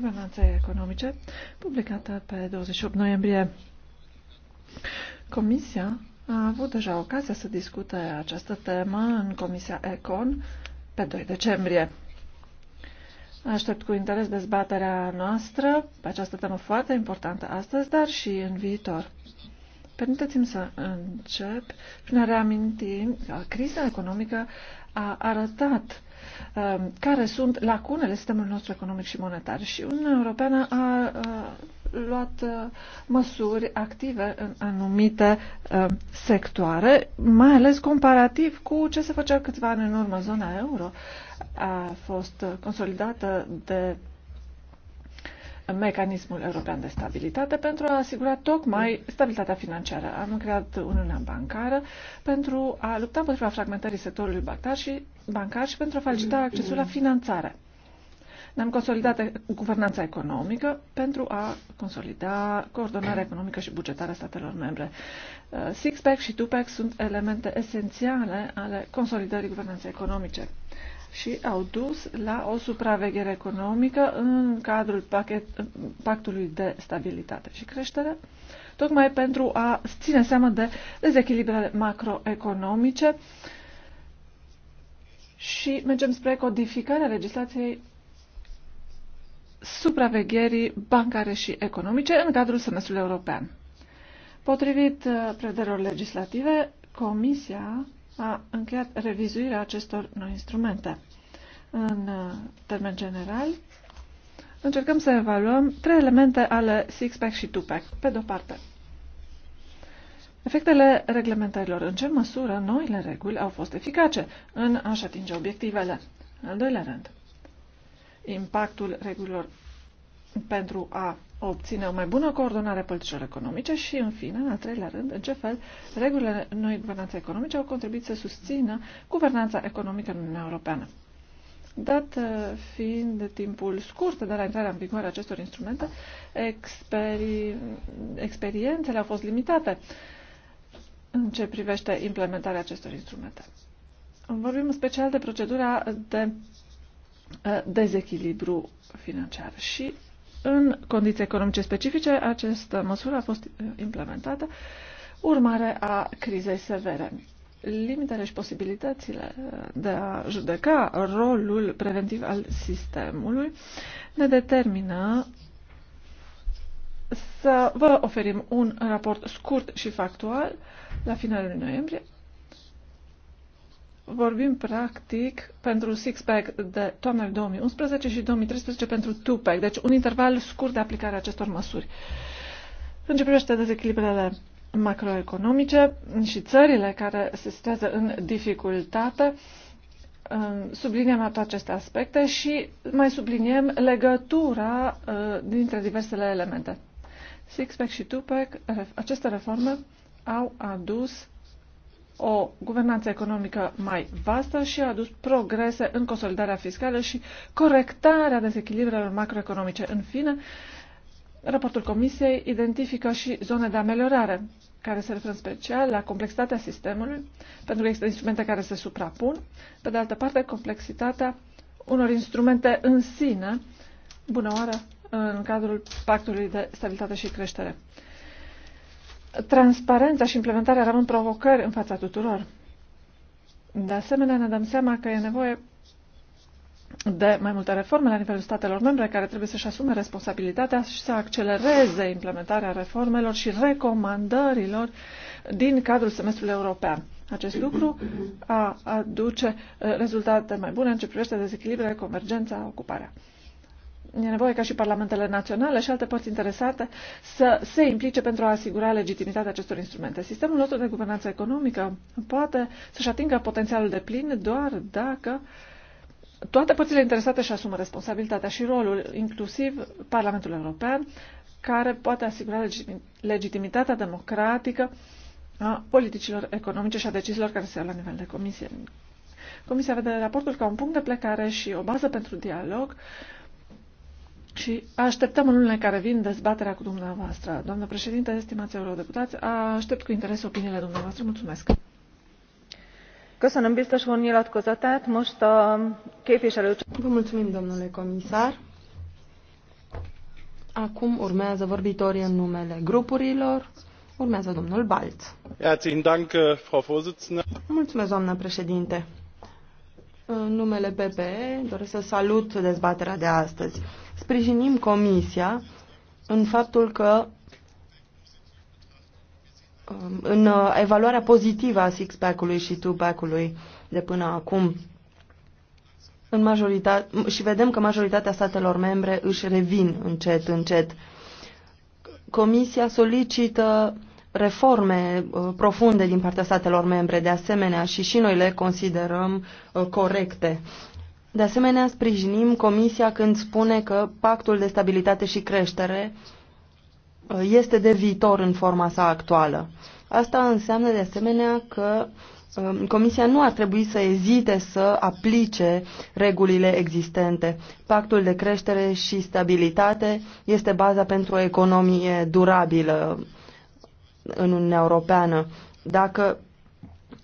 Guvernanței economice, publicată pe 28 noiembrie. Comisia a avut deja ocazia să discute această temă în Comisia Econ pe 2 decembrie. Aștept cu interes dezbaterea noastră pe această temă foarte importantă astăzi, dar și în viitor. Permiteți-mi să încep prin a reaminti că criza economică a arătat Um, care sunt lacunele sistemului nostru economic și monetar. Și Uniunea Europeană a luat uh, măsuri active în anumite uh, sectoare, mai ales comparativ cu ce se făcea câțiva ani în urmă. Zona euro a fost consolidată de mecanismul european de stabilitate pentru a asigura tocmai stabilitatea financiară. Am creat Uniunea Bancară pentru a lupta împotriva fragmentării sectorului bancar și, bancar și pentru a facilita accesul la finanțare. Ne-am consolidat guvernanța economică pentru a consolida coordonarea economică și bugetară a statelor membre. Sixpack și Tupac sunt elemente esențiale ale consolidării guvernanței economice și au dus la o supraveghere economică în cadrul pachet, pactului de stabilitate și creștere, tocmai pentru a ține seama de dezechilibrele macroeconomice și mergem spre codificarea legislației supravegherii bancare și economice în cadrul semestrului european. Potrivit uh, prevederilor legislative, Comisia a încheiat revizuirea acestor noi instrumente. În uh, termen general, încercăm să evaluăm trei elemente ale six-pack și two-pack. Pe de-o parte, efectele reglementărilor. În ce măsură noile reguli au fost eficace în a-și atinge obiectivele? În al doilea rând, impactul regulilor pentru a obține o mai bună coordonare politicilor economice și, în fine, în al treilea rând, în ce fel regulile noi guvernanțe economice au contribuit să susțină guvernanța economică în Uniunea Europeană. Dat uh, fiind timpul scurt de la intrarea în vigoare acestor instrumente, experi... experiențele au fost limitate în ce privește implementarea acestor instrumente. Vorbim în special de procedura de uh, dezechilibru financiar și în condiții economice specifice, această măsură a fost uh, implementată urmare a crizei severe. Limitele și posibilitățile uh, de a judeca rolul preventiv al sistemului ne determină să vă oferim un raport scurt și factual la finalul noiembrie vorbim practic pentru six-pack de toamna 2011 și 2013 pentru two-pack, deci un interval scurt de aplicare a acestor măsuri. În ce privește dezechilibrele macroeconomice și țările care se situează în dificultate, um, subliniem aceste aspecte și mai subliniem legătura uh, dintre diversele elemente. Six-pack și two-pack, aceste reforme au adus o guvernanță economică mai vastă și a adus progrese în consolidarea fiscală și corectarea dezechilibrelor macroeconomice. În fine, raportul Comisiei identifică și zone de ameliorare, care se referă în special la complexitatea sistemului, pentru că există instrumente care se suprapun, pe de altă parte complexitatea unor instrumente în sine, bună oară, în cadrul Pactului de Stabilitate și Creștere transparența și implementarea rămân provocări în fața tuturor. De asemenea, ne dăm seama că e nevoie de mai multe reforme la nivelul statelor membre care trebuie să-și asume responsabilitatea și să accelereze implementarea reformelor și recomandărilor din cadrul semestrului european. Acest lucru aduce eh, rezultate mai bune în ce privește dezechilibrele, convergența, ocuparea. E nevoie ca și parlamentele naționale și alte părți interesate să se implice pentru a asigura legitimitatea acestor instrumente. Sistemul nostru de guvernanță economică poate să-și atingă potențialul de plin doar dacă toate părțile interesate și asumă responsabilitatea și rolul, inclusiv Parlamentul European, care poate asigura legitimitatea democratică a politicilor economice și a deciziilor care se iau la nivel de comisie. Comisia vede raportul ca un punct de plecare și o bază pentru dialog uh, și așteptăm în lunile care vin dezbaterea cu dumneavoastră. Doamnă președinte, estimați eurodeputați, aștept cu interes opiniile dumneavoastră. Mulțumesc! Köszönöm biztos úr nyilatkozatát. Most a uh, képviselő... Vă mulțumim, domnule comisar. Acum urmează vorbitorii în numele grupurilor. Urmează domnul Balț. Uh, Mulțumesc, doamnă președinte. În numele PPE doresc să salut dezbaterea de astăzi sprijinim Comisia în faptul că um, în uh, evaluarea pozitivă a six-pack-ului și two-pack-ului de până acum în și vedem că majoritatea statelor membre își revin încet, încet. Comisia solicită reforme uh, profunde din partea statelor membre, de asemenea, și și noi le considerăm uh, corecte. De asemenea, sprijinim Comisia când spune că pactul de stabilitate și creștere uh, este de viitor în forma sa actuală. Asta înseamnă de asemenea că um, Comisia nu ar trebui să ezite să aplice regulile existente. Pactul de creștere și stabilitate este baza pentru o economie durabilă în Uniunea Europeană. Dacă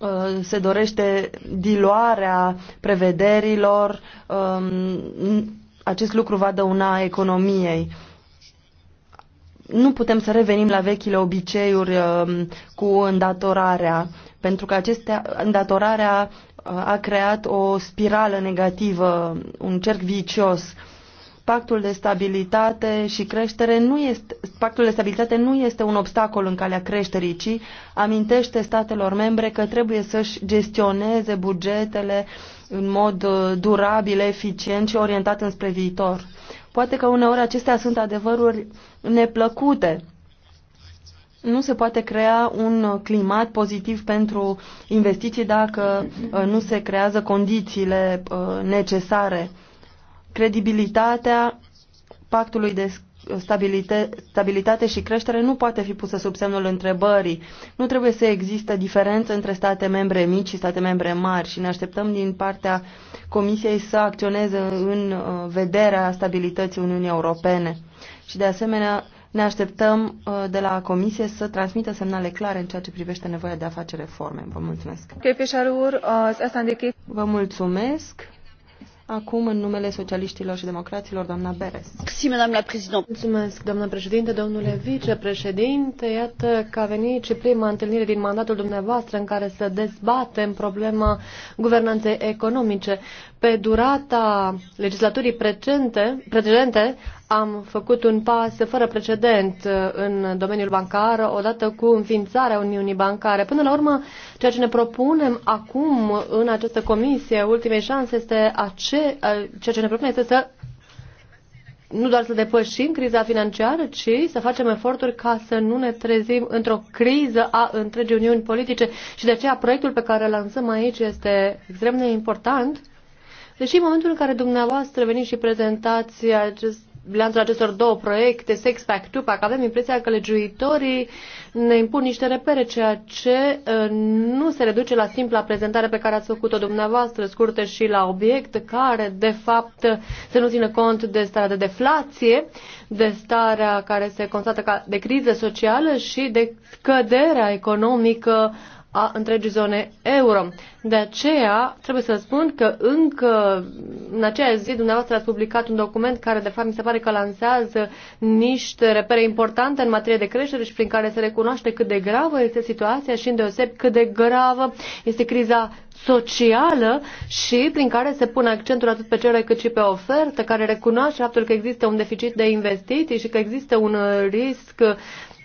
Uh, se dorește diluarea prevederilor, um, acest lucru va dăuna economiei. Nu putem să revenim la vechile obiceiuri um, cu îndatorarea, pentru că acestea, îndatorarea uh, a creat o spirală negativă, un cerc vicios Pactul de stabilitate și creștere nu este, pactul de stabilitate nu este un obstacol în calea creșterii, ci amintește statelor membre că trebuie să-și gestioneze bugetele în mod uh, durabil, eficient și orientat înspre viitor. Poate că uneori acestea sunt adevăruri neplăcute. Nu se poate crea un climat pozitiv pentru investiții dacă uh, nu se creează condițiile uh, necesare credibilitatea pactului de stabilitate și creștere nu poate fi pusă sub semnul întrebării. Nu trebuie să existe diferență între state membre mici și state membre mari și ne așteptăm din partea Comisiei să acționeze în uh, vederea stabilității Uniunii Europene. Și de asemenea ne așteptăm uh, de la Comisie să transmită semnale clare în ceea ce privește nevoia de a face reforme. Vă mulțumesc. Vă mulțumesc. Acum, în numele socialiștilor și democraților, doamna Beres. Mulțumesc, doamna președinte, domnule vicepreședinte. Iată că a venit și prima întâlnire din mandatul dumneavoastră în care să dezbatem problema guvernanței economice. Pe durata legislaturii precedente, precedente am făcut un pas fără precedent uh, în domeniul bancar, odată cu înființarea Uniunii Bancare. Până la urmă, ceea ce ne propunem acum în această comisie, ultimei șanse, este ace, uh, ceea ce ne propunem este să nu doar să depășim criza financiară, ci să facem eforturi ca să nu ne trezim într-o criză a întregii uniuni politice. Și de aceea proiectul pe care îl lansăm aici este extrem de important Deși în momentul în care dumneavoastră veniți și prezentați acest bilanțul acestor două proiecte, Sexpack, Tupac, avem impresia că legiuitorii ne impun niște repere, ceea ce uh, nu se reduce la simpla prezentare pe care ați făcut-o dumneavoastră, scurtă și la obiect, care, de fapt, se nu țină cont de starea de deflație, de starea care se constată ca de criză socială și de căderea economică a întregii zone euro. De aceea, trebuie să spun că încă în aceea zi dumneavoastră ați publicat un document care, de fapt, mi se pare că lansează niște repere importante în materie de creștere și prin care se recunoaște cât de gravă este situația și, îndeosebi, cât de gravă este criza socială și prin care se pune accentul atât pe cele cât și pe ofertă, care recunoaște faptul că există un deficit de investiții și că există un risc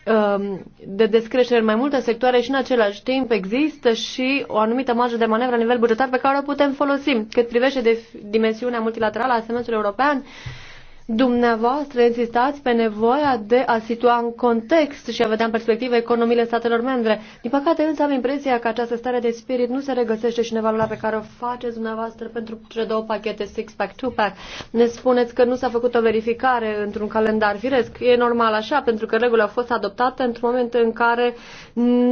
Um, de descreștere în mai multe sectoare și în același timp există și o anumită marjă de manevră la nivel bugetar pe care o putem folosi. Cât privește de dimensiunea multilaterală a semestrului european, Dumneavoastră insistați pe nevoia de a situa în context și a vedea în perspectivă economiile statelor membre. Din păcate însă am impresia că această stare de spirit nu se regăsește și în evaluarea pe care o faceți dumneavoastră pentru cele două pachete six-pack, two-pack. Ne spuneți că nu s-a făcut o verificare într-un calendar firesc. E normal așa, pentru că regulile a fost adoptată într-un moment în care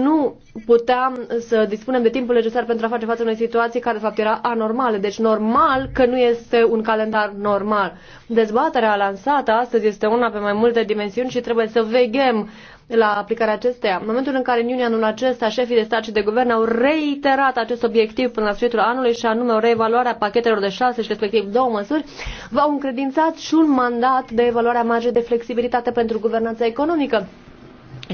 nu puteam să dispunem de timpul necesar pentru a face față unei situații care de fapt era anormală. Deci normal că nu este un calendar normal. Dezbaterea propunerea lansată astăzi este una pe mai multe dimensiuni și trebuie să veghem la aplicarea acesteia. În momentul în care în iunie anul acesta șefii de stat și de guvern au reiterat acest obiectiv până la sfârșitul anului și anume o reevaluare a pachetelor de șase și respectiv două măsuri, v-au încredințat și un mandat de evaluare a marjei de flexibilitate pentru guvernanța economică.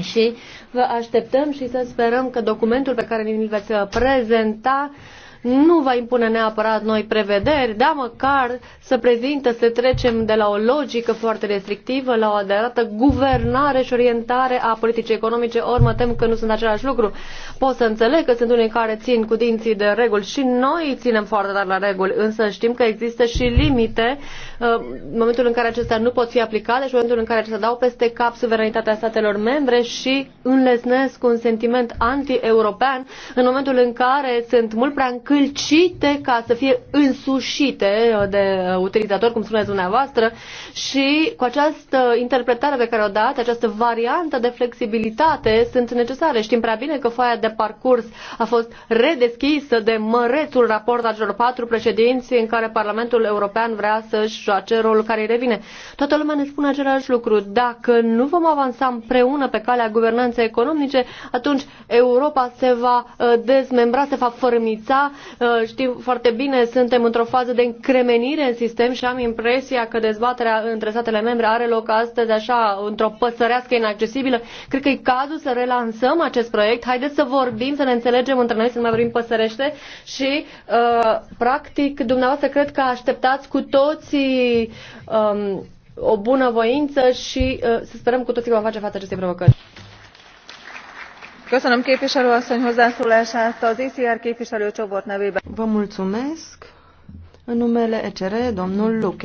Și vă așteptăm și să sperăm că documentul pe care ni-l veți prezenta nu va impune neapărat noi prevederi, dar măcar să prezintă să trecem de la o logică foarte restrictivă la o adevărată guvernare și orientare a politicii economice, ori mă tem că nu sunt același lucru. Pot să înțeleg că sunt unii care țin cu dinții de reguli și noi ținem foarte tare la reguli, însă știm că există și limite uh, în momentul în care acestea nu pot fi aplicate și în momentul în care acestea dau peste cap suveranitatea statelor membre și înlesnesc un sentiment anti-european în momentul în care sunt mult prea câlcite ca să fie însușite de utilizator, cum spuneți dumneavoastră, și cu această interpretare pe care o dați, această variantă de flexibilitate sunt necesare. Știm prea bine că foaia de parcurs a fost redeschisă de mărețul raport al celor patru președinți în care Parlamentul European vrea să-și joace rolul care îi revine. Toată lumea ne spune același lucru. Dacă nu vom avansa împreună pe calea guvernanței economice, atunci Europa se va uh, dezmembra, se va fărâmița Uh, Știu foarte bine, suntem într-o fază de încremenire în sistem și am impresia că dezbaterea între statele membre are loc astăzi așa, într-o păsărească inaccesibilă. Cred că e cazul să relansăm acest proiect. Haideți să vorbim, să ne înțelegem între noi, să nu mai vorbim păsărește și, uh, practic, dumneavoastră cred că așteptați cu toții um, o bună voință și uh, să sperăm cu toții că vom face față acestei provocări. Vă În numele ECR, domnul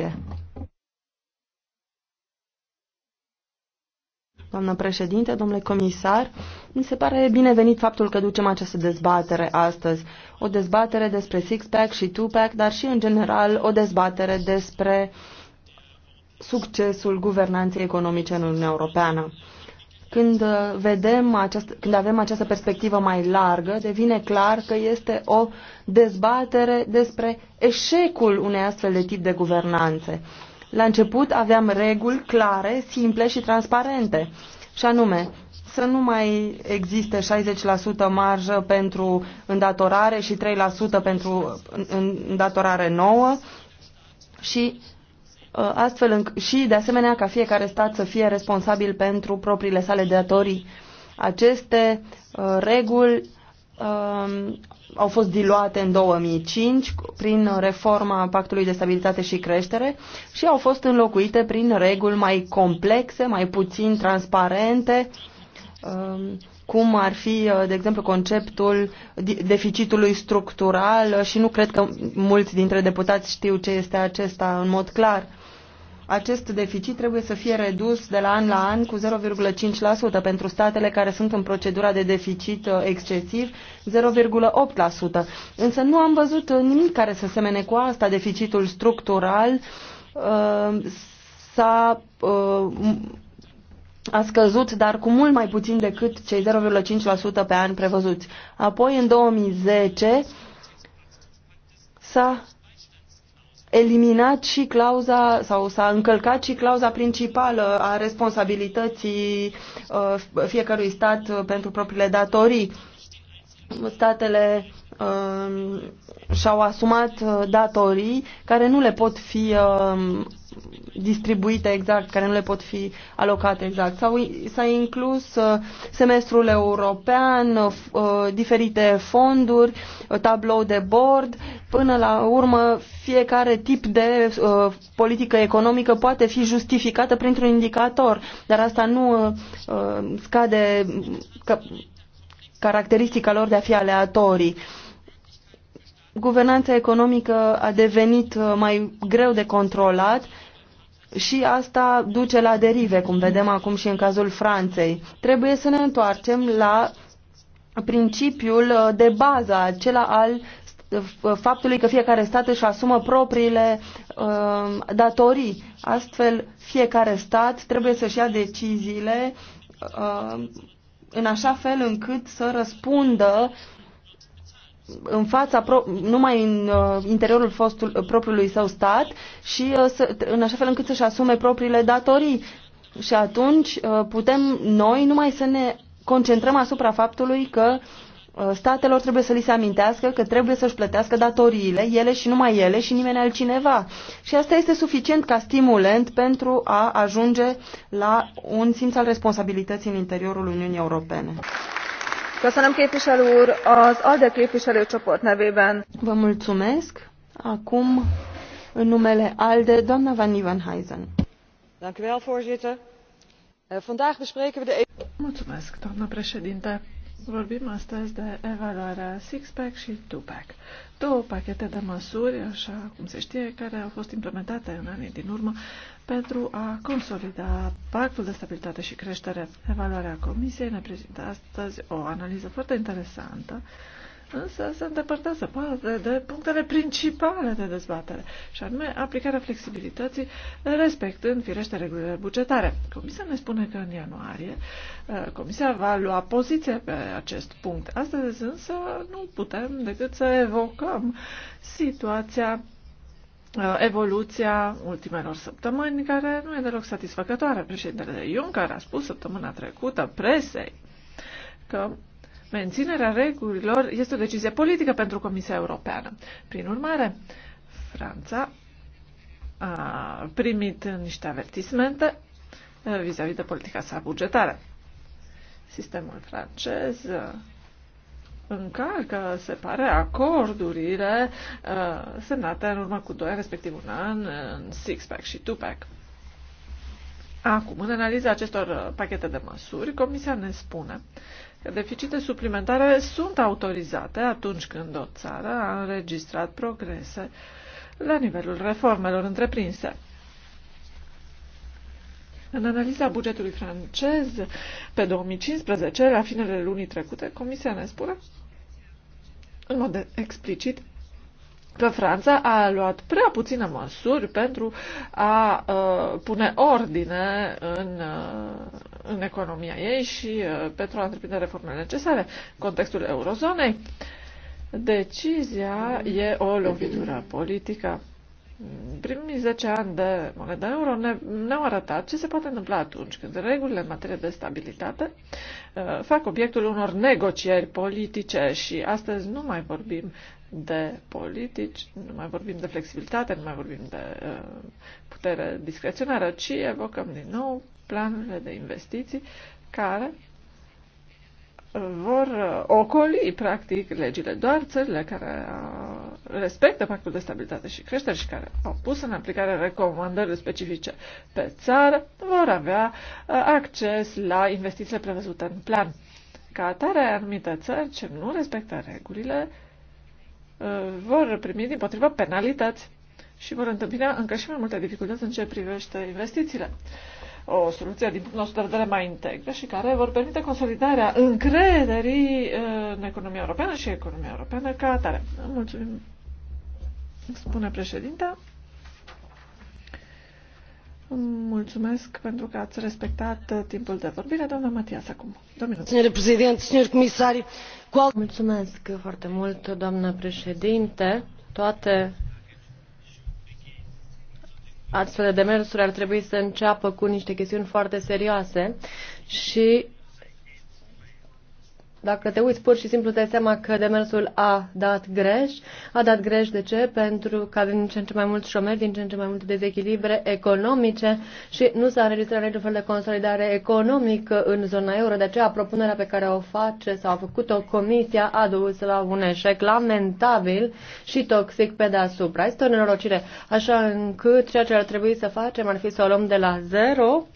Doamnă președinte, domnule comisar, mi se pare binevenit faptul că ducem această dezbatere astăzi. O dezbatere despre six-pack și two-pack, dar și în general o dezbatere despre succesul guvernanței economice în Uniunea Europeană. Când, uh, vedem această, când avem această perspectivă mai largă, devine clar că este o dezbatere despre eșecul unei astfel de tip de guvernanțe. La început aveam reguli clare, simple și transparente, și anume să nu mai existe 60% marjă pentru îndatorare și 3% pentru îndatorare nouă și Uh, astfel înc- și, de asemenea, ca fiecare stat să fie responsabil pentru propriile sale datorii. Aceste uh, reguli uh, au fost diluate în 2005 prin reforma Pactului de Stabilitate și Creștere și au fost înlocuite prin reguli mai complexe, mai puțin transparente, uh, cum ar fi, uh, de exemplu, conceptul deficitului structural și nu cred că mulți dintre deputați știu ce este acesta în mod clar acest deficit trebuie să fie redus de la an la an cu 0,5% pentru statele care sunt în procedura de deficit uh, excesiv, 0,8%. Însă nu am văzut uh, nimic care să semene cu asta. Deficitul structural uh, s-a a scăzut, dar cu mult mai puțin decât cei 0,5% pe an prevăzuți. Apoi, în 2010, s-a eliminat și clauza sau s-a încălcat și clauza principală a responsabilității uh, fiecărui stat uh, pentru propriile datorii. Statele uh, și-au asumat datorii care nu le pot fi distribuite exact, care nu le pot fi alocate exact. S-a inclus semestrul european, diferite fonduri, tablou de bord, Până la urmă, fiecare tip de uh, politică economică poate fi justificată printr-un indicator, dar asta nu uh, uh scade ca caracteristica lor de a fi aleatorii. Guvernanța economică a devenit uh, mai greu de controlat și asta duce la derive, cum vedem acum și în cazul Franței. Trebuie să ne întoarcem la principiul uh, de bază, acela al faptului că fiecare stat își asumă propriile uh, datorii. Astfel, fiecare stat trebuie să-și ia deciziile uh, în așa fel încât să răspundă în fața pro- numai în uh, interiorul fostul, uh, propriului său stat și uh, să, în așa fel încât să-și asume propriile datorii. Și atunci uh, putem noi numai să ne concentrăm asupra faptului că uh, Uh, statelor trebuie să li se amintească că trebuie să-și plătească datoriile, ele și numai ele și nimeni altcineva. Și asta este suficient ca stimulent pentru a ajunge la un simț al responsabilității în interiorul Uniunii Europene. Vă mulțumesc. Acum, în numele ALDE, doamna Van Nieuwenhuizen. Eh, mulțumesc, doamna președinte. Vorbim astăzi de evaluarea six-pack și two-pack. Două pachete de măsuri, așa cum se știe, care au fost implementate în anii din urmă pentru a consolida pactul de stabilitate și creștere. Evaluarea Comisiei ne prezintă astăzi o analiză foarte interesantă însă se îndepărtează poate de punctele principale de dezbatere, și anume aplicarea flexibilității, respectând, firește, regulile bugetare. Comisia ne spune că în ianuarie uh, Comisia va lua poziție pe acest punct. Astăzi însă nu putem decât să evocăm situația uh, evoluția ultimelor săptămâni, care nu e deloc satisfăcătoare. Președintele Juncker a spus săptămâna trecută presei că Menținerea regulilor este o decizie politică pentru Comisia Europeană. Prin urmare, Franța a primit niște avertismente uh, vis-a-vis -vis de politica sa bugetară. Sistemul francez uh, încalcă, se pare, acordurile uh, semnate în urmă cu doi, respectiv un an, în six-pack și two-pack. Acum, în analiza acestor pachete de măsuri, Comisia ne spune Deficite suplimentare sunt autorizate atunci când o țară a înregistrat progrese la nivelul reformelor întreprinse. În analiza bugetului francez pe 2015, la finele lunii trecute, Comisia ne spune în mod explicit că Franța a luat prea puține măsuri pentru a uh, pune ordine în, uh, în economia ei și uh, pentru a întreprinde reformele necesare în contextul eurozonei. Decizia e o lovitură politică. Primii 10 ani de monedă euro ne, ne-au arătat ce se poate întâmpla atunci când regulile în materie de stabilitate uh, fac obiectul unor negocieri politice și astăzi nu mai vorbim de politici, nu mai vorbim de flexibilitate, nu mai vorbim de uh, putere discreționară, ci evocăm din nou planurile de investiții care vor uh, ocoli, practic, legile. Doar țările care uh, respectă pactul de stabilitate și creștere și care au pus în aplicare recomandările specifice pe țară vor avea uh, acces la investițiile prevăzute în plan. Ca atare, anumite țări ce nu respectă regulile Uh, vor primi din potriva penalități și vor întâmpina încă și mai multe dificultăți în ce privește investițiile. O soluție din punctul nostru de vedere mai integră și care vor permite consolidarea încrederii uh, în economia europeană și economia europeană ca atare. Mulțumim, spune președinta. Mulțumesc pentru că ați respectat uh, timpul de vorbire. Doamna Matias, acum. Domnule președinte, domnule comisar, Mulțumesc foarte mult, doamnă președinte. Toate astfel de demersuri ar trebui să înceapă cu niște chestiuni foarte serioase și dacă te uiți pur și simplu, te seama că demersul a dat greș. A dat greș de ce? Pentru că avem din ce în ce mai mulți șomeri, din ce în ce mai multe dezechilibre economice și nu s-a înregistrat niciun fel de consolidare economică în zona euro. De aceea, propunerea pe care o face sau a făcut-o comisia a dus la un eșec lamentabil și toxic pe deasupra. Este o nenorocire, așa încât ceea ce ar trebui să facem ar fi să o luăm de la zero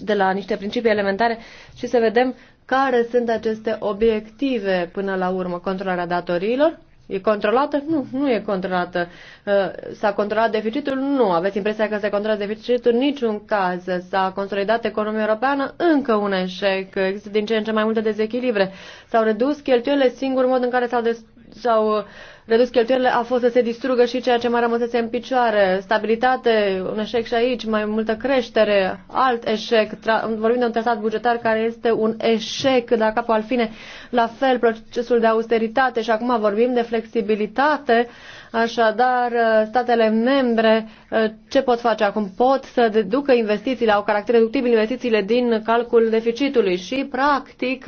de la niște principii elementare și să vedem care sunt aceste obiective până la urmă? Controlarea datoriilor? E controlată? Nu, nu e controlată. Uh, s-a controlat deficitul? Nu. Aveți impresia că se controlează deficitul? Niciun caz. S-a consolidat economia europeană? Încă un eșec. Există din ce în ce mai multe dezechilibre. S-au redus cheltuielile singur mod în care s-au s-au redus cheltuielile a fost să se distrugă și ceea ce mai rămăsese în picioare. Stabilitate, un eșec și aici, mai multă creștere, alt eșec. vorbim de un tratat bugetar care este un eșec dar la capul al fine. La fel, procesul de austeritate și acum vorbim de flexibilitate. Așadar, statele membre ce pot face acum? Pot să deducă investițiile, au caracter deductibil investițiile din calculul deficitului și, practic,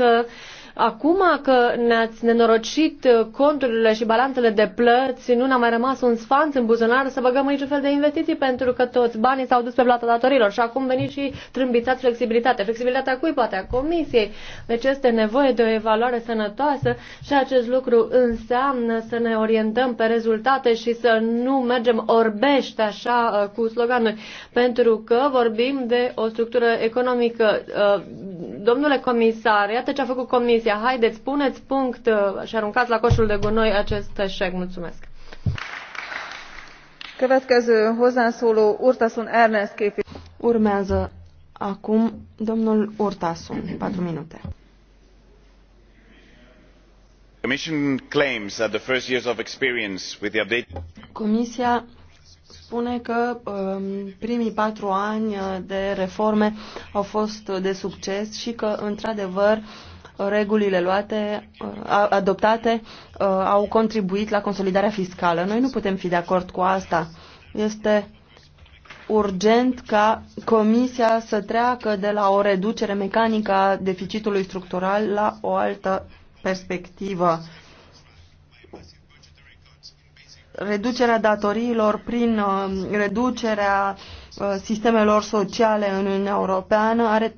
Acum că ne-ați nenorocit conturile și balanțele de plăți, nu ne-a mai rămas un sfanț în buzunar să băgăm niciun fel de investiții, pentru că toți banii s-au dus pe plata datorilor și acum veniți și trâmbițați flexibilitate. Flexibilitatea cui poate? A comisiei. Deci este nevoie de o evaluare sănătoasă și acest lucru înseamnă să ne orientăm pe rezultate și să nu mergem orbește așa uh, cu sloganul, pentru că vorbim de o structură economică. Uh, domnule comisar, iată ce a făcut comisia Comisia, haideți, puneți punct uh, și aruncați la coșul de gunoi acest eșec. Mulțumesc. Urmează acum domnul Urtasun, Patru minute comisia spune că um, primii patru ani uh, de reforme au fost de succes și că într adevăr regulile luate, adoptate au contribuit la consolidarea fiscală. Noi nu putem fi de acord cu asta. Este urgent ca Comisia să treacă de la o reducere mecanică a deficitului structural la o altă perspectivă. Reducerea datoriilor prin reducerea sistemelor sociale în Uniunea Europeană are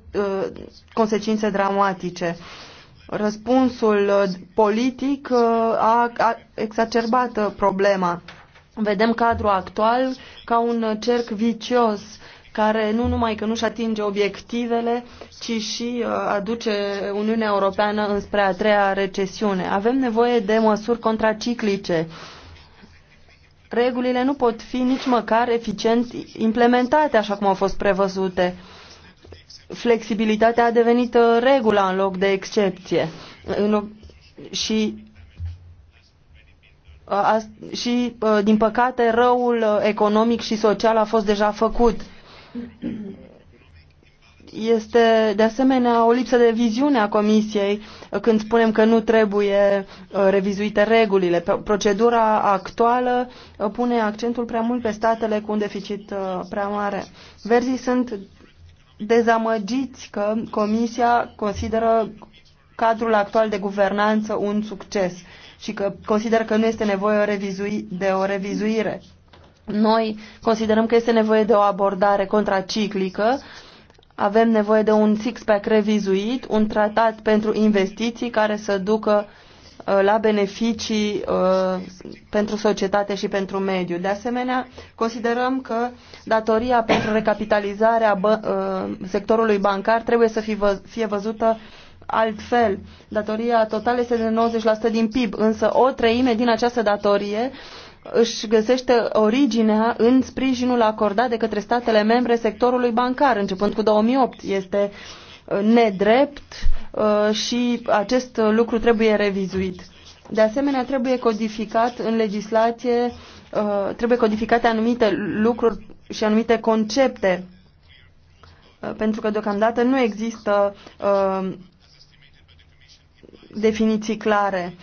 consecințe dramatice răspunsul uh, politic uh, a, exacerbat uh, problema. Vedem cadrul actual ca un cerc vicios care nu numai că nu-și atinge obiectivele, ci și aduce Uniunea Europeană înspre a treia recesiune. Avem nevoie de măsuri contraciclice. Regulile nu pot fi nici măcar eficient implementate așa cum au fost prevăzute flexibilitatea a devenit uh, regula în loc de excepție. În, și uh, a, și, uh, din păcate, răul economic și social a fost deja făcut. Este, de asemenea, o lipsă de viziune a Comisiei când spunem că nu trebuie revizuite regulile. Procedura actuală pune accentul prea mult pe statele cu un deficit prea mare. Verzii sunt dezamăgiți că Comisia consideră cadrul actual de guvernanță un succes și că consideră că nu este nevoie de o revizuire. Noi considerăm că este nevoie de o abordare contraciclică, avem nevoie de un six-pack revizuit, un tratat pentru investiții care să ducă Uh, la beneficii uh, pentru societate și pentru mediu. De asemenea, considerăm că datoria pentru recapitalizarea bă, uh, sectorului bancar trebuie să fie, vă, fie văzută altfel. Datoria totală este de 90% din PIB, însă o treime din această datorie își găsește originea în sprijinul acordat de către statele membre sectorului bancar, începând cu 2008. Este uh, nedrept uh, și acest lucru trebuie revizuit. De asemenea, trebuie codificat în legislație, uh, trebuie codificate anumite lucruri și anumite concepte, uh, pentru că deocamdată nu există definiții clare.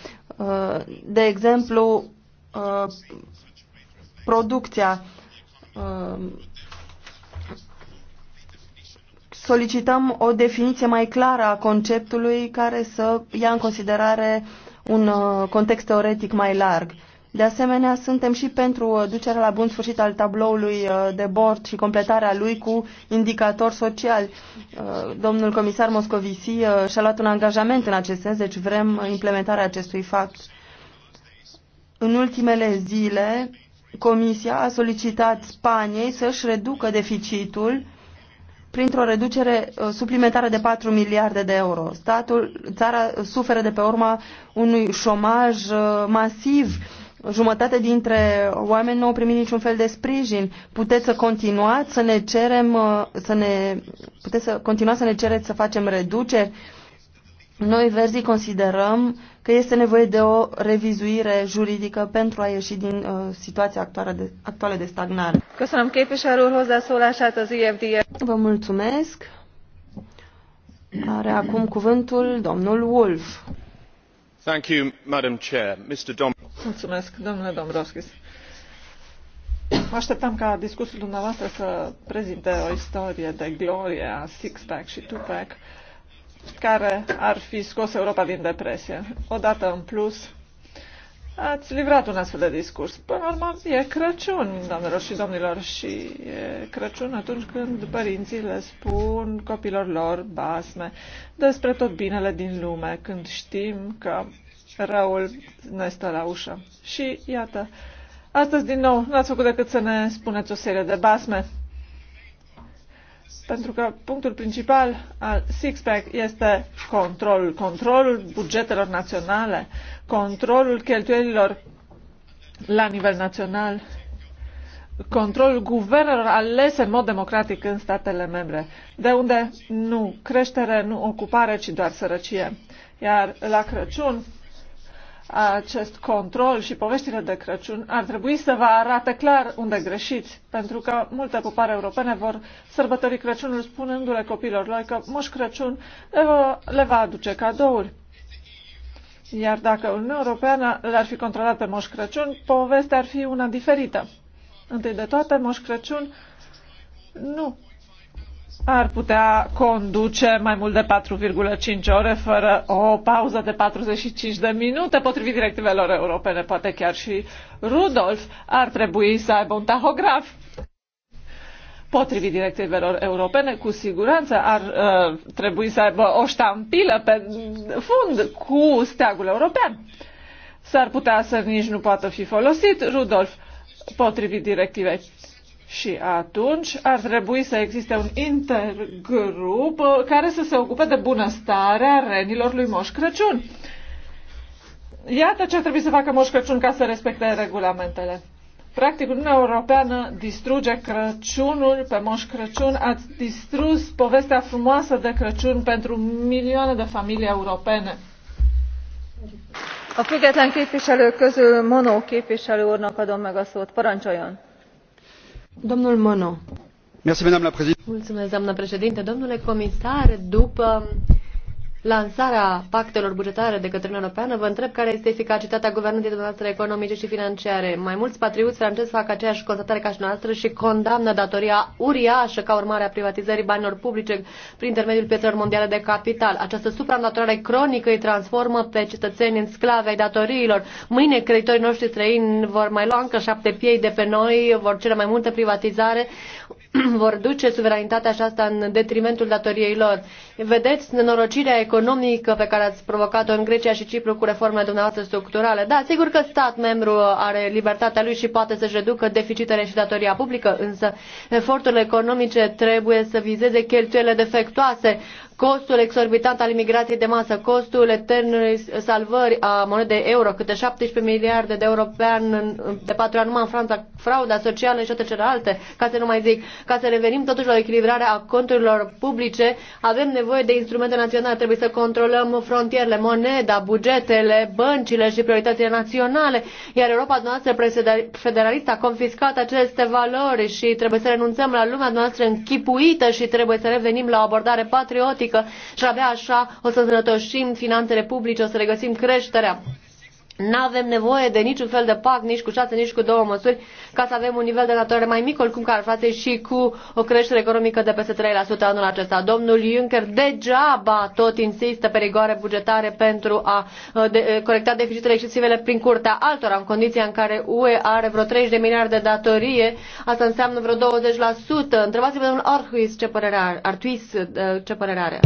De exemplu, producția solicităm o definiție mai clară a conceptului care să ia în considerare un uh, context teoretic mai larg. De asemenea, suntem și pentru uh, ducerea la bun sfârșit al tabloului uh, de bord și completarea lui cu indicatori sociali. Domnul comisar Moscovici și-a luat un angajament în acest sens, deci vrem implementarea acestui fapt. În ultimele zile, Comisia a solicitat Spaniei să-și reducă deficitul printr-o reducere uh, suplimentară de 4 miliarde de euro. Statul, țara uh, suferă de pe urma unui șomaj uh, masiv. Jumătate dintre oameni nu au primit niciun fel de sprijin. Puteți să continuați să ne cerem, să ne, puteți să continuați să ne cereți să facem reduceri? Noi, verzii, considerăm că este nevoie de o revizuire juridică pentru a ieși din uh, situația actuală de, actuală de stagnare. Köszönöm képviselő úr hozzászólását az IFD. Vă mulțumesc. Are acum cuvântul domnul Wolf. Thank you, Madam Chair. Mr. Dom mulțumesc, domnule Dombrovskis. Mă așteptam ca discursul dumneavoastră să prezinte o istorie de glorie a six-pack și two-pack care ar fi scos Europa din depresie. Odată în plus, ați livrat un astfel de discurs. Până la urmă, e Crăciun, doamnelor și domnilor, și e Crăciun atunci când părinții le spun copilor lor basme despre tot binele din lume, când știm că răul ne stă la ușă. Și iată, astăzi din nou n-ați făcut decât să ne spuneți o serie de basme pentru că punctul principal al six-pack este controlul, controlul bugetelor naționale, controlul cheltuielilor la nivel național, controlul guvernelor alese în mod democratic în statele membre, de unde nu creștere, nu ocupare, ci doar sărăcie. Iar la Crăciun acest control și poveștile de Crăciun ar trebui să vă arate clar unde greșiți, pentru că multe popoare europene vor sărbători Crăciunul spunându-le copiilor lor că Moș Crăciun le va, le va aduce cadouri. Iar dacă Uniunea Europeană le ar fi controlat pe Moș Crăciun, povestea ar fi una diferită. Întâi de toate, Moș Crăciun nu ar putea conduce mai mult de 4,5 ore fără o pauză de 45 de minute potrivit directivelor europene. Poate chiar și Rudolf ar trebui să aibă un tahograf. Potrivit directivelor europene, cu siguranță ar uh, trebui să aibă o ștampilă pe fund cu steagul european. S-ar putea să nici nu poată fi folosit, Rudolf, potrivit directivei și atunci ar trebui să existe un intergrup uh, care să se ocupe de bunăstarea renilor lui Moș Crăciun. Iată ce ar trebui să facă Moș Crăciun ca să respecte regulamentele. Practic, Uniunea Europeană distruge Crăciunul pe Moș Crăciun. Ați distrus povestea frumoasă de Crăciun pentru milioane de familii europene. A független képviselők közül Monó képviselő úrnak adom meg a szót. Parancsoljon! Domnul Mulțumesc, doamnă președinte. Domnule comisar, după lansarea pactelor bugetare de către Uniunea Europeană, vă întreb care este eficacitatea guvernului dumneavoastră economice și financiare. Mai mulți patrioți francezi fac aceeași constatare ca și noastră și condamnă datoria uriașă ca urmare a privatizării banilor publice prin intermediul piețelor mondiale de capital. Această supranaturare cronică îi transformă pe cetățeni în sclave ai datoriilor. Mâine creditorii noștri străini vor mai lua încă șapte piei de pe noi, vor cere mai multă privatizare vor duce suveranitatea aceasta în detrimentul datoriei lor. Vedeți nenorocirea economică pe care ați provocat-o în Grecia și Cipru cu reformele dumneavoastră structurale. Da, sigur că stat membru are libertatea lui și poate să-și reducă deficitele și datoria publică, însă eforturile economice trebuie să vizeze cheltuielile defectuoase, costul exorbitant al imigrației de masă, costul eternului salvări a monedei euro, câte 17 miliarde de euro pe an, de patru ani numai în Franța, frauda socială și toate celelalte, ca să nu mai zic ca să revenim totuși la echilibrarea conturilor publice, avem nevoie de instrumente naționale. Trebuie să controlăm frontierele, moneda, bugetele, băncile și prioritățile naționale. Iar Europa noastră federalistă a confiscat aceste valori și trebuie să renunțăm la lumea noastră închipuită și trebuie să revenim la o abordare patriotică și abia așa o să însănătoșim finanțele publice, o să regăsim creșterea. Nu avem nevoie de niciun fel de pact, nici cu șase, nici cu două măsuri, ca să avem un nivel de datoare mai mic, oricum ca ar face și cu o creștere economică de peste 3% anul acesta. Domnul Juncker degeaba tot insistă pe rigoare bugetare pentru a uh, de, uh, corecta deficitele excesivele prin curtea altora, în condiția în care UE are vreo 30 de miliarde de datorie, asta înseamnă vreo 20%. Întrebați-vă domnul Arhuis ce părere are. Artuis, uh, ce părere are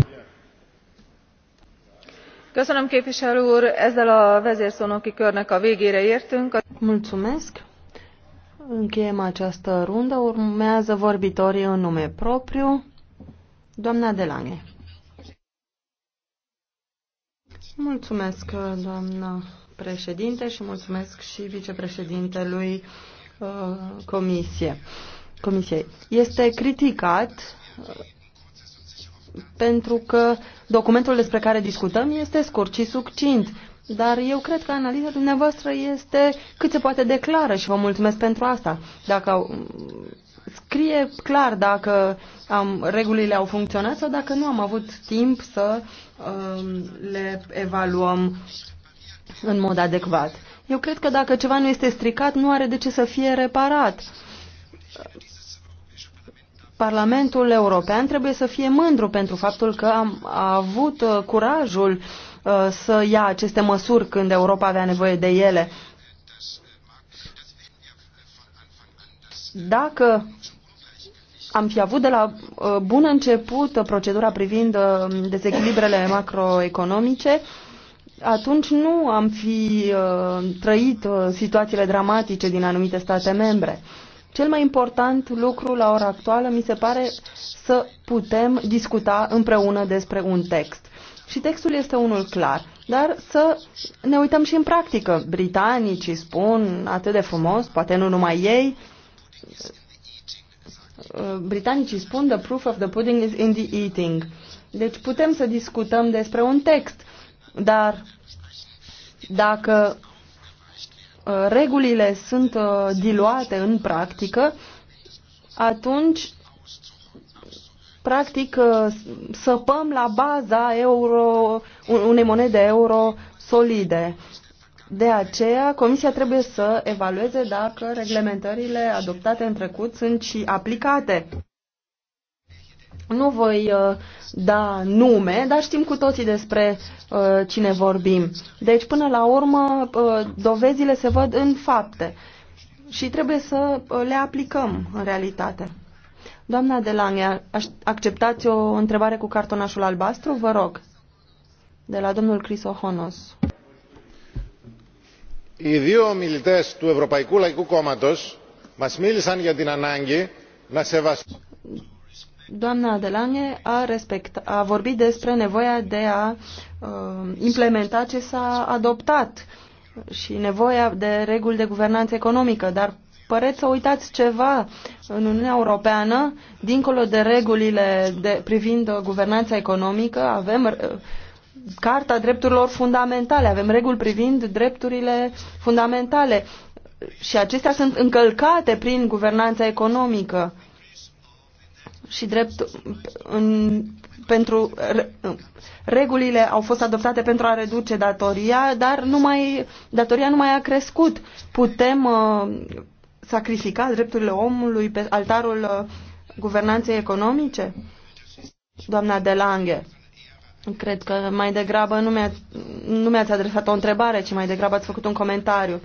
ezzel a a körnek végére értünk. Mulțumesc. Încheiem această rundă. Urmează vorbitorii în nume propriu. Doamna Lange. Mulțumesc, doamna președinte, și mulțumesc și vicepreședintelui uh, comisie, comisiei. Este criticat pentru că documentul despre care discutăm este scurt și succint. Dar eu cred că analiza dumneavoastră este cât se poate declară și vă mulțumesc pentru asta. Dacă scrie clar dacă am, regulile au funcționat sau dacă nu am avut timp să um, le evaluăm în mod adecvat. Eu cred că dacă ceva nu este stricat, nu are de ce să fie reparat Parlamentul European trebuie să fie mândru pentru faptul că am, a avut uh, curajul uh, să ia aceste măsuri când Europa avea nevoie de ele. Dacă am fi avut de la uh, bun început procedura privind dezechilibrele macroeconomice, atunci nu am fi trăit situațiile dramatice din anumite state membre. Cel mai important lucru la ora actuală mi se pare să putem discuta împreună despre un text. Și textul este unul clar, dar să ne uităm și în practică. Britanicii spun atât de frumos, poate nu numai ei, britanicii spun the proof of the pudding is in the eating. Deci putem să discutăm despre un text, dar dacă Uh, regulile sunt uh, diluate în practică, atunci practic uh, săpăm la baza euro, unei monede euro solide. De aceea, Comisia trebuie să evalueze dacă reglementările adoptate în trecut sunt și aplicate. Nu voi uh, da nume, dar știm cu toții despre uh, cine vorbim. Deci, până la urmă, uh, dovezile se văd în fapte și trebuie să le aplicăm în realitate. Doamna de Lange, acceptați o întrebare cu cartonașul albastru? Vă rog. De la domnul Crisohonos. Οι δύο ομιλητέ του Ευρωπαϊκού Λαϊκού Κόμματο μα μίλησαν για την ανάγκη να σεβαστούμε. Doamna Adelange a, respect, a vorbit despre nevoia de a uh, implementa ce s-a adoptat și nevoia de reguli de guvernanță economică, dar păreți să uitați ceva în Uniunea Europeană, dincolo de regulile de, privind guvernanța economică, avem uh, Carta Drepturilor Fundamentale, avem reguli privind drepturile fundamentale și acestea sunt încălcate prin guvernanța economică și drept în, pentru regulile au fost adoptate pentru a reduce datoria, dar numai, datoria nu mai a crescut. Putem uh, sacrifica drepturile omului pe altarul uh, guvernanței economice? Doamna de Lange, cred că mai degrabă nu, mi-a, nu mi-ați adresat o întrebare, ci mai degrabă ați făcut un comentariu.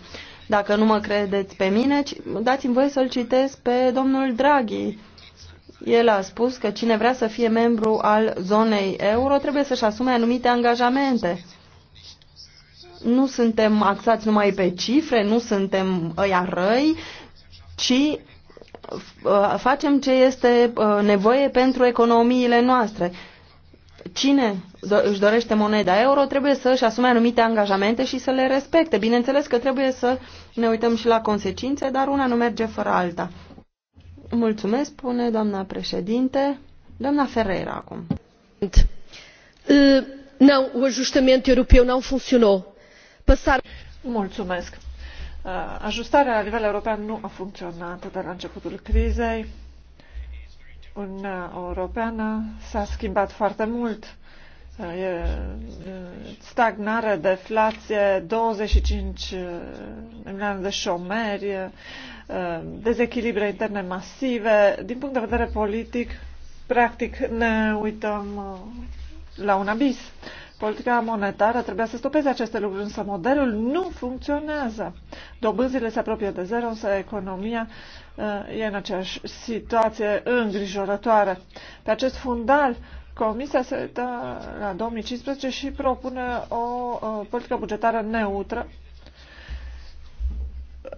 Dacă nu mă credeți pe mine, dați-mi voie să-l citesc pe domnul Draghi el a spus că cine vrea să fie membru al zonei euro trebuie să-și asume anumite angajamente. Nu suntem axați numai pe cifre, nu suntem ăia răi, ci uh, facem ce este uh, nevoie pentru economiile noastre. Cine își dorește moneda euro trebuie să își asume anumite angajamente și să le respecte. Bineînțeles că trebuie să ne uităm și la consecințe, dar una nu merge fără alta. Mulțumesc, spune doamna președinte. Doamna Ferreira acum. Uh, não, o ajustamento europeu não funcionou. Passar... Mulțumesc. Uh, ajustarea la nivel european nu a funcționat de la începutul crizei. Uniunea Europeană s-a schimbat foarte mult. Uh, e uh, stagnare, deflație, 25 uh, milioane de șomeri, Uh, dezechilibre interne masive. Din punct de vedere politic, practic ne uităm uh, la un abis. Politica monetară trebuia să stopeze aceste lucruri, însă modelul nu funcționează. Dobânzile se apropie de zero, însă economia uh, e în aceeași situație îngrijorătoare. Pe acest fundal, Comisia se uită la 2015 și propune o politică bugetară neutră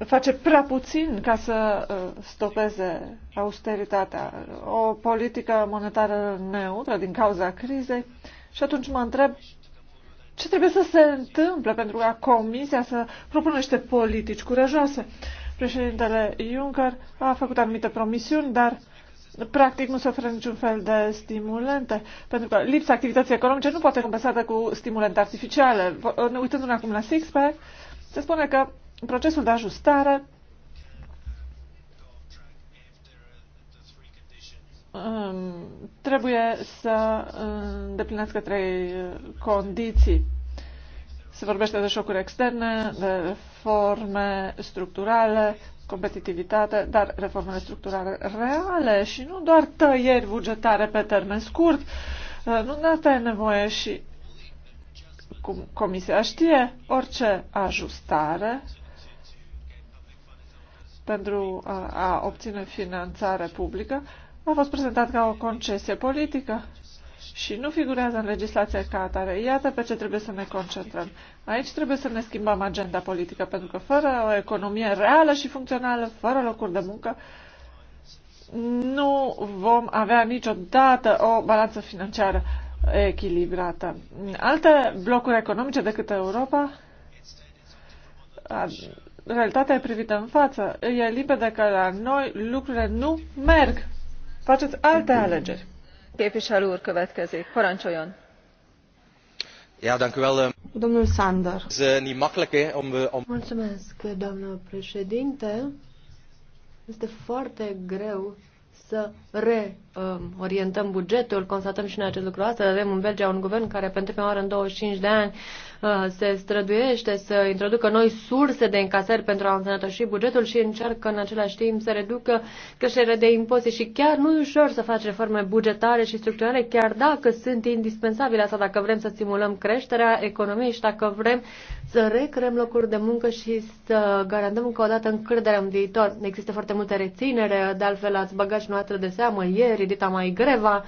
face prea puțin ca să uh, stopeze austeritatea, o politică monetară neutră din cauza crizei. Și atunci mă întreb ce trebuie să se întâmple pentru ca Comisia să propună niște politici curajoase. Președintele Juncker a făcut anumite promisiuni, dar practic nu se oferă niciun fel de stimulente, pentru că lipsa activității economice nu poate fi compensată cu stimulente artificiale. Ne uitându-ne acum la Sixpack, se spune că procesul de ajustare um, trebuie să uh, îndeplinească trei uh, condiții. Se vorbește de șocuri externe, de reforme structurale, competitivitate, dar reformele structurale reale și nu doar tăieri bugetare pe termen scurt. Uh, nu de asta e nevoie și cum Comisia știe, orice ajustare pentru uh, a obține finanțare publică a fost prezentat ca o concesie politică și nu figurează în legislația ca atare. Iată pe ce trebuie să ne concentrăm. Aici trebuie să ne schimbăm agenda politică, pentru că fără o economie reală și funcțională, fără locuri de muncă, nu vom avea niciodată o balanță financiară echilibrată. Alte blocuri economice decât Europa realitatea e privită în față. E limpede că la noi lucrurile nu merg. Faceți alte alegeri. Képviselő úr következik. Parancsoljon! Ja, dank u wel. Eh. Domnul Sander. Eh, om, eh, om... Mulțumesc, doamnă președinte. Este foarte greu să re Um, orientăm bugetul, constatăm și noi acest lucru astăzi. Avem în Belgia un guvern care pentru prima oară în 25 de ani uh, se străduiește să introducă noi surse de încasări pentru a însănătoși bugetul și încearcă în același timp să reducă creșterea de impozite și chiar nu e ușor să faci reforme bugetare și structurale, chiar dacă sunt indispensabile asta, dacă vrem să stimulăm creșterea economiei și dacă vrem să recreăm locuri de muncă și să garantăm încă o dată încrederea în viitor. Există foarte multe reținere, de altfel ați băgat și noastră de seamă ieri Edita Mai Greva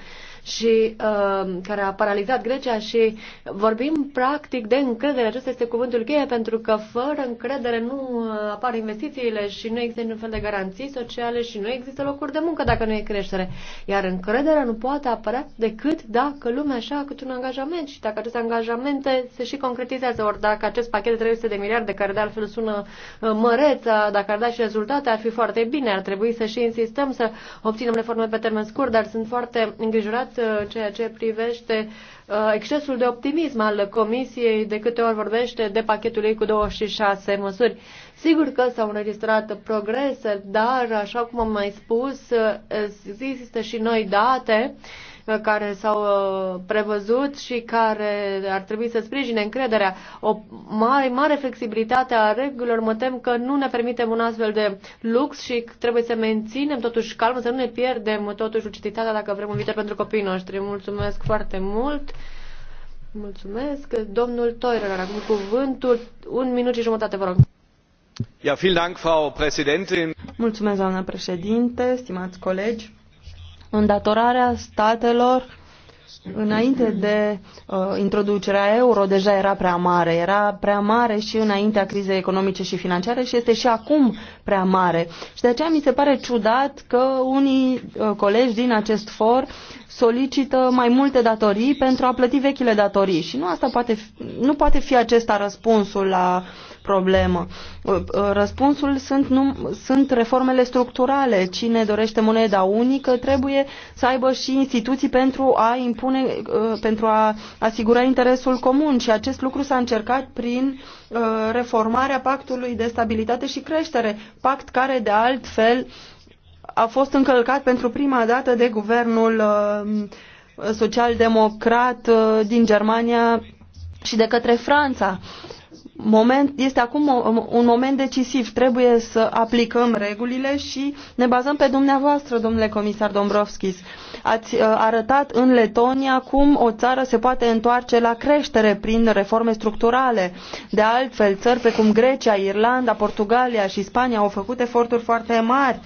și uh, care a paralizat Grecia și vorbim practic de încredere. Acesta este cuvântul cheie pentru că fără încredere nu uh, apar investițiile și nu există niciun fel de garanții sociale și nu există locuri de muncă dacă nu e creștere. Iar încrederea nu poate apărea decât dacă lumea așa cât un angajament și dacă aceste angajamente se și concretizează. Ori dacă acest pachet de 300 de miliarde, care de altfel sună uh, măreț, uh, dacă ar da și rezultate, ar fi foarte bine. Ar trebui să și insistăm să obținem reforme pe termen scurt, dar sunt foarte îngrijorat Uh, ceea ce privește uh, excesul de optimism al Comisiei de câte ori vorbește de pachetul ei cu 26 măsuri. Sigur că s-au înregistrat progrese, dar, așa cum am mai spus, uh, există și noi date care s-au uh, prevăzut și care ar trebui să sprijine încrederea. O mare, mare flexibilitate a regulilor, mă tem că nu ne permitem un astfel de lux și trebuie să menținem totuși calmul, să nu ne pierdem totuși luciditatea dacă vrem un viitor pentru copiii noștri. Mulțumesc foarte mult! Mulțumesc. Domnul Toirer, acum cuvântul. Un minut și jumătate, vă rog. Ja, vielen Dank, Frau Präsidentin. Mulțumesc, doamnă președinte, stimați colegi. Îndatorarea statelor înainte de uh, introducerea euro deja era prea mare. Era prea mare și înaintea crizei economice și financiare și este și acum prea mare. Și de aceea mi se pare ciudat că unii uh, colegi din acest for solicită mai multe datorii pentru a plăti vechile datorii. Și nu asta poate fi, nu poate fi acesta răspunsul la uh, problemă. Uh, uh, răspunsul sunt, nu, sunt reformele structurale. Cine dorește moneda unică trebuie să aibă și instituții pentru a impune, uh, pentru a asigura interesul comun și acest lucru s-a încercat prin reformarea pactului de stabilitate și creștere, pact care de altfel a fost încălcat pentru prima dată de guvernul social-democrat din Germania și de către Franța moment, este acum un moment decisiv. Trebuie să aplicăm regulile și ne bazăm pe dumneavoastră, domnule comisar Dombrovskis. Ați uh, arătat în Letonia cum o țară se poate întoarce la creștere prin reforme structurale. De altfel, țări precum Grecia, Irlanda, Portugalia și Spania au făcut eforturi foarte mari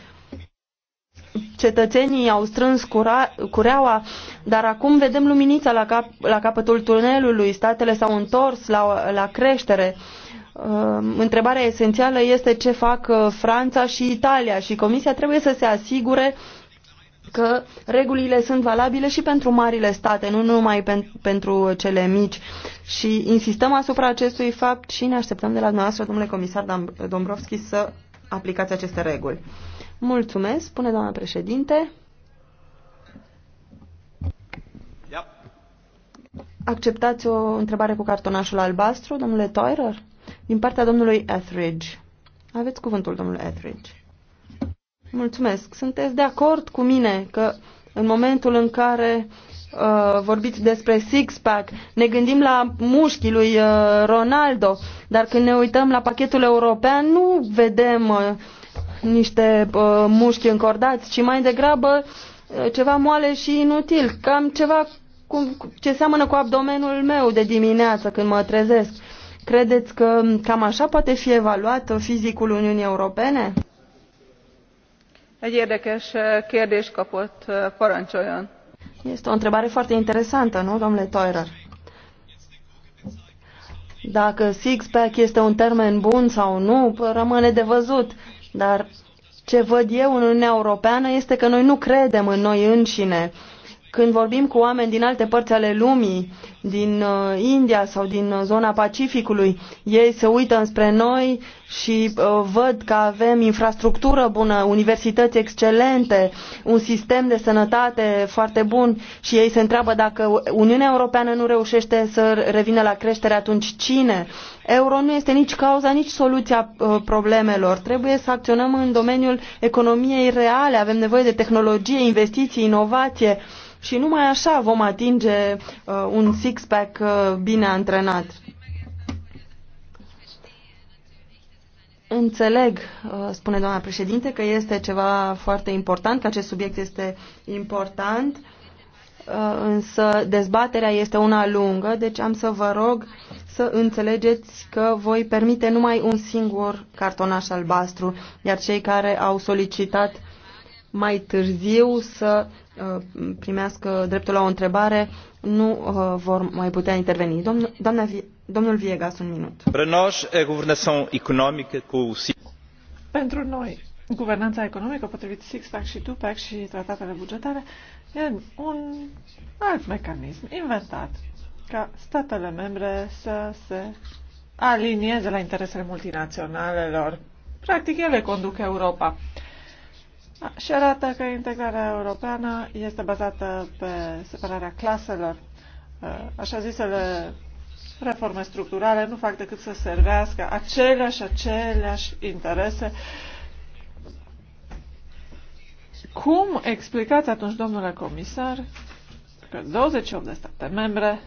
cetățenii au strâns cura, cureaua, dar acum vedem luminița la, cap, la capătul tunelului, statele s-au întors la, la creștere. Uh, întrebarea esențială este ce fac uh, Franța și Italia și Comisia trebuie să se asigure că regulile sunt valabile și pentru marile state, nu numai pen, pentru cele mici. Și insistăm asupra acestui fapt și ne așteptăm de la dumneavoastră, domnule comisar Dombrovski, să aplicați aceste reguli. Mulțumesc, spune doamna președinte. Acceptați o întrebare cu cartonașul albastru, domnule Toirer? Din partea domnului Etheridge. Aveți cuvântul, domnule Etheridge. Mulțumesc. Sunteți de acord cu mine că în momentul în care uh, vorbiți despre six-pack, ne gândim la mușchii lui uh, Ronaldo, dar când ne uităm la pachetul european, nu vedem... Uh, niște uh, mușchi încordați, ci mai degrabă uh, ceva moale și inutil, cam ceva cu, ce seamănă cu abdomenul meu de dimineață când mă trezesc. Credeți că cam așa poate fi evaluat fizicul Uniunii Europene? Egy érdekes kérdés kapott, parancsoljon. Este o întrebare foarte interesantă, nu, domnule Toirer? Dacă six-pack este un termen bun sau nu, rămâne de văzut. Dar ce văd eu în Uniunea Europeană este că noi nu credem în noi înșine când vorbim cu oameni din alte părți ale lumii, din uh, India sau din uh, zona Pacificului, ei se uită înspre noi și uh, văd că avem infrastructură bună, universități excelente, un sistem de sănătate foarte bun și ei se întreabă dacă Uniunea Europeană nu reușește să revină la creștere, atunci cine? Euro nu este nici cauza, nici soluția problemelor. Trebuie să acționăm în domeniul economiei reale. Avem nevoie de tehnologie, investiții, inovație și numai așa vom atinge uh, un six-pack uh, bine antrenat. Înțeleg, uh, spune doamna președinte, că este ceva foarte important, că acest subiect este important, uh, însă dezbaterea este una lungă, deci am să vă rog să înțelegeți că voi permite numai un singur cartonaș albastru, iar cei care au solicitat mai târziu să uh, primească dreptul la o întrebare, nu uh, vor mai putea interveni. Domnul, doamna, domnul Viegas, un minut. Pentru noi, guvernanța economică potrivit six-pack și two-pack și tratatele bugetare e un alt mecanism inventat ca statele membre să se alinieze la interesele multinaționalelor. Practic, ele conduc Europa și arată că integrarea europeană este bazată pe separarea claselor. Uh, așa zisele reforme structurale nu fac decât să servească aceleași, aceleași interese. Cum explicați atunci, domnule comisar, că 28 de state membre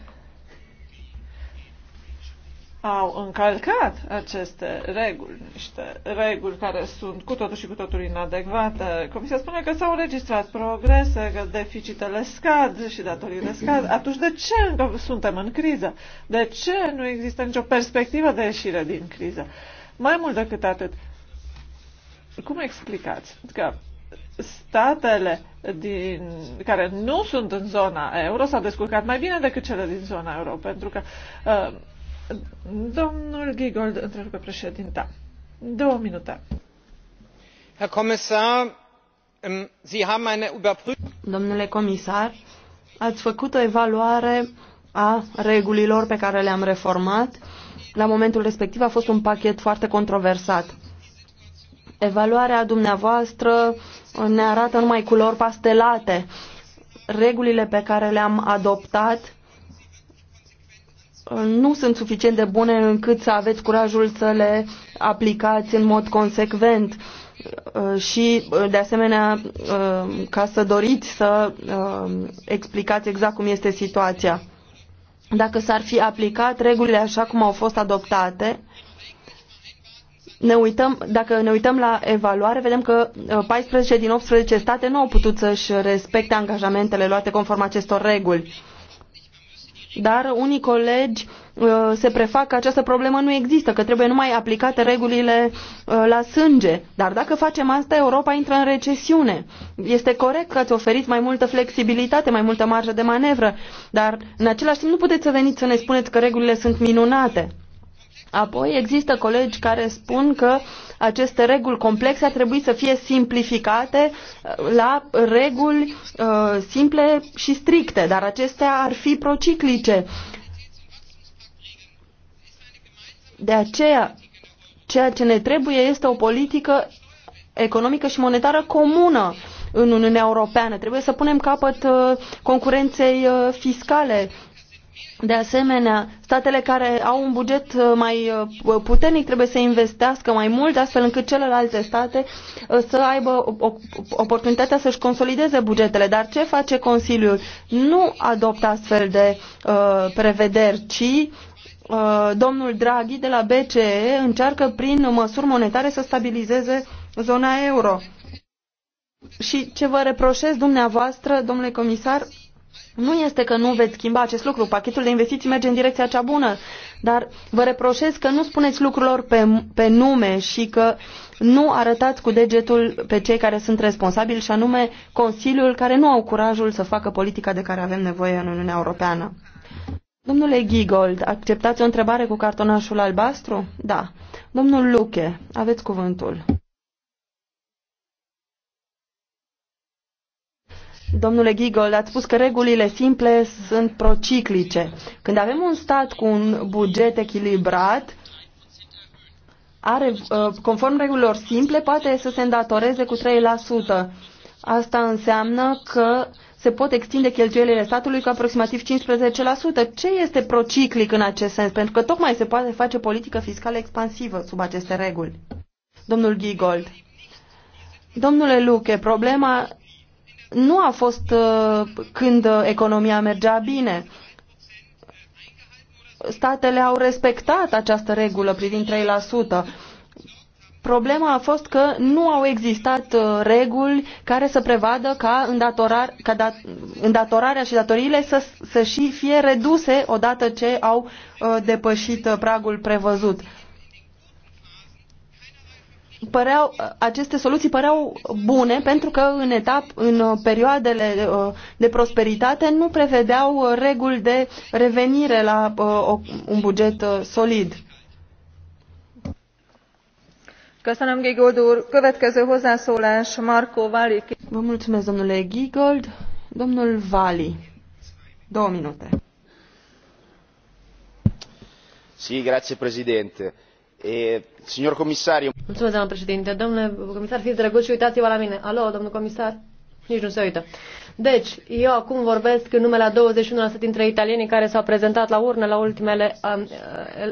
au încălcat aceste reguli, niște reguli care sunt cu totul și cu totul inadecvate. Comisia spune că s-au înregistrat progrese, că deficitele scad și datoriile scad. Atunci de ce încă suntem în criză? De ce nu există nicio perspectivă de ieșire din criză? Mai mult decât atât, cum explicați că statele din, care nu sunt în zona euro s-au descurcat mai bine decât cele din zona euro, pentru că uh, Domnul Giegold întrerupe președinta. Două minute. Herr Kommissar, ähm, Sie haben eine Überprüfung. Domnule comisar, ați făcut o evaluare a regulilor pe care le-am reformat. La momentul respectiv a fost un pachet foarte controversat. Evaluarea dumneavoastră ne arată numai culori pastelate. Regulile pe care le-am adoptat nu sunt suficient de bune încât să aveți curajul să le aplicați în mod consecvent uh, și, uh, de asemenea, uh, ca să doriți să explicați exact cum este situația. Dacă s-ar fi aplicat regulile așa cum au fost adoptate, ne uităm, dacă ne uităm la evaluare, vedem că 14 din 18 state nu au putut să-și respecte angajamentele luate conform acestor reguli dar unii colegi uh, se prefac că această problemă nu există, că trebuie numai aplicate regulile uh, la sânge. Dar dacă facem asta, Europa intră în recesiune. Este corect că ați oferit mai multă flexibilitate, mai multă marjă de manevră, dar în același timp nu puteți să veniți să ne spuneți că regulile sunt minunate. Apoi există colegi care spun că aceste reguli complexe ar trebui să fie simplificate uh, la reguli uh, simple și stricte, dar acestea ar fi prociclice. De aceea, ceea ce ne trebuie este o politică economică și monetară comună în Uniunea Europeană. Trebuie să punem capăt uh, concurenței uh, fiscale de asemenea, statele care au un buget uh, mai uh, puternic trebuie să investească mai mult, astfel încât celelalte state uh, să aibă oportunitatea să-și consolideze bugetele. Dar ce face Consiliul? Nu adoptă astfel de uh, prevederi, ci domnul Draghi de la BCE încearcă prin măsuri monetare să stabilizeze zona euro. Și ce vă reproșez dumneavoastră, domnule comisar, nu este că nu veți schimba acest lucru, pachetul de investiții merge în direcția cea bună, dar vă reproșez că nu spuneți lucrurilor pe, pe nume și că nu arătați cu degetul pe cei care sunt responsabili, și anume Consiliul, care nu au curajul să facă politica de care avem nevoie în Uniunea Europeană. Domnule Gigold, acceptați o întrebare cu cartonașul albastru? Da. Domnul Luche, aveți cuvântul. Domnule Gigol, ați spus că regulile simple sunt prociclice. Când avem un stat cu un buget echilibrat, are, uh, conform regulilor simple, poate să se îndatoreze cu 3%. Asta înseamnă că se pot extinde cheltuielile statului cu aproximativ 15%. Ce este prociclic în acest sens? Pentru că tocmai se poate face politică fiscală expansivă sub aceste reguli. Domnul Giegold. Domnule Luche, problema nu a fost uh, când economia mergea bine. Statele au respectat această regulă privind 3%. Problema a fost că nu au existat uh, reguli care să prevadă ca, îndatorar, ca îndatorarea și datoriile să, să și fie reduse odată ce au uh, depășit pragul prevăzut păreau, aceste soluții păreau bune pentru că în etap, în perioadele uh, de prosperitate nu prevedeau uh, reguli de revenire la uh, un buget solid. Köszönöm, Gigold úr. Következő hozzászólás, Marco Vali. Vă mulțumesc, domnule Gigold. Domnul Vali, două minute. Sì, grazie Presidente Signor Mulțumesc, doamnă președinte. Domnule comisar, fiți drăguți și uitați-vă la mine. Alo, domnul comisar? Nici nu se uită. Deci, eu acum vorbesc în numele a 21% dintre italienii care s-au prezentat la urne la ultimele um, uh,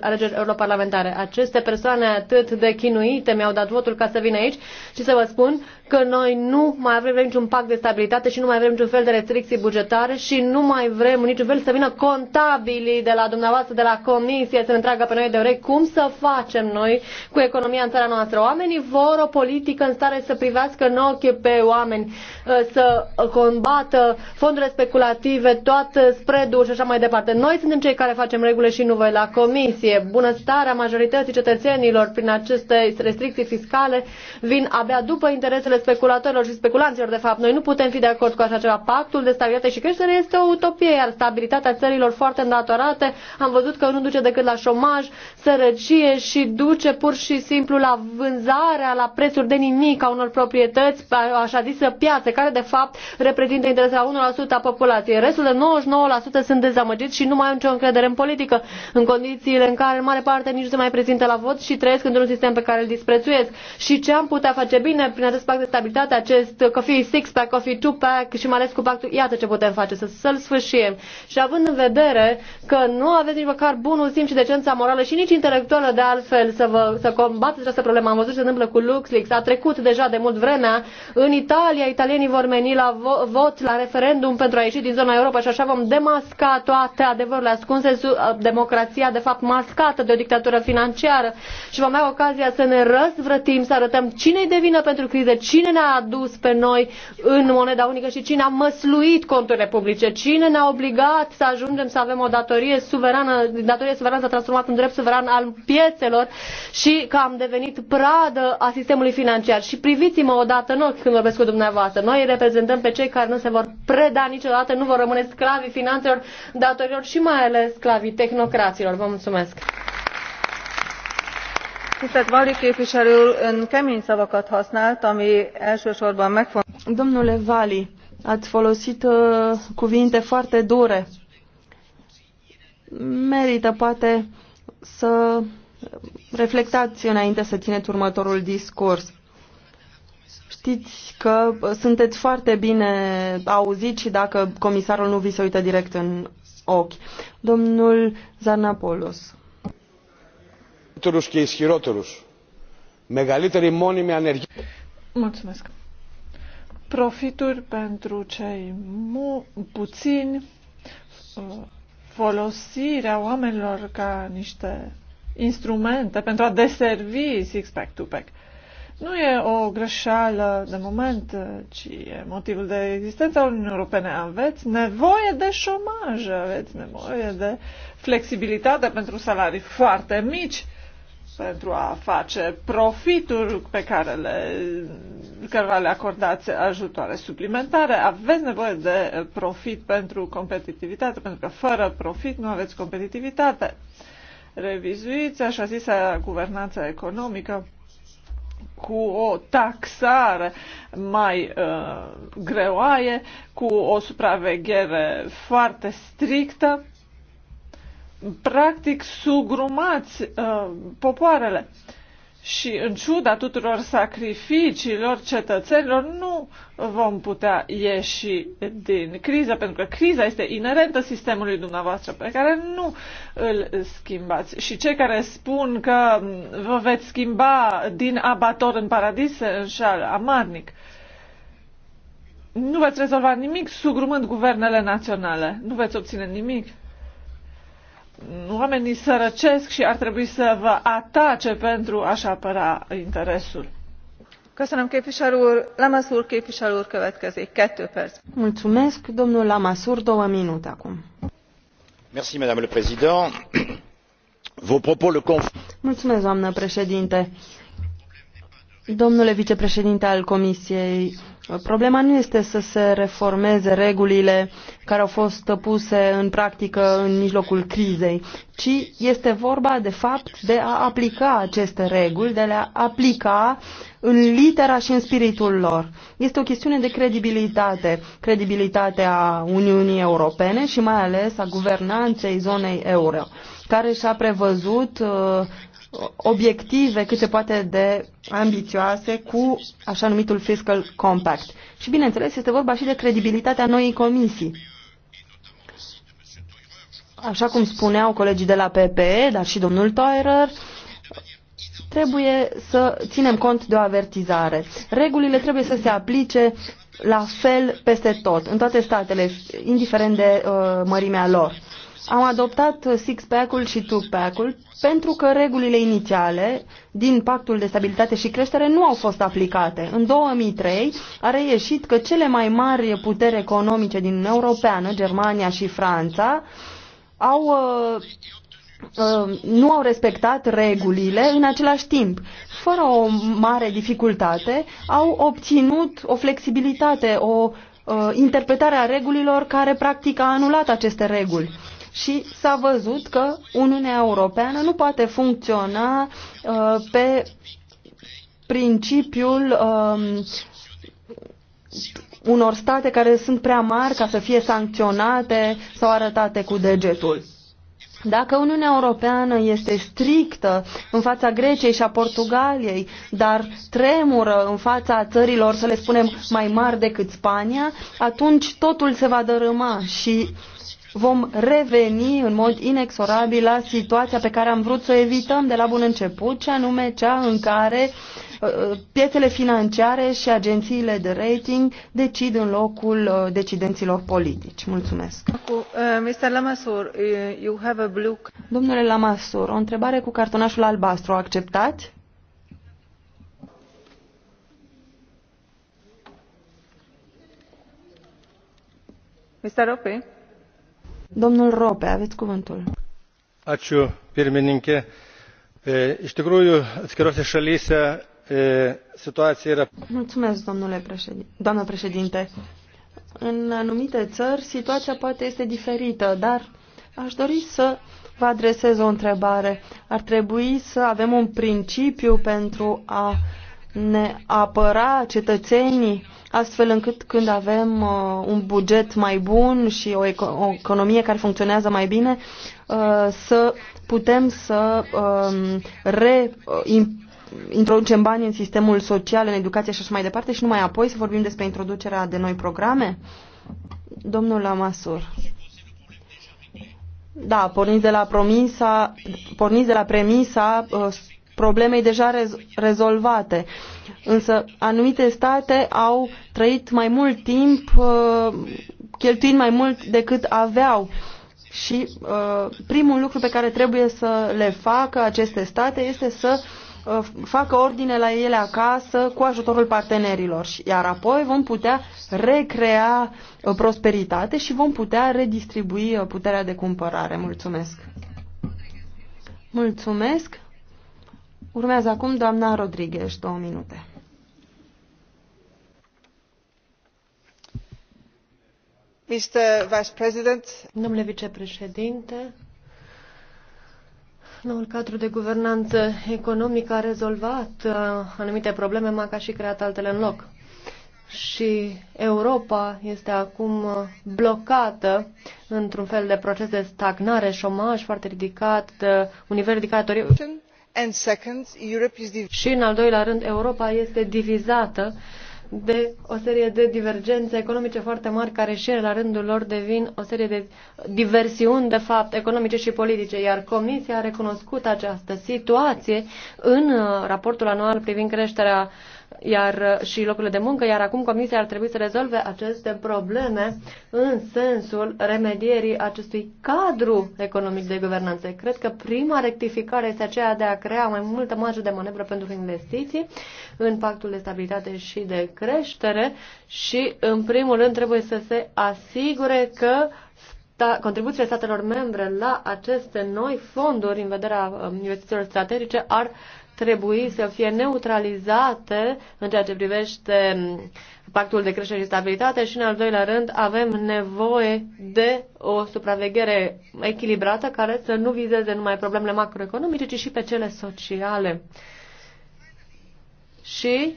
alegeri europarlamentare. Aceste persoane atât de chinuite mi-au dat votul ca să vin aici și să vă spun că noi nu mai avem niciun pact de stabilitate și nu mai avem niciun fel de restricții bugetare și nu mai vrem niciun fel să vină contabilii de la dumneavoastră, de la comisie, să ne tragă pe noi de urechi cum să facem noi cu economia în țara noastră. Oamenii vor o politică în stare să privească în ochi pe oameni, ă, să combată fondurile speculative, toate spread-ul și așa mai departe. Noi suntem cei care facem regulile și nu voi la comisie. Bunăstarea majorității cetățenilor prin aceste restricții fiscale vin abia după interesele speculatorilor și speculanților, de fapt. Noi nu putem fi de acord cu așa ceva. Pactul de stabilitate și creștere este o utopie, iar stabilitatea țărilor foarte îndatorate am văzut că nu duce decât la șomaj, sărăcie și duce pur și simplu la vânzarea la prețuri de nimic a unor proprietăți, așa zisă piațe, care de fapt reprezintă interesele 1% a populației. Restul de 99% sunt dezamăgiți și nu mai au nicio încredere în politică, în condițiile în care în mare parte nici nu se mai prezintă la vot și trăiesc într-un sistem pe care îl disprețuiesc. Și ce am putea face bine prin acest pact de stabilitate, acest fi six-pack, fi two-pack și mai ales cu pactul, iată ce putem face, să, să-l sfârșim. Și având în vedere că nu aveți nici măcar bunul simț și decența morală și nici intelectuală de altfel să, vă, să combateți această problemă, am văzut ce se întâmplă cu LuxLeaks, a trecut deja de mult vremea, în Italia italienii vor meni la vot, la referendum pentru a ieși din zona Europa și așa vom demasca toate adevărurile ascunse, democrația de fapt mascată de o dictatură financiară și vom avea ocazia să ne răzvrătim, să arătăm cine-i pentru crize, Cine ne-a adus pe noi în moneda unică și cine a măsluit conturile publice? Cine ne-a obligat să ajungem să avem o datorie suverană, datorie suverană s-a transformat în drept suveran al piețelor și că am devenit pradă a sistemului financiar. Și priviți-mă odată în ochi când vorbesc cu dumneavoastră. Noi reprezentăm pe cei care nu se vor preda niciodată, nu vor rămâne sclavii finanțelor, datorilor și mai ales sclavii tehnocraților. Vă mulțumesc! tisztelt Valli képviselő úr, ön kemény szavakat használt, ami elsősorban megfontolt. Domnule Valli, ați folosit uh, cuvinte foarte dure. Merită poate să reflectați înainte să țineți următorul discurs. Știți că sunteți foarte bine auzit și dacă comisarul nu vi se uită direct în ochi. Domnul Zarnapoulos μεγαλύτερους και ισχυρότερους. Μεγαλύτερη μόνιμη ανεργία. Mulțumesc. Profituri pentru cei mu- puțini, uh, folosirea oamenilor ca niște instrumente pentru a deservi six-pack, two-pack. Nu e o greșeală de moment, uh, ci e motivul de existență al Uniunii Europene. Aveți nevoie de șomaj, aveți nevoie de flexibilitate pentru salarii foarte mici pentru a face profituri pe care le, cărora le acordați ajutoare suplimentare. Aveți nevoie de profit pentru competitivitate, pentru că fără profit nu aveți competitivitate. Revizuiți așa zisa guvernanța economică cu o taxare mai uh, greoaie, cu o supraveghere foarte strictă practic sugrumați uh, popoarele. Și în ciuda tuturor sacrificiilor cetățenilor nu vom putea ieși din criză, pentru că criza este inerentă sistemului dumneavoastră pe care nu îl schimbați. Și cei care spun că vă veți schimba din abator în paradis se înșală amarnic. Nu veți rezolva nimic sugrumând guvernele naționale. Nu veți obține nimic oamenii sărăcesc și ar trebui să vă atace pentru a-și apăra interesul. Köszönöm képviselő úr. Lamassur képviselő úr következik. Kettő perc. Mulțumesc, domnul Lamassur, două minute acum. Merci, madame le président. Vos propos le conf... Mulțumesc, doamnă președinte. Domnule vicepreședinte al Comisiei, problema nu este să se reformeze regulile care au fost puse în practică în mijlocul crizei, ci este vorba de fapt de a aplica aceste reguli, de a le aplica în litera și în spiritul lor. Este o chestiune de credibilitate, credibilitatea Uniunii Europene și mai ales a guvernanței zonei euro, care și-a prevăzut uh, obiective cât se poate de ambițioase cu așa numitul Fiscal Compact. Și bineînțeles, este vorba și de credibilitatea noii comisii. Așa cum spuneau colegii de la PPE, dar și domnul Teurer, trebuie să ținem cont de o avertizare. Regulile trebuie să se aplice la fel peste tot, în toate statele, indiferent de uh, mărimea lor. Am adoptat six-pack-ul și two-pack-ul pentru că regulile inițiale din Pactul de Stabilitate și Creștere nu au fost aplicate. În 2003 a reieșit că cele mai mari puteri economice din Uniunea Europeană, Germania și Franța, au uh, uh, nu au respectat regulile în același timp. Fără o mare dificultate, au obținut o flexibilitate, o uh, interpretare a regulilor care practic a anulat aceste reguli și s-a văzut că Uniunea Europeană nu poate funcționa uh, pe principiul uh, unor state care sunt prea mari ca să fie sancționate sau arătate cu degetul. Dacă Uniunea Europeană este strictă în fața Greciei și a Portugaliei, dar tremură în fața țărilor, să le spunem, mai mari decât Spania, atunci totul se va dărâma și uh, vom reveni în mod inexorabil la situația pe care am vrut să o evităm de la bun început, ce anume cea în care uh, uh, piețele financiare și agențiile de rating decid în locul uh, decidenților politici. Mulțumesc. Domnule Lamassoure, o întrebare cu cartonașul albastru. acceptați? Mr. Opie? Domnul Rope, aveți cuvântul. Ačiū, pirmininkė. Iš tikrųjų, atskirose šalyse situația era... Mulțumesc, domnule președinte. Doamnă președinte. În anumite țări, situația poate este diferită, dar aș dori să vă adresez o întrebare. Ar trebui să avem un principiu pentru a ne apăra cetățenii astfel încât când avem uh, un buget mai bun și o, eco o economie care funcționează mai bine, uh, să putem să um, uh, reintroducem bani în sistemul social, în educație și așa mai departe și numai apoi să vorbim despre introducerea de noi programe? Domnul Lamasur. Da, porniți de la, promisa, porniți de la premisa uh, problemei deja rezolvate. Însă anumite state au trăit mai mult timp uh, cheltuind mai mult decât aveau. Și uh, primul lucru pe care trebuie să le facă aceste state este să uh, facă ordine la ele acasă cu ajutorul partenerilor. Iar apoi vom putea recrea prosperitate și vom putea redistribui puterea de cumpărare. Mulțumesc! Mulțumesc! Urmează acum doamna Rodriguez, două minute. Mr. Vice President. Domnule vicepreședinte, noul cadru de guvernanță economică a rezolvat uh, anumite probleme, mai ca și creat altele în loc. Și Europa este acum uh, blocată într-un fel de proces de stagnare, șomaj foarte ridicat, un nivel ridicat și în al doilea rând europa este divizată de o serie de divergențe economice foarte mari care și ele la rândul lor devin o serie de diversiuni de fapt economice și politice iar comisia a recunoscut această situație în uh, raportul anual privind creșterea iar, uh, și locurile de muncă, iar acum Comisia ar trebui să rezolve aceste probleme în sensul remedierii acestui cadru economic de guvernanță. Cred că prima rectificare este aceea de a crea mai multă marjă de manevră pentru investiții în pactul de stabilitate și de creștere și, în primul rând, trebuie să se asigure că contribuțiile statelor membre la aceste noi fonduri în vederea uh, investițiilor strategice ar uh, trebui să fie neutralizate în ceea ce privește pactul de creștere și stabilitate și, în al doilea rând, avem nevoie de o supraveghere echilibrată care să nu vizeze numai problemele macroeconomice, ci și pe cele sociale. Și,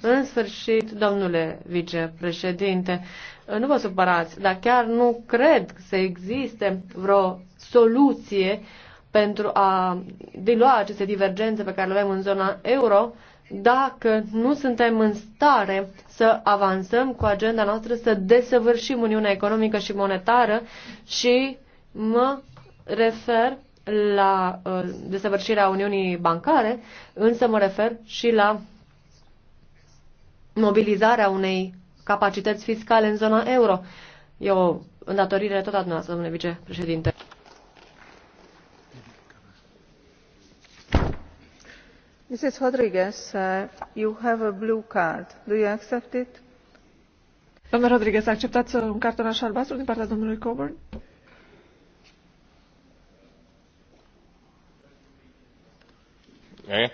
în sfârșit, domnule vicepreședinte, nu vă supărați, dar chiar nu cred să existe vreo soluție pentru a dilua aceste divergențe pe care le avem în zona euro, dacă nu suntem în stare să avansăm cu agenda noastră, să desăvârșim Uniunea Economică și Monetară și mă refer la uh, desăvârșirea Uniunii Bancare, însă mă refer și la mobilizarea unei capacități fiscale în zona euro. E o îndatorire tot a dumneavoastră, domnule vicepreședinte. doamnă Rodriguez, Rodriguez, acceptați uh, un cartonaș albastru din partea domnului Coburn? Eh?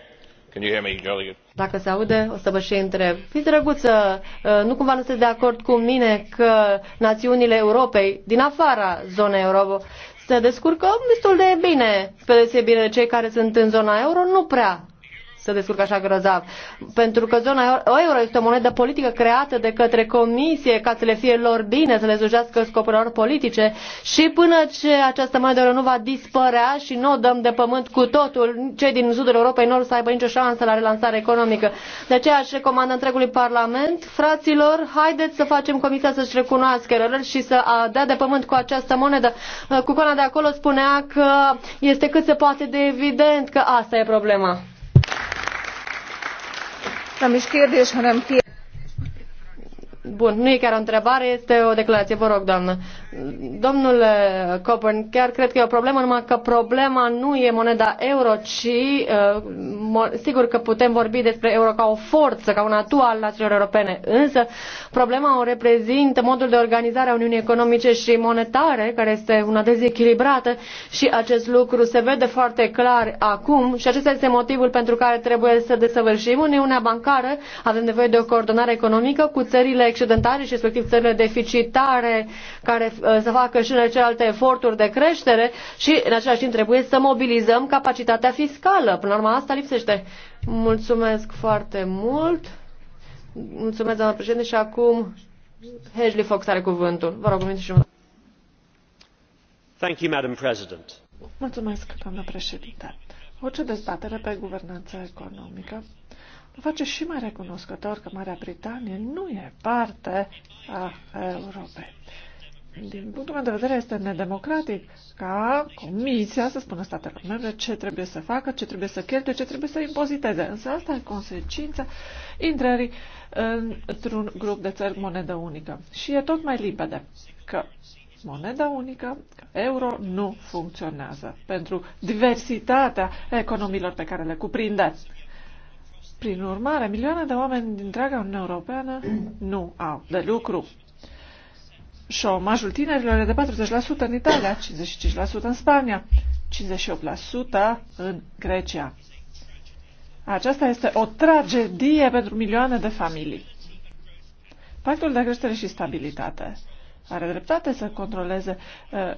Can you hear me, Dacă se aude, o să vă și întreb. Fii drăguță, uh, nu cumva nu sunteți de acord cu mine că națiunile Europei, din afara zonei euro, se descurcă destul de bine, spre deosebire de cei care sunt în zona euro, nu prea să descurcă așa grozav. Pentru că zona euro este o monedă politică creată de către comisie ca să le fie lor bine, să le slujească scopurilor politice și până ce această monedă euro nu va dispărea și nu o dăm de pământ cu totul, cei din sudul Europei nu o să aibă nicio șansă la relansare economică. De aceea aș recomandă întregului Parlament, fraților, haideți să facem comisia să-și recunoască erorile și să dea de pământ cu această monedă. Cucona de acolo spunea că este cât se poate de evident că asta e problema nem is kérdés hanem. Bun, nu e chiar o întrebare, este o declarație. Vă rog, doamnă. Domnule eh, Coburn, chiar cred că e o problemă, numai că problema nu e moneda euro, ci eh, sigur că putem vorbi despre euro ca o forță, ca un atu al națiunilor europene. Însă problema o reprezintă modul de organizare a Uniunii Economice și Monetare, care este una dezechilibrată și acest lucru se vede foarte clar acum și acesta este motivul pentru care trebuie să desăvârșim Uniunea Bancară. Avem nevoie de o coordonare economică cu țările excedentare și respectiv țările deficitare care uh, să facă și în celelalte eforturi de creștere și în același timp trebuie să mobilizăm capacitatea fiscală. Până la urmă asta lipsește. Mulțumesc foarte mult. Mulțumesc, doamnă președinte, și acum Hedley Fox are cuvântul. Vă rog, și mă. Thank you, Madam President. Mulțumesc, doamnă președinte. Orice dezbatere pe guvernanță economică face și mai recunoscător că Marea Britanie nu e parte a Europei. Din punctul meu de vedere, este nedemocratic ca Comisia să spună statelor membre ce trebuie să facă, ce trebuie să cheltuie, ce trebuie să impoziteze. Însă asta e consecința intrării într-un grup de țări monedă unică. Și e tot mai limpede că moneda unică, euro, nu funcționează pentru diversitatea economiilor pe care le cuprinde. Prin urmare, milioane de oameni din întreaga Uniunea Europeană nu au de lucru. Șomajul tinerilor e de 40% în Italia, 55% în Spania, 58% în Grecia. Aceasta este o tragedie pentru milioane de familii. Pactul de creștere și stabilitate are dreptate să controleze uh,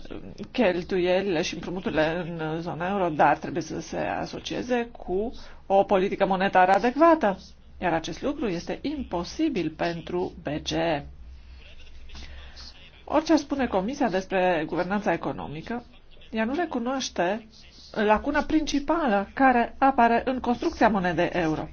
cheltuielile și împrumuturile în zona euro, dar trebuie să se asocieze cu o politică monetară adecvată. Iar acest lucru este imposibil pentru BCE. Orice spune Comisia despre guvernanța economică, ea nu recunoaște lacuna principală care apare în construcția monedei euro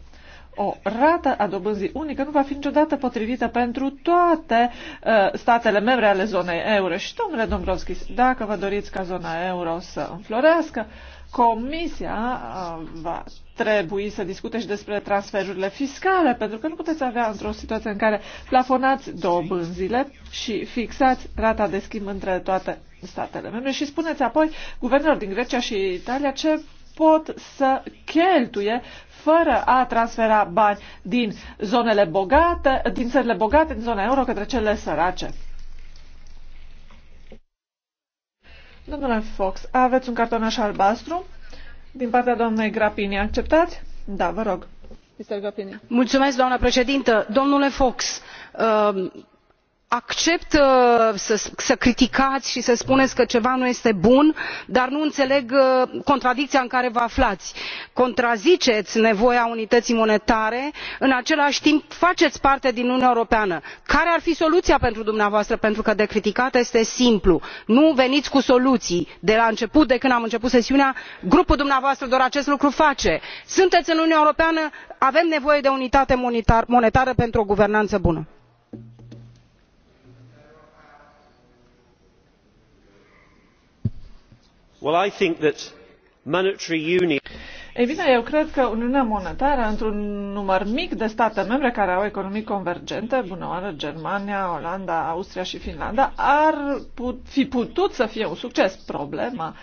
o rată a dobânzii unică nu va fi niciodată potrivită pentru toate uh, statele membre ale zonei euro. Și, domnule Dombrovski, dacă vă doriți ca zona euro să înflorească, Comisia uh, va trebui să discute și despre transferurile fiscale, pentru că nu puteți avea într-o situație în care plafonați dobânzile și fixați rata de schimb între toate statele membre și spuneți apoi guvernelor din Grecia și Italia ce pot să cheltuie fără a transfera bani din zonele bogate, din țările bogate, din zona euro către cele sărace. Domnule Fox, aveți un cartonaș albastru din partea doamnei Grapini. Acceptați? Da, vă rog. Mulțumesc, doamna președintă. Domnule Fox, uh accept uh, să criticați și să spuneți că ceva nu este bun dar nu înțeleg uh, contradicția în care vă aflați contraziceți nevoia unității monetare în același timp faceți parte din uniunea europeană. care ar fi soluția pentru dumneavoastră pentru că de criticat este simplu nu veniți cu soluții de la început de când am început sesiunea grupul dumneavoastră doar acest lucru face. sunteți în uniunea europeană avem nevoie de unitate monetară pentru o guvernanță bună. ei bine, eu cred că Uniunea Monetară, într-un număr mic de state membre care au economii convergente, bună oară, Germania, Olanda, Austria și Finlanda, ar fi putut să fie un succes. Problema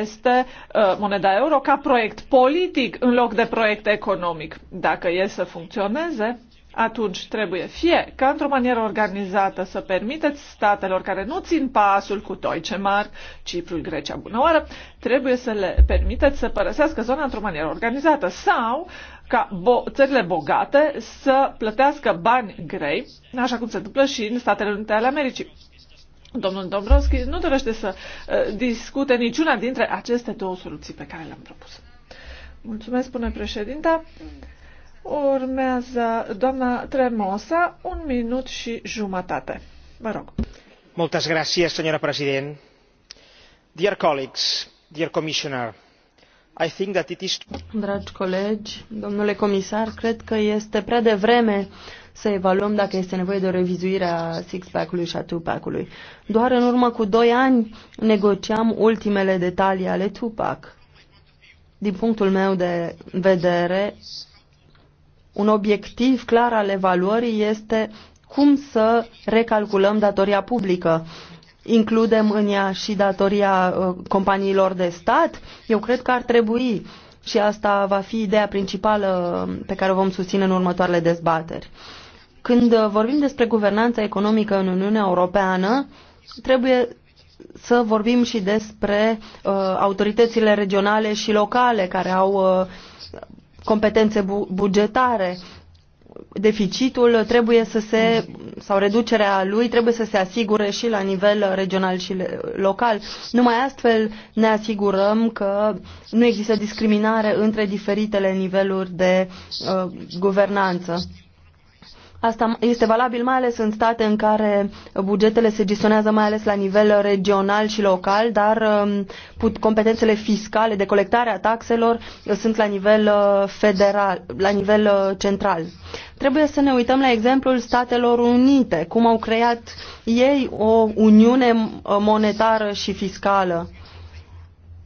este uh, moneda euro ca proiect politic în loc de proiect economic. Dacă e să funcționeze, atunci trebuie fie ca într-o manieră organizată să permiteți statelor care nu țin pasul cu mar, Ciprul, Grecia, Bunăoară, trebuie să le permiteți să părăsească zona într-o manieră organizată sau ca bo- țările bogate să plătească bani grei, așa cum se întâmplă și în Statele Unite ale Americii. Domnul Dombrovski nu dorește să uh, discute niciuna dintre aceste două soluții pe care le-am propus. Mulțumesc, spune președinta. Urmează doamna Tremosa, un minut și jumătate. Vă rog. Moltes gràcies, senyora president. Dear colleagues, dear commissioner, I think that it is... Dragi colegi, domnule comisar, cred că este prea devreme să evaluăm dacă este nevoie de o revizuire a six-pack-ului și a two-pack-ului. Doar în urmă cu doi ani negociam ultimele detalii ale two-pack. Din punctul meu de vedere, un obiectiv clar al evaluării este cum să recalculăm datoria publică. Includem în ea și datoria uh, companiilor de stat? Eu cred că ar trebui și asta va fi ideea principală um, pe care o vom susține în următoarele dezbateri. Când uh, vorbim despre guvernanța economică în Uniunea Europeană, trebuie să vorbim și despre uh, autoritățile regionale și locale care au uh, competențe bu bugetare. Deficitul trebuie să se, sau reducerea lui trebuie să se asigure și la nivel regional și local. Numai astfel ne asigurăm că nu există discriminare între diferitele niveluri de uh, guvernanță Asta este valabil mai ales în state în care bugetele se gestionează mai ales la nivel regional și local, dar um, competențele fiscale de colectare a taxelor uh, sunt la nivel uh, federal, la nivel uh, central. Trebuie să ne uităm la exemplul Statelor Unite, cum au creat ei o uniune monetară și fiscală.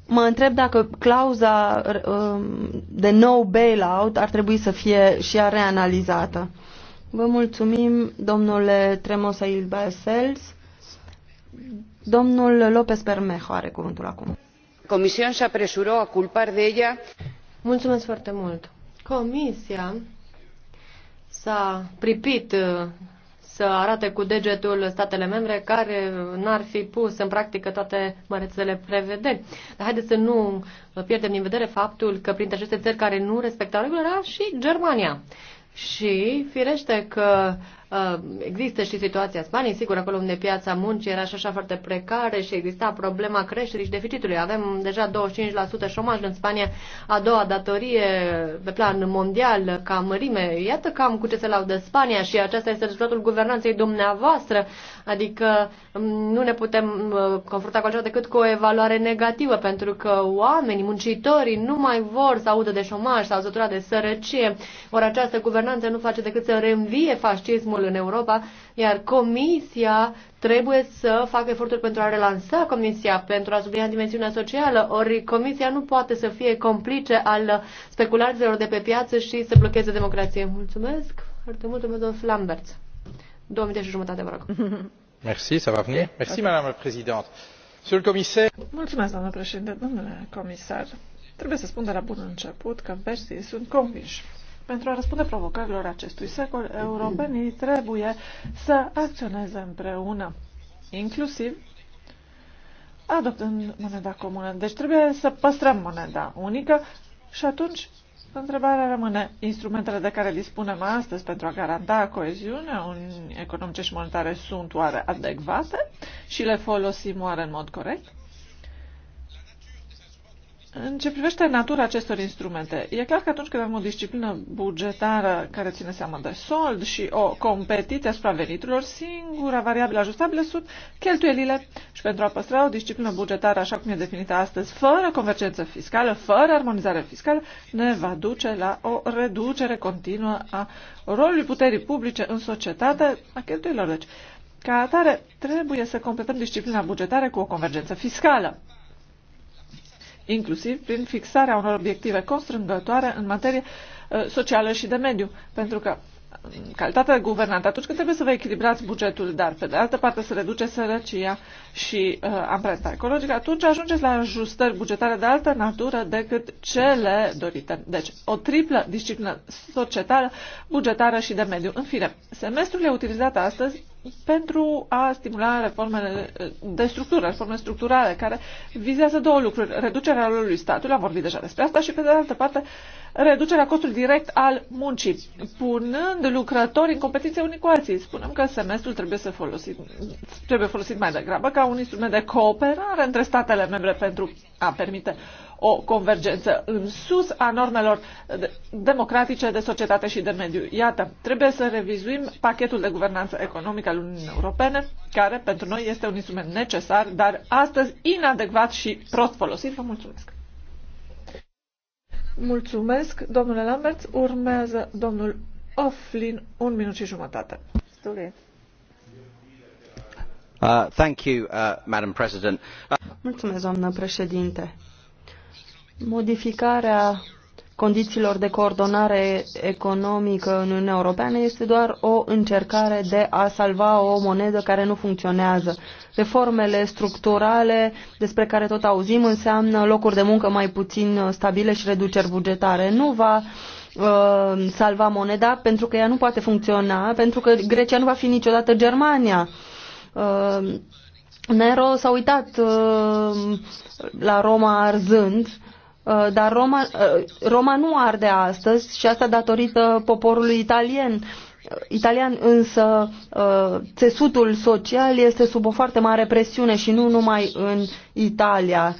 Mă întreb dacă clauza um, de no bailout ar trebui să fie și ea reanalizată. Vă mulțumim, domnule Tremosa Ilbasels. Domnul López Bermejo are cuvântul acum. Comisia se apresură a culpar de ea. Mulțumesc foarte mult. Comisia s-a pripit uh, să arate cu degetul statele membre care n-ar fi pus în practică toate mărețele prevederi. Dar haideți să nu pierdem din vedere faptul că printre aceste țări care nu respectau regulile era și Germania și firește că Uh, există și situația Spaniei, sigur, acolo unde piața muncii era și așa foarte precare și exista problema creșterii și deficitului. Avem deja 25% șomaj în Spania, a doua datorie pe plan mondial ca mărime. Iată cam cu ce se laudă Spania și acesta este rezultatul guvernanței dumneavoastră. Adică um, nu ne putem uh, confrunta cu altceva decât cu o evaluare negativă, pentru că oamenii, muncitorii, nu mai vor să audă de șomaj sau zătura de sărăcie. Ori această guvernanță nu face decât să reînvie fascismul turismul în Europa, iar Comisia trebuie să facă eforturi pentru a relansa Comisia, pentru a sublinia dimensiunea socială, ori Comisia nu poate să fie complice al speculanților de pe piață și să blocheze democrație. Mulțumesc foarte mult, domnul Flambert. Două minute și jumătate, vă rog. Merci, ça va venir. Merci, madame la présidente. le commissaire. Mulțumesc, doamnă președinte, domnule comisar. Trebuie să spun de la bun început că versii sunt convinși pentru a răspunde provocărilor acestui secol, europenii trebuie să acționeze împreună, inclusiv adoptând moneda comună. Deci trebuie să păstrăm moneda unică și atunci întrebarea rămâne. Instrumentele de care dispunem astăzi pentru a garanta coeziunea economice și monetare sunt oare adecvate și le folosim oare în mod corect? În ce privește natura acestor instrumente, e clar că atunci când avem o disciplină bugetară care ține seama de sold și o competiție asupra veniturilor, singura variabilă ajustabilă sunt cheltuielile. Și pentru a păstra o disciplină bugetară așa cum e definită astăzi, fără convergență fiscală, fără armonizare fiscală, ne va duce la o reducere continuă a rolului puterii publice în societate, a cheltuielor. Deci, ca atare, trebuie să completăm disciplina bugetară cu o convergență fiscală inclusiv prin fixarea unor obiective constrângătoare în materie uh, socială și de mediu, pentru că calitatea de guvernant, atunci când trebuie să vă echilibrați bugetul, dar pe de altă parte se reduce sărăcia și uh, amprenta ecologică, atunci ajungeți la ajustări bugetare de altă natură decât cele dorite. Deci, o triplă disciplină societală, bugetară și de mediu. În fine, semestrul e utilizat astăzi pentru a stimula reformele de structură, reforme structurale, care vizează două lucruri. Reducerea rolului statului, am vorbit deja despre asta, și pe de altă parte reducerea costului direct al muncii, punând lucrătorii în competiție unii cu alții. Spunem că semestrul trebuie, să folosit, trebuie folosit mai degrabă ca un instrument de cooperare între statele membre pentru a permite uh, o convergență în sus a normelor democratice de societate și de mediu. Iată, trebuie să revizuim pachetul de guvernanță economică al Uniunii Europene, care pentru noi este un instrument necesar, dar astăzi inadecvat și prost folosit. Vă mulțumesc! Mulțumesc, domnule Lambert. Urmează domnul Oflin, un minut și jumătate. Sturie. Uh, thank you, uh, Madam President. Uh... Mulțumesc, doamnă președinte Modificarea condițiilor de coordonare economică în Uniunea Europeană este doar o încercare de a salva o monedă care nu funcționează. Reformele structurale despre care tot auzim înseamnă locuri de muncă mai puțin stabile și reduceri bugetare. Nu va uh, salva moneda pentru că ea nu poate funcționa, pentru că Grecia nu va fi niciodată Germania. Uh, Nero s-a uitat uh, la Roma arzând Uh, dar Roma, uh, Roma nu arde astăzi și asta datorită poporului italian. Uh, italian însă țesutul social este sub o foarte mare presiune și nu numai în Italia.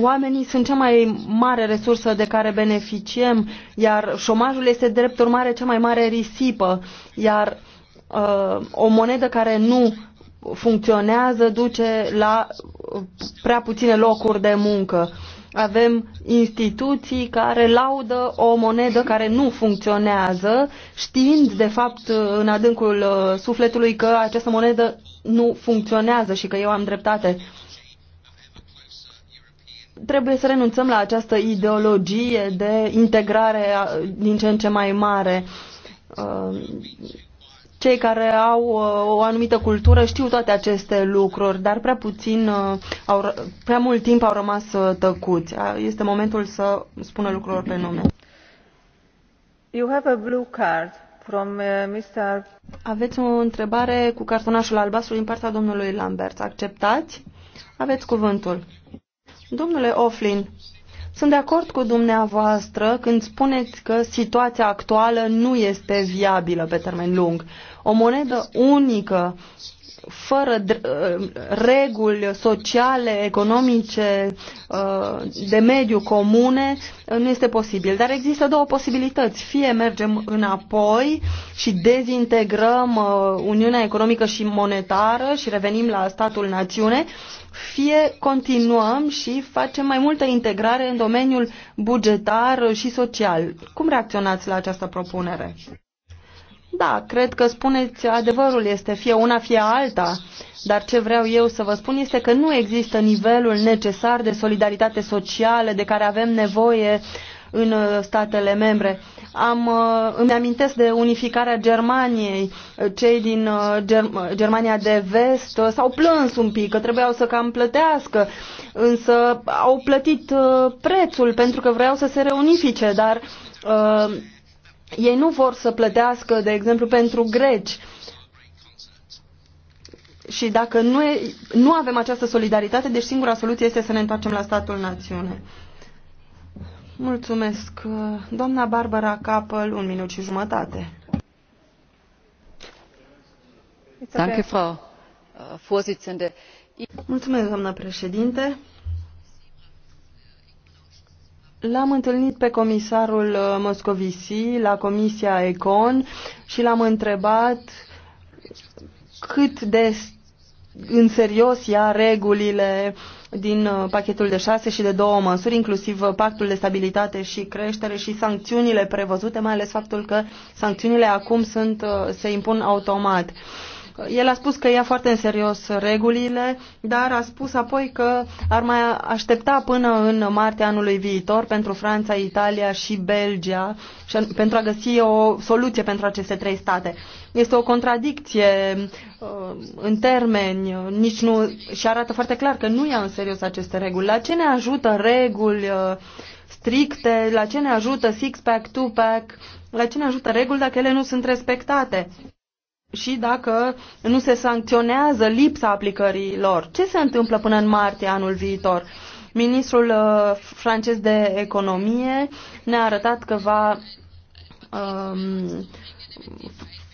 Oamenii sunt cea mai mare resursă de care beneficiem, iar șomajul este drept urmare cea mai mare risipă, iar uh, o monedă care nu funcționează duce la prea puține locuri de muncă. Uh, avem instituții care laudă o monedă care nu funcționează, știind de fapt în adâncul uh, sufletului că această monedă nu funcționează și că eu am dreptate. Trebuie să renunțăm la această ideologie de integrare uh, din ce în ce mai mare uh, cei care au uh, o anumită cultură știu toate aceste lucruri, dar prea puțin, uh, au, prea mult timp au rămas uh, tăcuți. Este momentul să spună lucrurilor pe nume. You have a blue card from Mr. Aveți o întrebare cu cartonașul albastru din partea domnului Lambert. Acceptați? Aveți cuvântul. Domnule Oflin, sunt de acord cu dumneavoastră când spuneți că situația actuală nu este viabilă pe termen lung. O monedă unică fără uh, reguli sociale, economice, uh, de mediu comune, uh, nu este posibil. Dar există două posibilități. Fie mergem înapoi și dezintegrăm Uniunea Economică și Monetară și revenim la statul națiune, fie continuăm și facem mai multă integrare în domeniul bugetar și social. Cum reacționați la această propunere? Da, cred că spuneți adevărul, este fie una, fie alta, dar ce vreau eu să vă spun este că nu există nivelul necesar de solidaritate socială de care avem nevoie în uh, statele membre. Am, uh, îmi amintesc de unificarea Germaniei. Cei din uh, Germ- Germania de vest s-au plâns un pic că trebuiau să cam plătească, însă au plătit prețul pentru că vreau să se reunifice, dar uh, ei nu vor să plătească, de exemplu, pentru greci. Și dacă nu, e, nu avem această solidaritate, deci singura soluție este să ne întoarcem la statul națiune. Mulțumesc. Doamna Barbara Capel, un minut și jumătate. Danke, Frau äh, Mulțumesc, doamna președinte. L-am întâlnit pe comisarul uh, Moscovici la Comisia Econ și l-am întrebat cât de în serios ia regulile din uh, pachetul de șase și de două măsuri, inclusiv uh, pactul de stabilitate și creștere și sancțiunile prevăzute, mai ales faptul că sancțiunile acum sunt, se impun automat. Uh, el a spus că ia foarte în serios regulile, dar a spus apoi că ar mai aștepta până în martie anului viitor pentru Franța, Italia și Belgia și pentru a găsi o soluție pentru aceste trei state. Este o contradicție uh, în termeni nici nu, și arată foarte clar că nu ia în serios aceste reguli. La ce ne ajută reguli uh, stricte, la ce ne ajută six-pack, two-pack, la ce ne ajută reguli dacă ele nu sunt respectate? și dacă nu se sancționează lipsa aplicării lor. Ce se întâmplă până în martie anul viitor? Ministrul uh, francez de economie ne-a arătat că va um,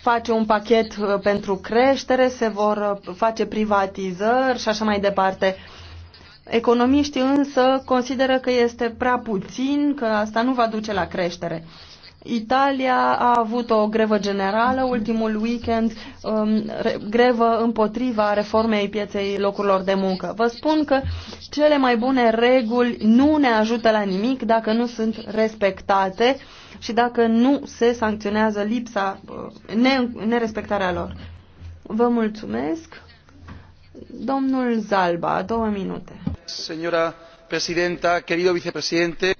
face un pachet uh, pentru creștere, se vor uh, face privatizări și așa mai departe. Economiștii însă consideră că este prea puțin, că asta nu va duce la creștere. Italia a avut o grevă generală ultimul weekend, um, re, grevă împotriva reformei pieței locurilor de muncă. Vă spun că cele mai bune reguli nu ne ajută la nimic dacă nu sunt respectate și dacă nu se sancționează lipsa, uh, ne, nerespectarea lor. Vă mulțumesc. Domnul Zalba, două minute. Senora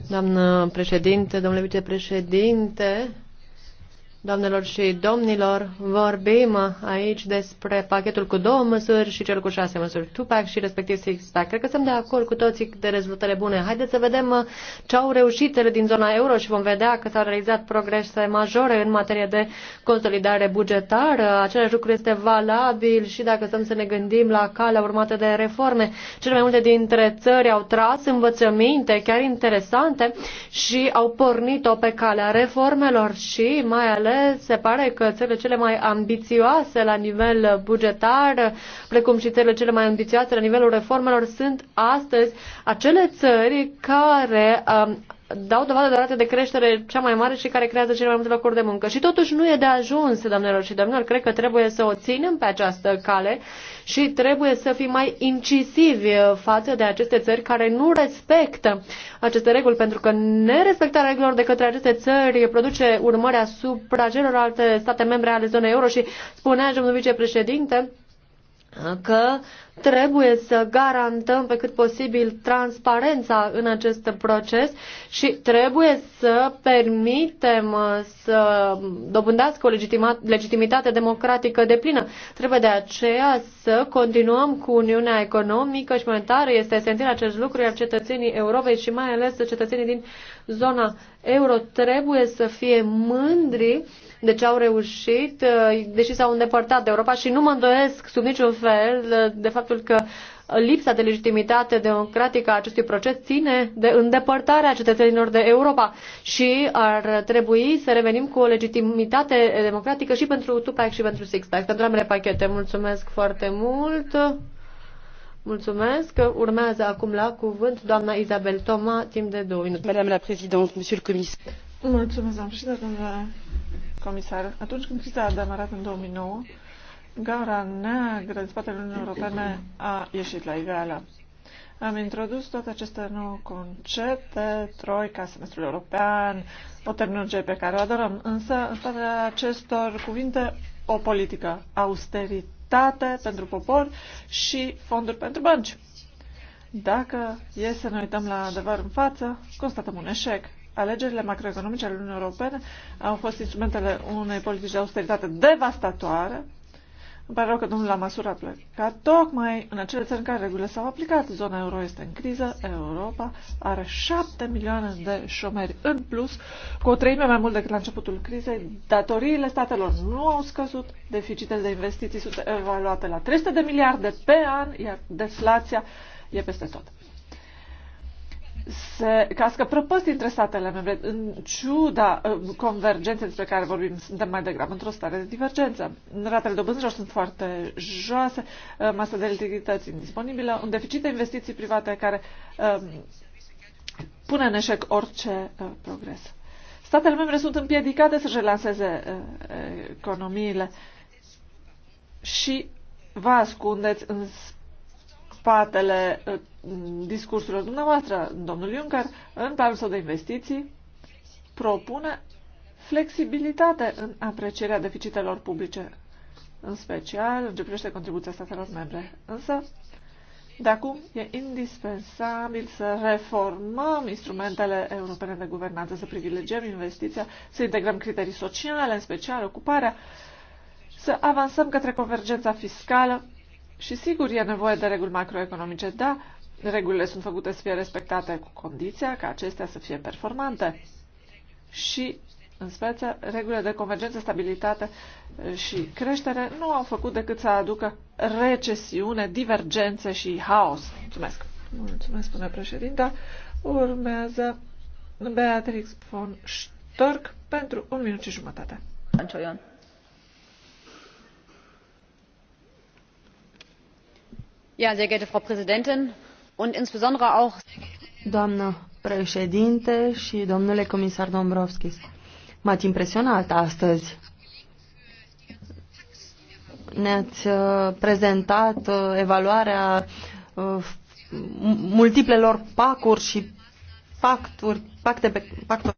doamnă președinte domnule vicepreședinte Doamnelor și domnilor, vorbim aici despre pachetul cu două măsuri și cel cu șase măsuri, Tupac și respectiv six-pack. Cred că suntem de acord cu toții de rezultatele bune. Haideți să vedem uh, ce au reușit ele din zona euro și vom vedea că s-au realizat progrese majore în materie de consolidare bugetară. Același lucru este valabil și dacă stăm să ne gândim la calea urmată de reforme. Cele mai multe dintre țări au tras învățăminte chiar interesante și au pornit-o pe calea reformelor și mai ales se pare că țările cele mai ambițioase la nivel bugetar, precum și țările cele mai ambițioase la nivelul reformelor, sunt astăzi acele țări care um, dau dovadă de rate de creștere cea mai mare și care creează cele mai multe locuri de muncă. Și totuși nu e de ajuns, doamnelor și domnilor, cred că trebuie să o ținem pe această cale și trebuie să fim mai incisivi față de aceste țări care nu respectă aceste reguli, pentru că nerespectarea regulilor de către aceste țări produce urmări asupra celorlalte state membre ale zonei euro și spunea domnul vicepreședinte că uh, Trebuie să garantăm pe cât posibil transparența în acest proces și trebuie să permitem uh, să dobândească o legitimitate democratică de plină. Trebuie de aceea să continuăm cu Uniunea Economică și Monetară. Este esențial acest lucru, iar cetățenii Europei și mai ales cetățenii din zona euro trebuie să fie mândri de deci ce au reușit, uh, deși s-au îndepărtat de Europa și nu mă îndoiesc sub niciun fel de faptul că lipsa de legitimitate democratică a acestui proces ține de îndepărtarea cetățenilor de Europa și ar trebui să revenim cu o legitimitate democratică și pentru Tupac și pentru Sixpack. Pentru ambele pachete, mulțumesc foarte mult! Mulțumesc. Urmează acum la cuvânt doamna Isabel Toma, timp de două minute. Madame la Présidente, Monsieur le Comisar. Mulțumesc, doamna președinte, domnule comisar. Atunci când criza a demarat în 2009, gaura neagră în spatele Uniunii Europene a ieșit la iveală. Am introdus toate aceste nouă concepte, troica, semestrul european, o terminologie pe care o adorăm, însă în spatele acestor cuvinte o politică, austeritate pentru popor și fonduri pentru bănci. Dacă e să ne uităm la adevăr în față, constatăm un eșec alegerile macroeconomice ale Uniunii Europene au fost instrumentele unei politici de austeritate devastatoare. Îmi pare rău că domnul la măsură a plecat. Tocmai în acele țări în care regulile s-au aplicat, zona euro este în criză, Europa are șapte milioane de șomeri în plus, cu o treime mai mult decât la începutul crizei. Datoriile statelor nu au scăzut, deficitele de investiții sunt evaluate la 300 de miliarde pe an, iar deflația e peste tot se cască prăpăstii între statele membre, în ciuda uh, convergenței despre care vorbim, suntem mai degrabă într-o stare de divergență. Ratele dobânzilor sunt foarte joase, uh, masa de lichidități indisponibilă, un deficit de investiții private care um, pune în eșec orice uh, progres. Statele membre sunt împiedicate să-și relanseze uh, economiile și vă ascundeți în spatele uh, discursurilor dumneavoastră. Domnul Juncker, în planul său de investiții, propune flexibilitate în aprecierea deficitelor publice, în special în ce privește contribuția statelor membre. Însă, de acum e indispensabil să reformăm instrumentele europene de guvernanță, să privilegiem investiția, să integrăm criterii sociale, în special ocuparea, să avansăm către convergența fiscală și sigur, e nevoie de reguli macroeconomice, da, regulile sunt făcute să fie respectate cu condiția ca acestea să fie performante. Și, în speță, regulile de convergență, stabilitate și creștere nu au făcut decât să aducă recesiune, divergențe și haos. Mulțumesc! Mulțumesc, spune președinta. Urmează Beatrix von Storch pentru un minut și jumătate. Anciolion. sehr geehrte frau präsidentin und insbesondere auch doamnă președinte și domnule comisar Dombrovskis. M-ați impresionat astăzi. Ne-ați uh, prezentat uh, evaluarea uh, multiplelor pacuri și pacturi, pacte, pacturi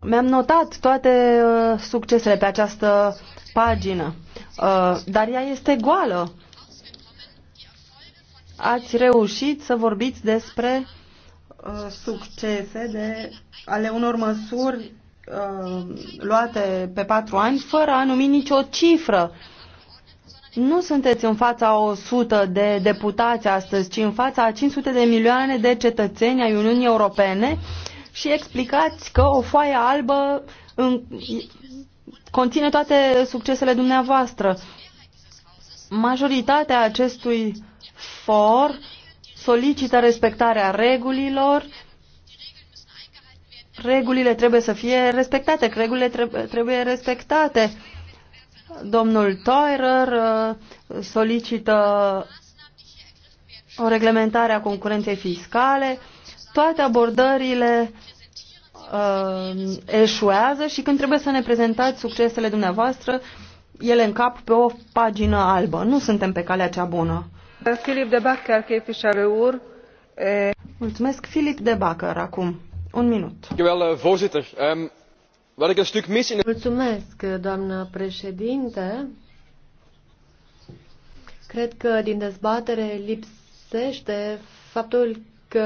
mi-am notat toate uh, succesele pe această pagină, uh, dar ea este goală. Ați reușit să vorbiți despre uh, succese de, ale unor măsuri uh, luate pe patru ani fără a numi nicio cifră. Nu sunteți în fața 100 de deputați astăzi, ci în fața 500 de milioane de cetățeni ai Uniunii Europene uh, și explicați că o foaie albă în, conține toate succesele dumneavoastră. Majoritatea acestui for solicită respectarea regulilor. Regulile trebuie să fie respectate, regulile trebuie respectate. Domnul Teurer uh, solicită o reglementare a concurenței fiscale. Toate abordările uh, eșuează și când trebuie să ne prezentați succesele dumneavoastră, ele în cap pe o pagină albă. Nu suntem pe calea cea bună. Filip de Bacar, képviselő úr. Mulțumesc, Filip de Bacar, acum. Un minut. Eh, ehm, Mulțumesc, eh, doamnă președinte. Cred că din dezbatere lipsește faptul că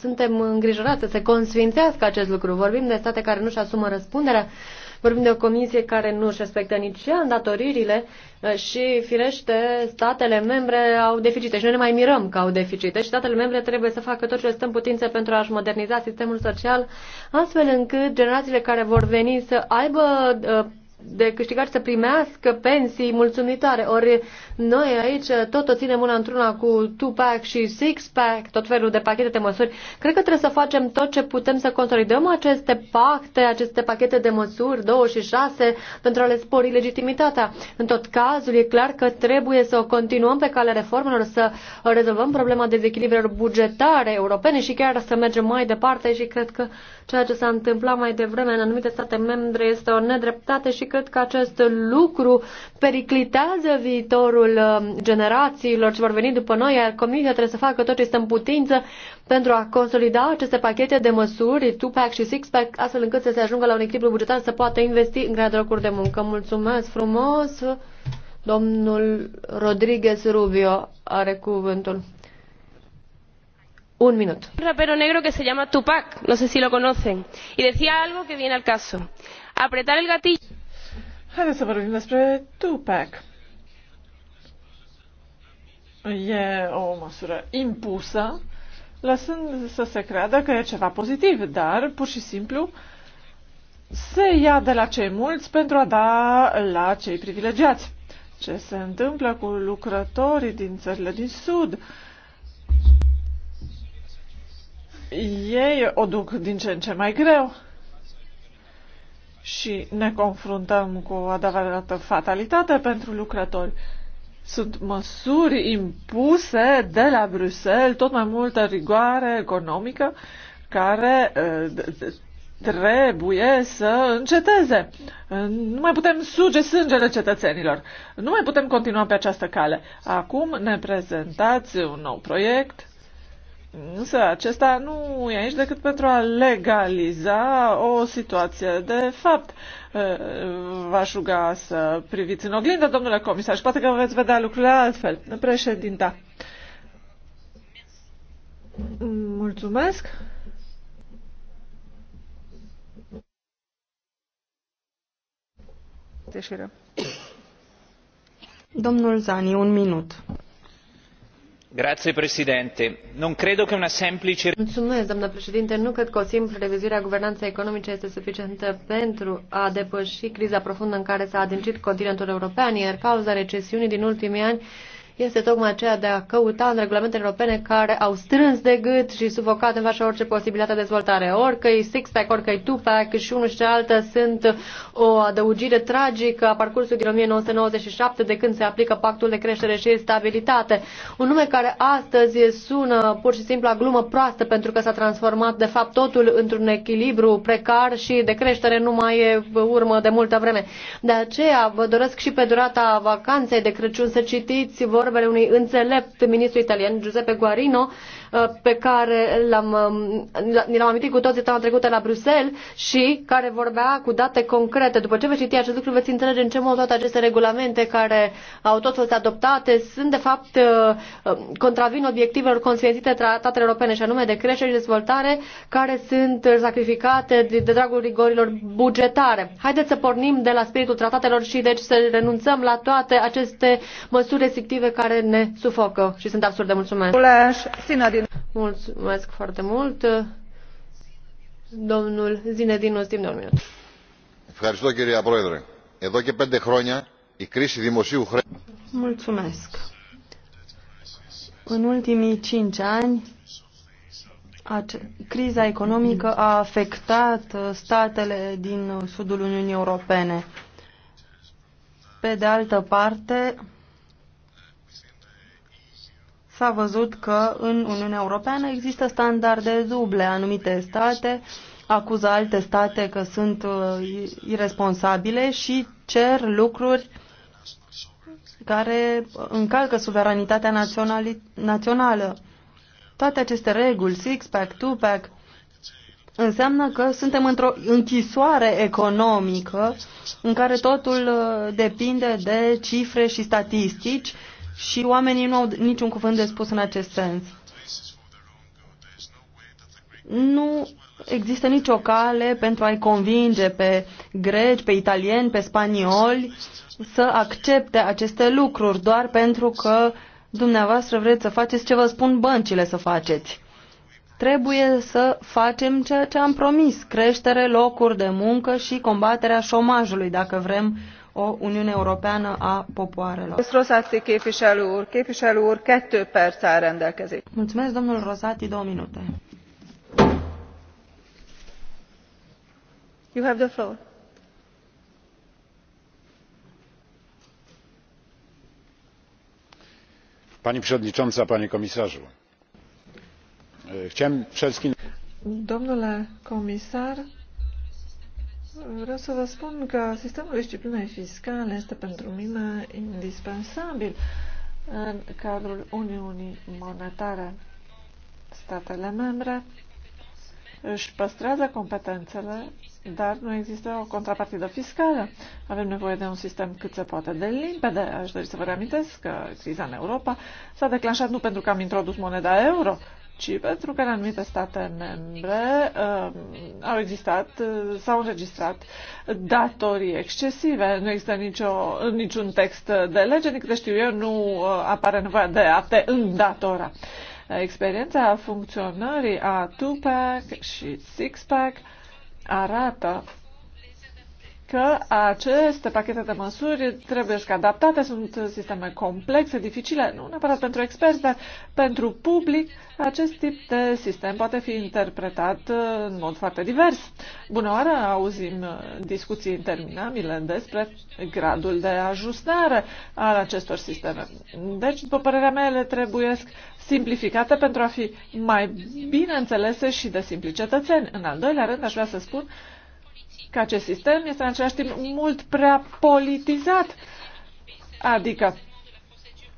suntem îngrijorați să se consfințească acest lucru. Vorbim de state care nu-și asumă răspunderea, vorbim de o comisie care nu-și respectă nici ea îndatoririle eh, și, firește, statele membre au deficite și noi ne mai mirăm că au deficite și statele membre trebuie să facă tot ce le stă în putință pentru a-și moderniza sistemul social, astfel încât generațiile care vor veni să aibă eh, de câștigat să primească pensii mulțumitoare. Ori noi aici tot o ținem una într-una cu two-pack și six-pack, tot felul de pachete de măsuri. Cred că trebuie să facem tot ce putem să consolidăm aceste pacte, aceste pachete de măsuri, 26, pentru a le spori legitimitatea. În tot cazul, e clar că trebuie să o continuăm pe calea reformelor, să rezolvăm problema dezechilibrelor bugetare europene și chiar să mergem mai departe și cred că Ceea ce s-a întâmplat mai devreme în anumite state membre este o nedreptate și cred că acest lucru periclitează viitorul um, generațiilor ce vor veni după noi, iar Comisia trebuie să facă tot ce este în putință pentru a consolida aceste pachete de măsuri, two-pack și six-pack, astfel încât să se ajungă la un echilibru bugetar să poată investi în crearea de locuri de muncă. Mulțumesc frumos! Domnul Rodriguez Rubio are cuvântul. Un minuto. Un rapero negro que se llama Tupac, no sé si lo conocen, y decía algo que viene al caso. Apretar el gatillo. Haideți să vorbim despre Tupac. E o măsură impusă, lăsând să se creadă că e ceva pozitiv, dar pur și simplu se ia de la cei mulți pentru a da la cei privilegiați. Ce se întâmplă cu lucrătorii din țările din Sud? ei o duc din ce în ce mai greu și ne confruntăm cu o adevărată fatalitate pentru lucrători. Sunt măsuri impuse de la Bruxelles, tot mai multă rigoare economică, care uh, trebuie să înceteze. Uh, nu mai putem suge sângele cetățenilor. Nu mai putem continua pe această cale. Acum ne prezentați un nou proiect Însă acesta nu e aici decât pentru a legaliza o situație de fapt. Eh, V-aș ruga să priviți în oglindă, domnule comisar, și poate că veți vedea lucrurile altfel. Președinta. Mulțumesc. Deșire. Domnul Zani, un minut doamnă președinte nu cred că o simplă revizuire a guvernanței economice este suficientă pentru a depăși criza profundă în care s a adâncit continentul european iar cauza recesiunii din ultimii ani este este tocmai aceea de a căuta în regulamentele europene care au strâns de gât și sufocat în fața orice posibilitate de dezvoltare. Oricăi six-pack, oricăi two-pack și unul și cealaltă sunt o adăugire tragică a parcursului din 1997 de când se aplică pactul de creștere și stabilitate. Un nume care astăzi sună pur și simplu a glumă proastă pentru că s-a transformat de fapt totul într-un echilibru precar și de creștere nu mai e urmă de multă vreme. De aceea vă doresc și pe durata vacanței de Crăciun să citiți vorbele unui înțelept ministru italian, Giuseppe Guarino, Uh, pe care l-am, ni um, l-am amintit cu toții toamna trecută la Bruxelles și care vorbea cu date concrete. După ce veți citi acest lucru, veți înțelege în ce mod toate aceste regulamente care au tot fost adoptate sunt, de fapt, uh, uh, contravin obiectivelor consfințite tratatele europene, și anume de creștere și dezvoltare, care sunt sacrificate de dragul rigorilor bugetare. Haideți să pornim de la spiritul tratatelor și deci să renunțăm la toate aceste măsuri restrictive care ne sufocă și sunt absurde. Mulțumesc! Mulțumesc foarte mult. Domnul Zinedine o două minute. Ευχαριστώ κυρία Πρόεδρε. Εδώ και πέντε χρόνια η κρίση δημοσίου Mulțumesc. În ultimii cinci ani, criza economică a afectat uh, statele din uh, sudul Uniunii Europene. Pe de altă parte, s-a văzut că în Uniunea Europeană există standarde duble. Anumite state acuză alte state că sunt uh, irresponsabile și cer lucruri care încalcă suveranitatea națională. Toate aceste reguli, six-pack, two-pack, înseamnă că suntem într-o închisoare economică în care totul uh, depinde de cifre și statistici și oamenii nu au niciun cuvânt de spus în acest sens. Nu există nicio cale pentru a-i convinge pe greci, pe italieni, pe spanioli să accepte aceste lucruri doar pentru că dumneavoastră vreți să faceți ce vă spun băncile să faceți. Trebuie să facem ceea ce am promis, creștere, locuri de muncă și combaterea șomajului dacă vrem o Uniune Europeană a popoarelor. Mulțumesc, domnul Rosati, două minute. You have the floor. pani przewodnicząca panie komisarzu! chciałem przede wszystkim. domnule comisar Vreau să vă spun că sistemul disciplinei fiscale este pentru mine indispensabil în cadrul Uniunii Monetare. Statele membre își păstrează competențele, dar nu există o contrapartidă fiscală. Avem nevoie de un sistem cât se poate de limpede. Aș dori să vă reamintesc că criza în Europa s-a declanșat nu pentru că am introdus moneda euro, ci pentru că în anumite state membre uh, au existat, uh, s-au înregistrat datorii excesive. Nu există nicio, niciun text de lege, nici de știu eu, nu uh, apare nevoia de a te îndatora. Experiența funcționării a two-pack și six-pack arată că aceste pachete de măsuri trebuie să adaptate, sunt sisteme complexe, dificile, nu neapărat pentru experți, dar pentru public, acest tip de sistem poate fi interpretat în mod foarte divers. Bună oară, auzim discuții interminabile despre gradul de ajustare al acestor sisteme. Deci, după părerea mea, ele trebuie simplificate pentru a fi mai bine înțelese și de simpli cetățeni. În al doilea rând, aș vrea să spun că acest sistem este în același timp mult prea politizat. Adică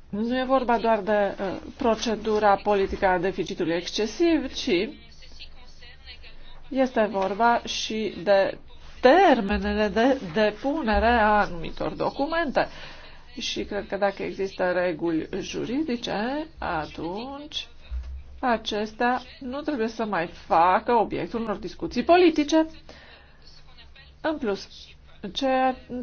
nu e vorba doar de uh, procedura politică a deficitului excesiv, ci este vorba și de termenele de depunere a anumitor documente. Și cred că dacă există reguli juridice, atunci acestea nu trebuie să mai facă obiectul unor discuții politice. În plus, ce,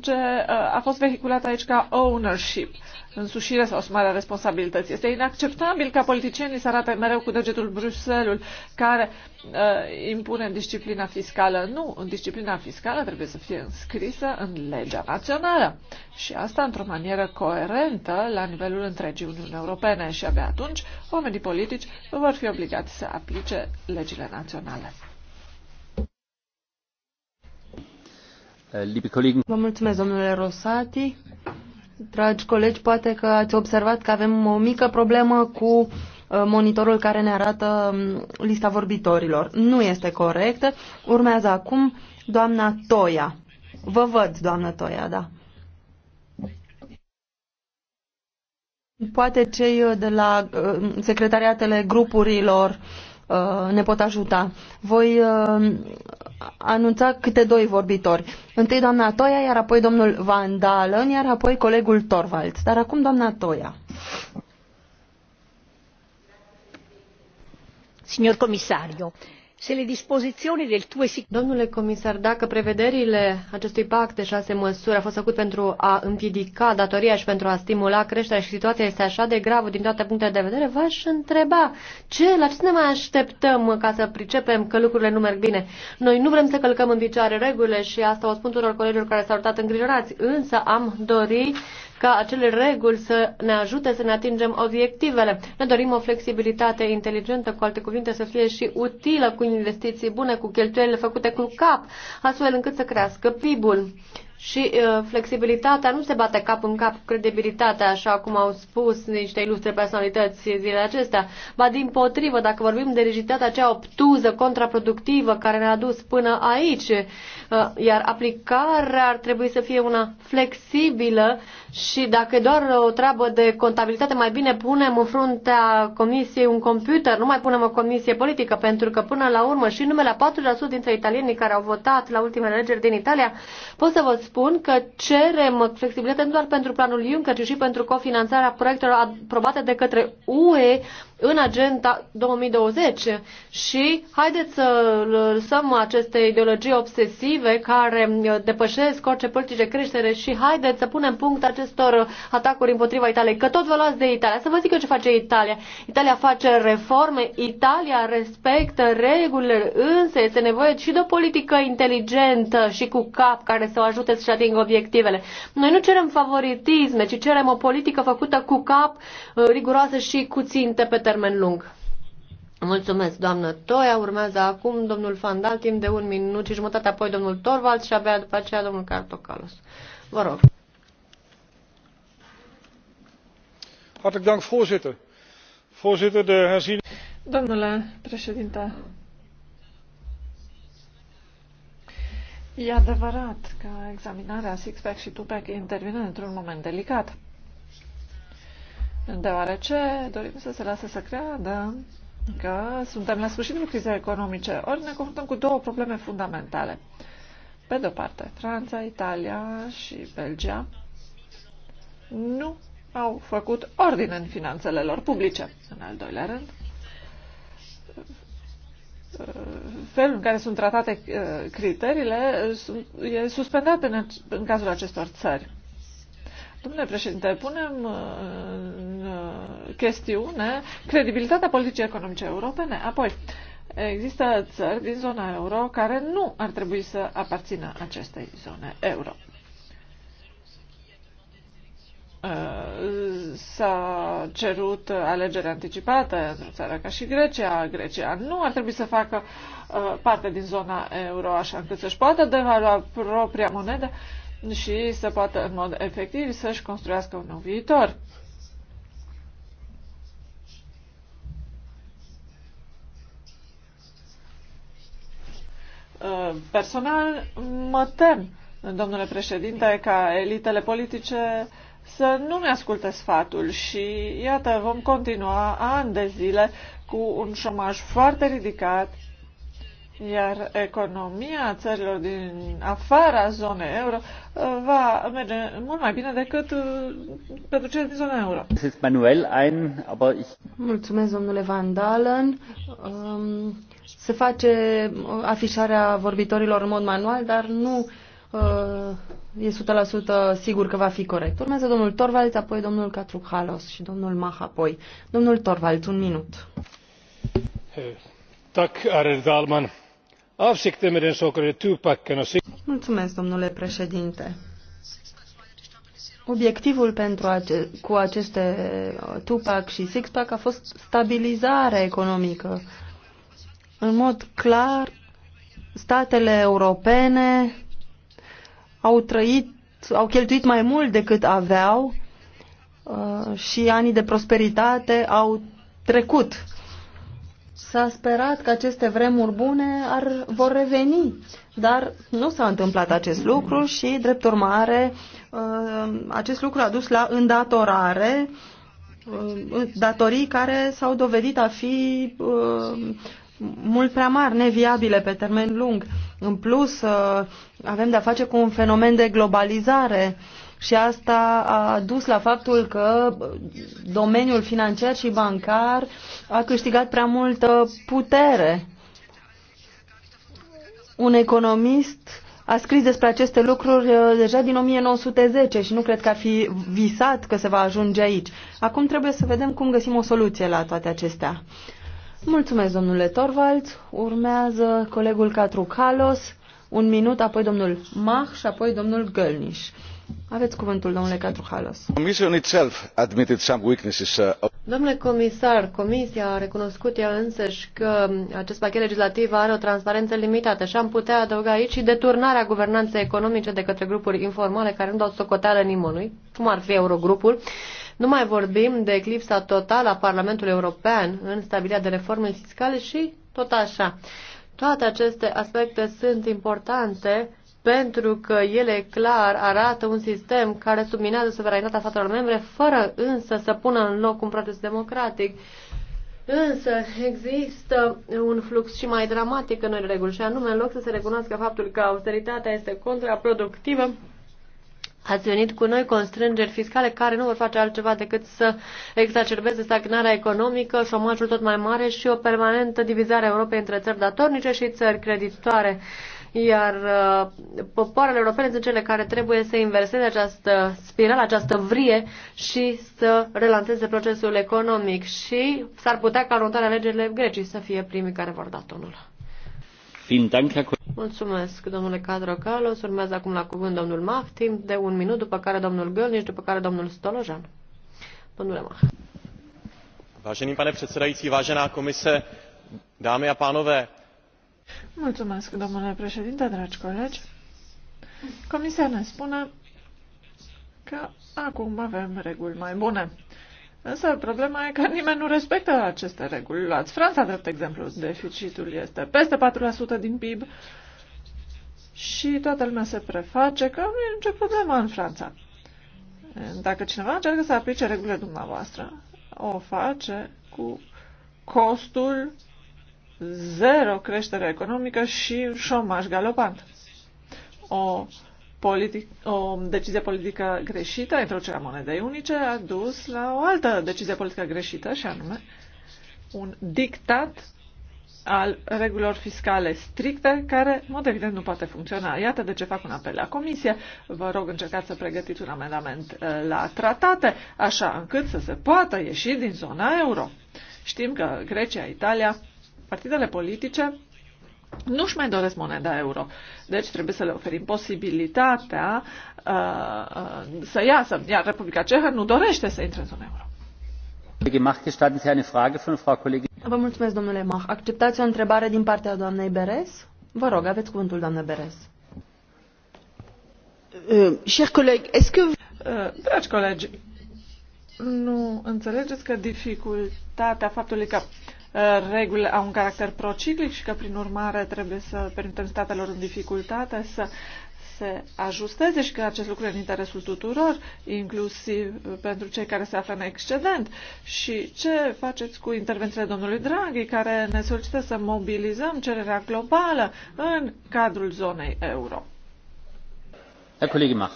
ce uh, a fost vehiculat aici ca ownership, însușire sau sumarea responsabilității. Este inacceptabil ca politicienii să arate mereu cu degetul Bruselul care uh, impune disciplina fiscală. Nu, în disciplina fiscală trebuie să fie înscrisă în legea națională. Și asta într-o manieră coerentă la nivelul întregii Uniuni Europene și abia atunci oamenii politici vor fi obligați să aplice legile naționale. Eh, Vă mulțumesc, domnule Rosati. Dragi colegi, poate că ați observat că avem o mică problemă cu eh, monitorul care ne arată mm, lista vorbitorilor. Nu este corect. Urmează acum doamna Toia. Vă văd, doamna Toia, da. Poate cei eh, de la secretariatele grupurilor Uh, ne pot ajuta. Voi uh, anunța câte doi vorbitori. Întâi doamna Toia, iar apoi domnul Van Dalen, iar apoi colegul Torvalds. Dar acum doamna Toia. Signor comisario, Domnule comisar, dacă prevederile acestui pact de șase măsuri a fost făcut pentru a împiedica datoria și pentru a stimula creșterea și situația este așa de gravă din toate punctele de vedere, v-aș întreba ce, la ce ne mai așteptăm ca să pricepem că lucrurile nu merg bine. Noi nu vrem să călcăm în picioare regulile și asta o spun tuturor colegilor care s-au arătat îngrijorați, însă am dori ca acele reguli să ne ajute să ne atingem obiectivele. Ne dorim o flexibilitate inteligentă, cu alte cuvinte, să fie și utilă cu investiții bune, cu cheltuielile făcute cu cap, astfel încât să crească PIB-ul. Și uh, flexibilitatea nu se bate cap în cap credibilitatea, așa cum au spus niște ilustre personalități zilele acestea. Ba din potrivă, dacă vorbim de rigiditatea aceea obtuză, contraproductivă, care ne-a dus până aici, uh, iar aplicarea ar trebui să fie una flexibilă, uh, și dacă e doar o treabă de contabilitate, mai bine punem în fruntea comisiei un computer, nu mai punem o comisie politică, pentru că până la urmă și numele 4% dintre italienii care au votat la ultimele alegeri din Italia, pot să vă spun că cerem flexibilitate nu doar pentru planul Juncker, ci și pentru cofinanțarea proiectelor aprobate de către UE în Agenda 2020 și haideți să lăsăm aceste ideologii obsesive care uh, depășesc orice politici de creștere și haideți să punem punct acestor uh, atacuri împotriva Italiei, că tot vă luați de Italia. Să vă zic eu ce face Italia. Italia face reforme, Italia respectă regulile, însă este nevoie și de o politică inteligentă și cu cap care să o ajute să-și atingă obiectivele. Noi nu cerem favoritisme, ci cerem o politică făcută cu cap, uh, riguroasă și cu ținte pe teren termen lung. Mulțumesc, doamnă Toia. Urmează acum domnul Fandal, timp de un minut și jumătate, apoi domnul Torvald și abia după aceea domnul Cartocalos. Vă rog. Hartelijk dank, voorzitter. Voorzitter, de herziening... Domnule președinte, e adevărat că examinarea six-pack și two-pack intervine într-un moment delicat deoarece dorim să se lasă să creadă că suntem la sfârșitul crizei economice, ori ne confruntăm cu două probleme fundamentale. Pe de-o parte, Franța, Italia și Belgia nu au făcut ordine în finanțele lor publice. În al doilea rând, felul în care sunt tratate uh, criteriile e suspendat în, în cazul acestor țări. Domnule președinte, punem uh, în uh, chestiune credibilitatea politicii economice europene. Apoi, există țări din zona euro care nu ar trebui să aparțină acestei zone euro. Uh, s-a cerut alegeri anticipate într-o țară ca și Grecia. Grecia nu ar trebui să facă parte din zona euro așa încât să-și poată devalua propria monedă și să poată în mod efectiv să-și construiască un nou viitor. Uh, personal mă tem, domnule președinte, ca elitele politice să nu ne asculte sfatul și, iată, vom continua ani de zile cu un șomaj foarte ridicat iar economia țărilor din afara zonei euro uh, va merge mult mai bine decât uh, pentru cele din zona euro. Mulțumesc, domnule Van Dalen. Um, se face uh, afișarea vorbitorilor în mod manual, dar nu e 100% sigur că va fi corect. Urmează domnul Torvalds, apoi domnul Catruhalos și domnul Mah apoi. Domnul Torvalds, un minut. Tak, Arel Zalman avsikten med den s k twopacken och domnule președinte. Obiectivul pentru ace cu aceste uh, Tupac și Sixpack a fost stabilizarea economică. În mod clar, statele europene au trăit, au cheltuit mai mult decât aveau uh, și anii de prosperitate au trecut. S-a sperat că aceste vremuri bune ar, vor reveni, dar nu s-a întâmplat acest lucru și, drept urmare, uh, acest lucru a dus la îndatorare, uh, datorii care s-au dovedit a fi uh, mult prea mari, neviabile pe termen lung. În plus, avem de-a face cu un fenomen de globalizare și asta a dus la faptul că domeniul financiar și bancar a câștigat prea multă putere. Un economist a scris despre aceste lucruri uh, deja din 1910 și nu cred că ar fi visat că se va ajunge aici. Acum trebuie să vedem cum găsim o soluție la toate acestea. Mulțumesc, domnule Torvalds. Urmează colegul Catru Kalos, un minut, apoi domnul Mach și apoi domnul Gălniș. Aveți cuvântul, domnule Catruhalos. Uh, domnule comisar, Comisia a recunoscut ea însăși că acest pachet legislativ are o transparență limitată și am putea adăuga aici și deturnarea guvernanței economice de către grupuri informale care nu dau socoteală nimănui, cum ar fi Eurogrupul, nu mai vorbim de eclipsa totală a Parlamentului European în stabilirea de reforme fiscale și tot așa. Toate aceste aspecte sunt importante pentru că ele clar arată un sistem care subminează suveranitatea statelor membre, fără însă să pună în loc un proces democratic. Însă există un flux și mai dramatic în noi reguli și anume în loc să se recunoască faptul că austeritatea este contraproductivă, Ați venit cu noi constrângeri fiscale care nu vor face altceva decât să exacerbeze stagnarea economică, șomajul tot mai mare și o permanentă divizare a Europei între țări datornice și țări creditoare iar uh, popoarele europene sunt cele care trebuie să inverseze această spirală, această vrie și să relanseze procesul economic și s-ar putea ca în următoarele alegerile Grecii să fie primii care vor da tonul. Mulțumesc, domnule Cadro Carlos. Urmează acum la cuvânt domnul Maftim, de un minut, după care domnul Gălniș, după care domnul Stolojan. Domnule Mach. Vážený pane předsedající, vážená komise, dámy a pánové, Mulțumesc, domnule președinte, dragi colegi. Comisia ne spune că acum avem reguli mai bune. Însă problema e că nimeni nu respectă aceste reguli. Luați Franța, drept exemplu, deficitul este peste 4% din PIB și toată lumea se preface că nu e nicio problemă în Franța. Dacă cineva încearcă să aplice regulile dumneavoastră, o face cu costul zero creștere economică și șomaj galopant. O, politic, o decizie politică greșită, introducerea monedei unice, a dus la o altă decizie politică greșită, și anume un dictat al regulilor fiscale stricte, care, în mod evident, nu poate funcționa. Iată de ce fac un apel la Comisie. Vă rog, încercați să pregătiți un amendament uh, la tratate, așa încât să se poată ieși din zona euro. Știm că Grecia, Italia Partidele politice nu își mai doresc moneda euro. Deci trebuie să le oferim posibilitatea uh, uh, să iasă. Iar Republica Cehă nu dorește să intre în zona euro. Vă mulțumesc, domnule Mach. Acceptați o întrebare din partea doamnei Beres? Vă rog, aveți cuvântul, doamnă Beres. Uh, coleg, que... Uh, dragi colegi, nu înțelegeți că dificultatea faptului că Uh, regulile au un caracter prociclic și că, prin urmare, trebuie să permitem statelor în dificultate să se ajusteze și că acest lucru e în interesul tuturor, inclusiv uh, pentru cei care se află în excedent. Și ce faceți cu intervențiile domnului Draghi, care ne solicită să mobilizăm cererea globală în cadrul zonei euro? Mach.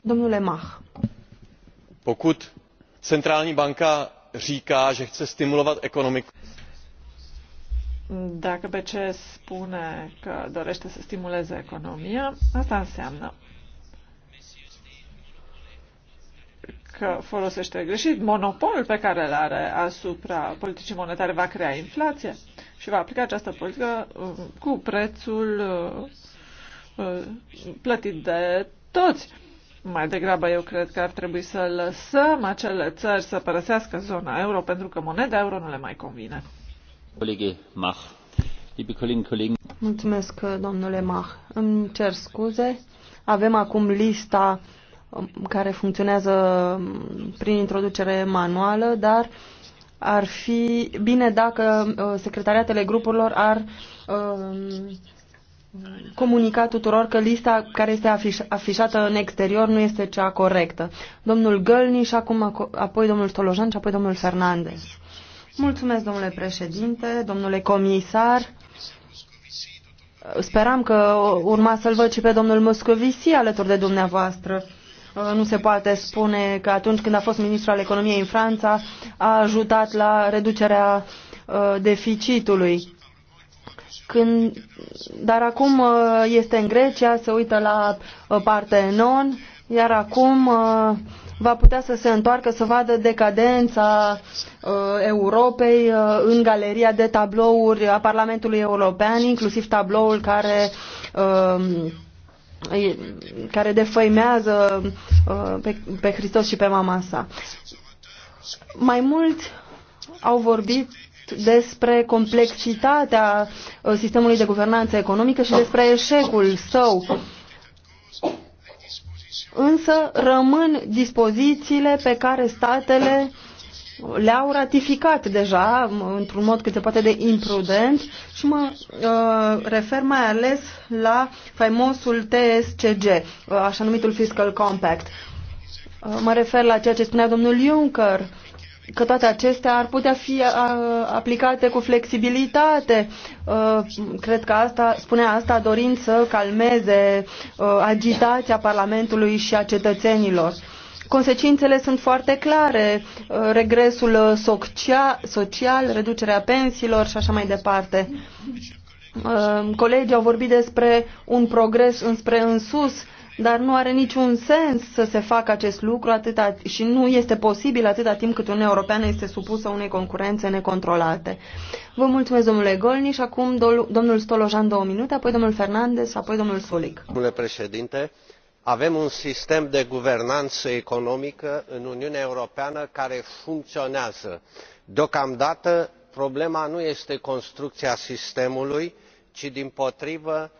Domnule Mach. Pocut, centralni banca říká, že chce stimulovat ekonomiku. Dacă BCE spune că dorește să stimuleze economia, asta înseamnă că folosește greșit monopolul pe care îl are asupra politicii monetare, va crea inflație și va aplica această politică uh, cu prețul uh, uh, plătit de toți. Mai degrabă eu cred că ar trebui să lăsăm acele țări să părăsească zona euro pentru că moneda euro nu le mai convine. Mulțumesc, domnule Mach. Îmi cer scuze. Avem acum lista um, care funcționează um, prin introducere manuală, dar ar fi bine dacă uh, secretariatele grupurilor ar um, comunicat tuturor că lista care este afiș afișată în exterior nu este cea corectă. Domnul Gălni și acum apoi domnul Stolojan și apoi domnul Fernandez. Mulțumesc, domnule președinte, domnule comisar. Speram că urma să-l văd și pe domnul Moscovici alături de dumneavoastră. Uh, nu se poate spune că atunci când a fost ministru al economiei în Franța a ajutat la reducerea uh, deficitului când, dar acum uh, este în Grecia, se uită la uh, Partenon, iar acum uh, va putea să se întoarcă să vadă decadența Europei în galeria de tablouri a Parlamentului European, inclusiv tabloul care um, care defăimează pe, pe Hristos și pe mama sa. Mai mulți au vorbit despre complexitatea uh, sistemului de guvernanță economică și despre eșecul său. Însă rămân dispozițiile pe care statele le-au ratificat deja într-un mod cât se poate de imprudent și mă uh, refer mai ales la faimosul TSCG, uh, așa numitul Fiscal Compact. Uh, mă refer la ceea ce spunea domnul Juncker, uh, că toate acestea ar putea fi aplicate cu flexibilitate. Uh, cred că asta spunea asta dorind să calmeze uh, agitația Parlamentului și a cetățenilor. Consecințele sunt foarte clare, uh, regresul social, reducerea pensiilor și așa mai departe. Colegii au vorbit despre un progres înspre în sus, dar nu are niciun sens să se facă acest lucru atâta, și nu este posibil atâta timp cât Uniunea Europeană este supusă unei concurențe necontrolate. Vă mulțumesc, domnule Golni, și acum domnul Stolojan două minute, apoi domnul Fernandez, apoi domnul Solic. Domnule președinte, avem un sistem de guvernanță economică în Uniunea Europeană care funcționează. Deocamdată problema nu este construcția sistemului, ci din potrivă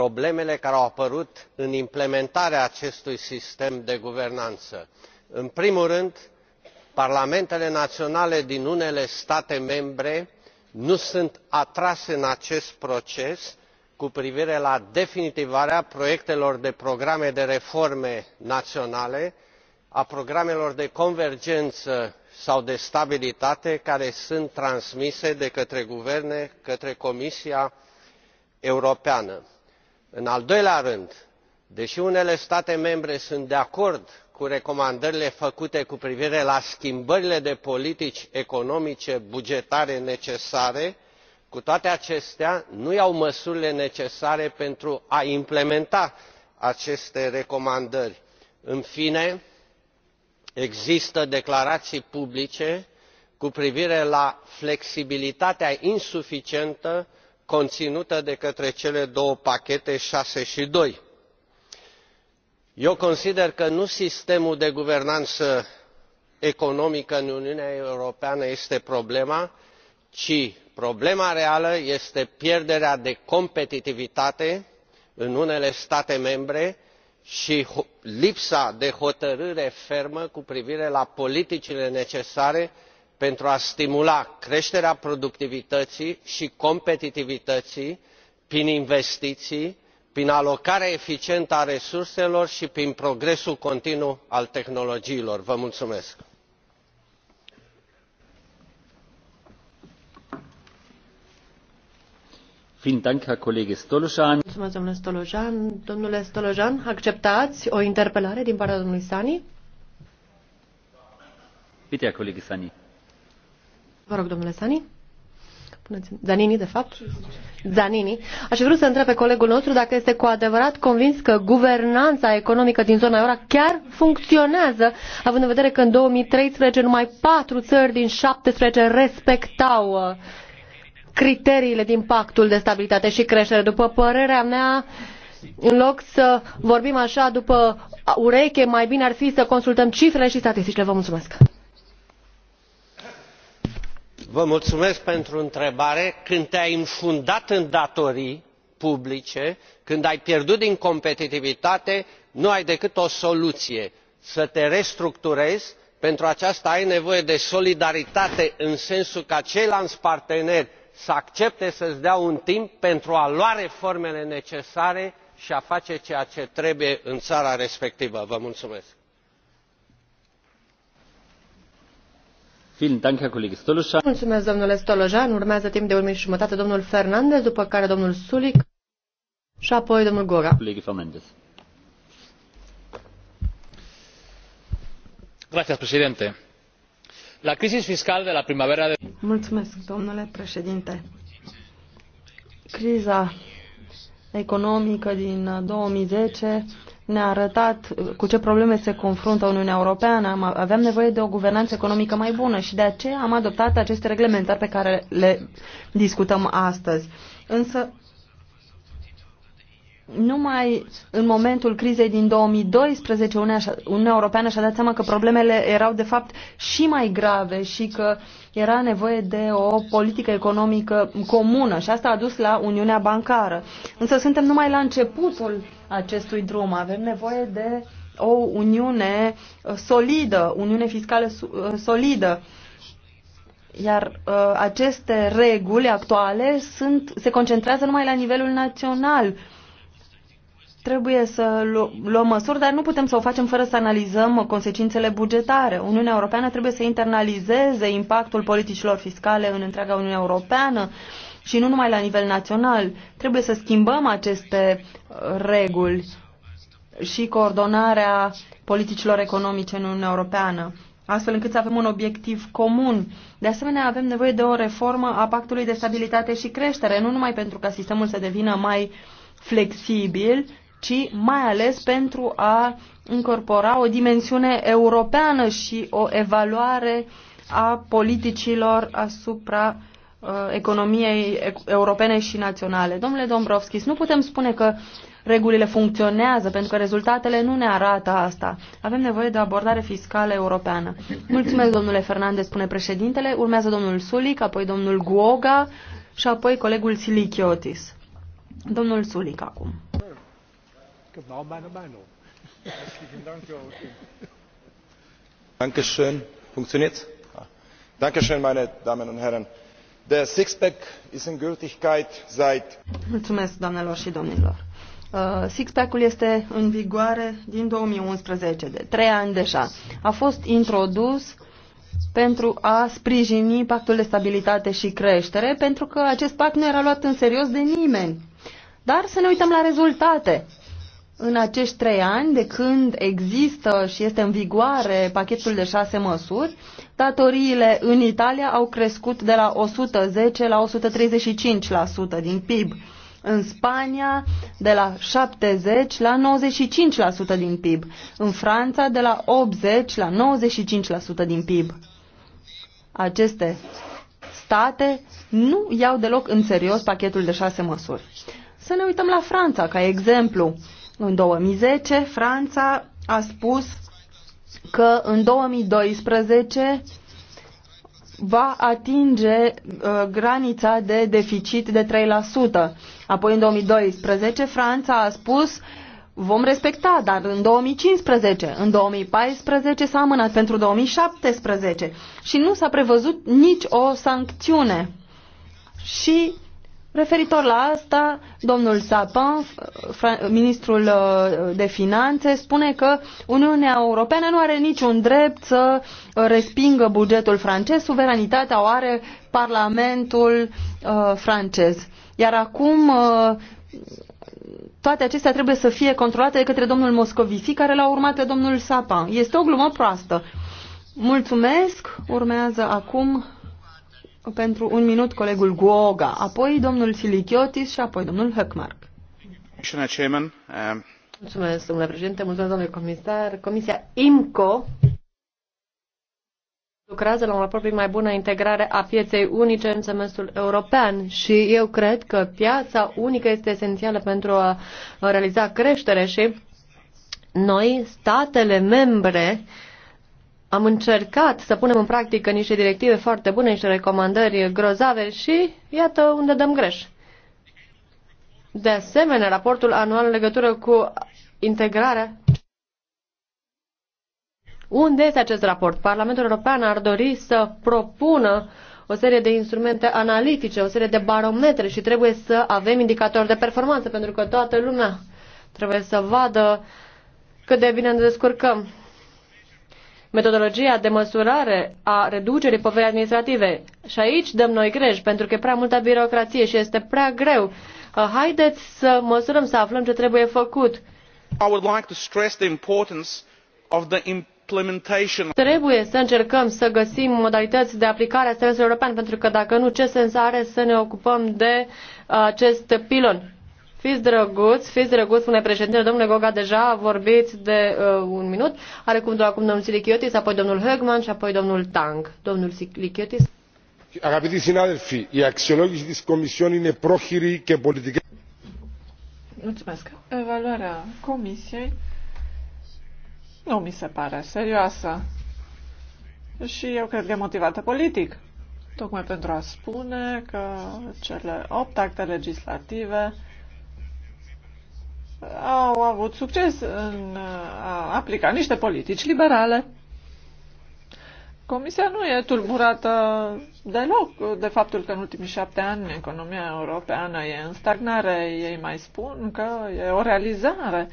problemele care au apărut în implementarea acestui sistem de guvernanță în primul rând parlamentele naționale din unele state membre nu sunt atrase în acest proces cu privire la definitivarea proiectelor de programe de reforme naționale a programelor de convergență sau de stabilitate care sunt transmise de către guverne către comisia europeană în al doilea rând deși unele state membre sunt de acord cu recomandările făcute cu privire la schimbările de politici economice bugetare necesare cu toate acestea nu iau măsurile necesare pentru a implementa aceste recomandări. în fine există declarații publice cu privire la flexibilitatea insuficientă conținută de către cele două pachete șase și. doi eu consider că nu sistemul de guvernanță economică în uniunea europeană este problema ci problema reală este pierderea de competitivitate în unele state membre și lipsa de hotărâre fermă cu privire la politicile necesare pentru a stimula creșterea productivității și competitivității prin investiții prin alocarea eficientă a resurselor și prin progresul continuu al tehnologiilor. vă mulțumesc. Mulțumesc, domnule Stolojan. Domnule acceptați o interpelare din partea domnului Sani? Sani. Vă rog, domnule Sani. Zanini, de fapt. Zanini. Aș vrea să întreb pe colegul nostru dacă este cu adevărat convins că guvernanța economică din zona euro chiar funcționează, având în vedere că în 2013 numai patru țări din 17 respectau uh, criteriile din pactul de stabilitate și creștere. După părerea mea, în loc să vorbim așa după ureche, mai bine ar fi să consultăm cifrele și statisticile. Vă mulțumesc vă mulțumesc pentru întrebare. când te ai înfundat în datorii publice când ai pierdut din competitivitate nu ai decât o soluție să te restructurezi pentru aceasta ai nevoie de solidaritate în sensul ca ceilalți parteneri să accepte să îți dea un timp pentru a lua reformele necesare și a face ceea ce trebuie în țara respectivă. vă mulțumesc. Mulțumesc, domnule Stolojan. Urmează timp de un minut și jumătate domnul Fernandez, după care domnul Sulic și apoi domnul Gora. Gracias, presidente. La crisis fiscal de la primavera de... Mulțumesc, domnule președinte. Criza economică din 2010 ne-a arătat uh, cu ce probleme se confruntă Uniunea Europeană, aveam nevoie de o guvernanță economică mai bună și de aceea am adoptat aceste reglementări pe care le discutăm astăzi. Însă numai în momentul crizei din 2012 Uniunea Europeană și-a dat seama că problemele erau de fapt și mai grave și că era nevoie de o politică economică comună și asta a dus la Uniunea Bancară. Însă suntem numai la începutul acestui drum. Avem nevoie de o uniune uh, solidă, uniune fiscală uh, solidă. Iar uh, aceste reguli actuale sunt, se concentrează numai la nivelul național. Trebuie să lu luăm măsuri, dar nu putem să o facem fără să analizăm consecințele bugetare. Uniunea Europeană trebuie să internalizeze impactul politicilor fiscale în întreaga Uniune Europeană. Uh, și nu numai la nivel național. Trebuie să schimbăm aceste uh, reguli și coordonarea politicilor economice în Uniunea Europeană, astfel încât să avem un obiectiv comun. De asemenea, avem nevoie de o reformă a Pactului de Stabilitate și Creștere, nu numai pentru ca sistemul să devină mai flexibil, ci mai ales pentru a incorpora o dimensiune europeană și o evaluare a politicilor asupra Uh, economiei europene și naționale. Domnule Dombrovskis, nu putem spune că regulile funcționează, pentru că rezultatele nu ne arată asta. Avem nevoie de o abordare fiscală europeană. Mulțumesc, domnule Fernandez, spune președintele. Urmează domnul Sulic, apoi domnul Guoga și apoi colegul Silichiotis. Domnul Sulic acum. Mulțumesc, Funktioniert's? Dankeschön, meine Damen und Herren. Der Sixpack ist in Gültigkeit seit Mulțumesc, doamnelor și domnilor. Uh, Sixpack-ul este în vigoare din 2011, de trei ani deja. A fost introdus pentru a sprijini pactul de stabilitate și creștere, pentru că acest pact nu era luat în serios de nimeni. Dar să ne uităm la rezultate în acești trei ani, de când există și este în vigoare pachetul de șase măsuri, datoriile în Italia au crescut de la 110 la 135% din PIB. În Spania, de la 70 la 95% din PIB. În Franța, de la 80 la 95% din PIB. Aceste state nu iau deloc în serios pachetul de șase măsuri. Să ne uităm la Franța ca exemplu. În 2010, Franța a spus că în 2012 va atinge uh, granița de deficit de 3%. Apoi în 2012 Franța a spus vom respecta, dar în 2015, în 2014 s-a amânat pentru 2017 și nu s-a prevăzut nici o sancțiune. Și Referitor la asta, domnul Sapin, ministrul uh, de finanțe, spune că Uniunea Europeană nu are niciun drept să uh, respingă bugetul francez, suveranitatea o are Parlamentul uh, francez. Iar acum uh, toate acestea trebuie să fie controlate de către domnul Moscovici, care l-a urmat pe domnul Sapin. Este o glumă proastă. Mulțumesc. Urmează acum pentru un minut colegul Guoga, apoi domnul Silichiotis și apoi domnul Höckmark. Um, mulțumesc, domnule președinte, mulțumesc, domnule comisar. Comisia IMCO lucrează la o proprie mai bună integrare a pieței unice în semestrul european și eu cred că piața unică este esențială pentru a realiza creștere și noi, statele membre, uh, am încercat să punem în practică niște directive foarte bune, niște recomandări grozave și iată unde dăm greș. De asemenea, raportul anual în legătură cu integrarea. Unde este acest raport? Parlamentul European ar dori să propună o serie de instrumente analitice, o serie de barometre și trebuie să avem indicatori de performanță, pentru că toată lumea trebuie să vadă cât de bine ne descurcăm metodologia de măsurare a reducerii poverii administrative. Și aici dăm noi greș, pentru că e prea multă birocrație și este prea greu. Uh, haideți să măsurăm, să aflăm ce trebuie făcut. I would like to stress the importance of the implementation. Trebuie să încercăm să găsim modalități de aplicare a semestrului european, pentru că dacă nu, ce sens are să ne ocupăm de uh, acest pilon? Fiți drăguți, fiți drăguți, spune președintele. Domnule Goga deja a vorbit de uh, un minut. Are cuvântul acum domnul Silichiotis, apoi domnul Högman și apoi domnul Tang. Domnul Silichiotis. Αγαπητοί συνάδελφοι, η αξιολόγηση της Κομισιόν είναι πρόχειρη και πολιτική. Mulțumesc. Evaluarea Comisiei nu mi se pare serioasă și eu cred că e motivată politic, tocmai pentru a spune că cele opt acte legislative au avut succes în a aplica niște politici liberale. Comisia nu e tulburată deloc de faptul că în ultimii șapte ani economia europeană e în stagnare. Ei mai spun că e o realizare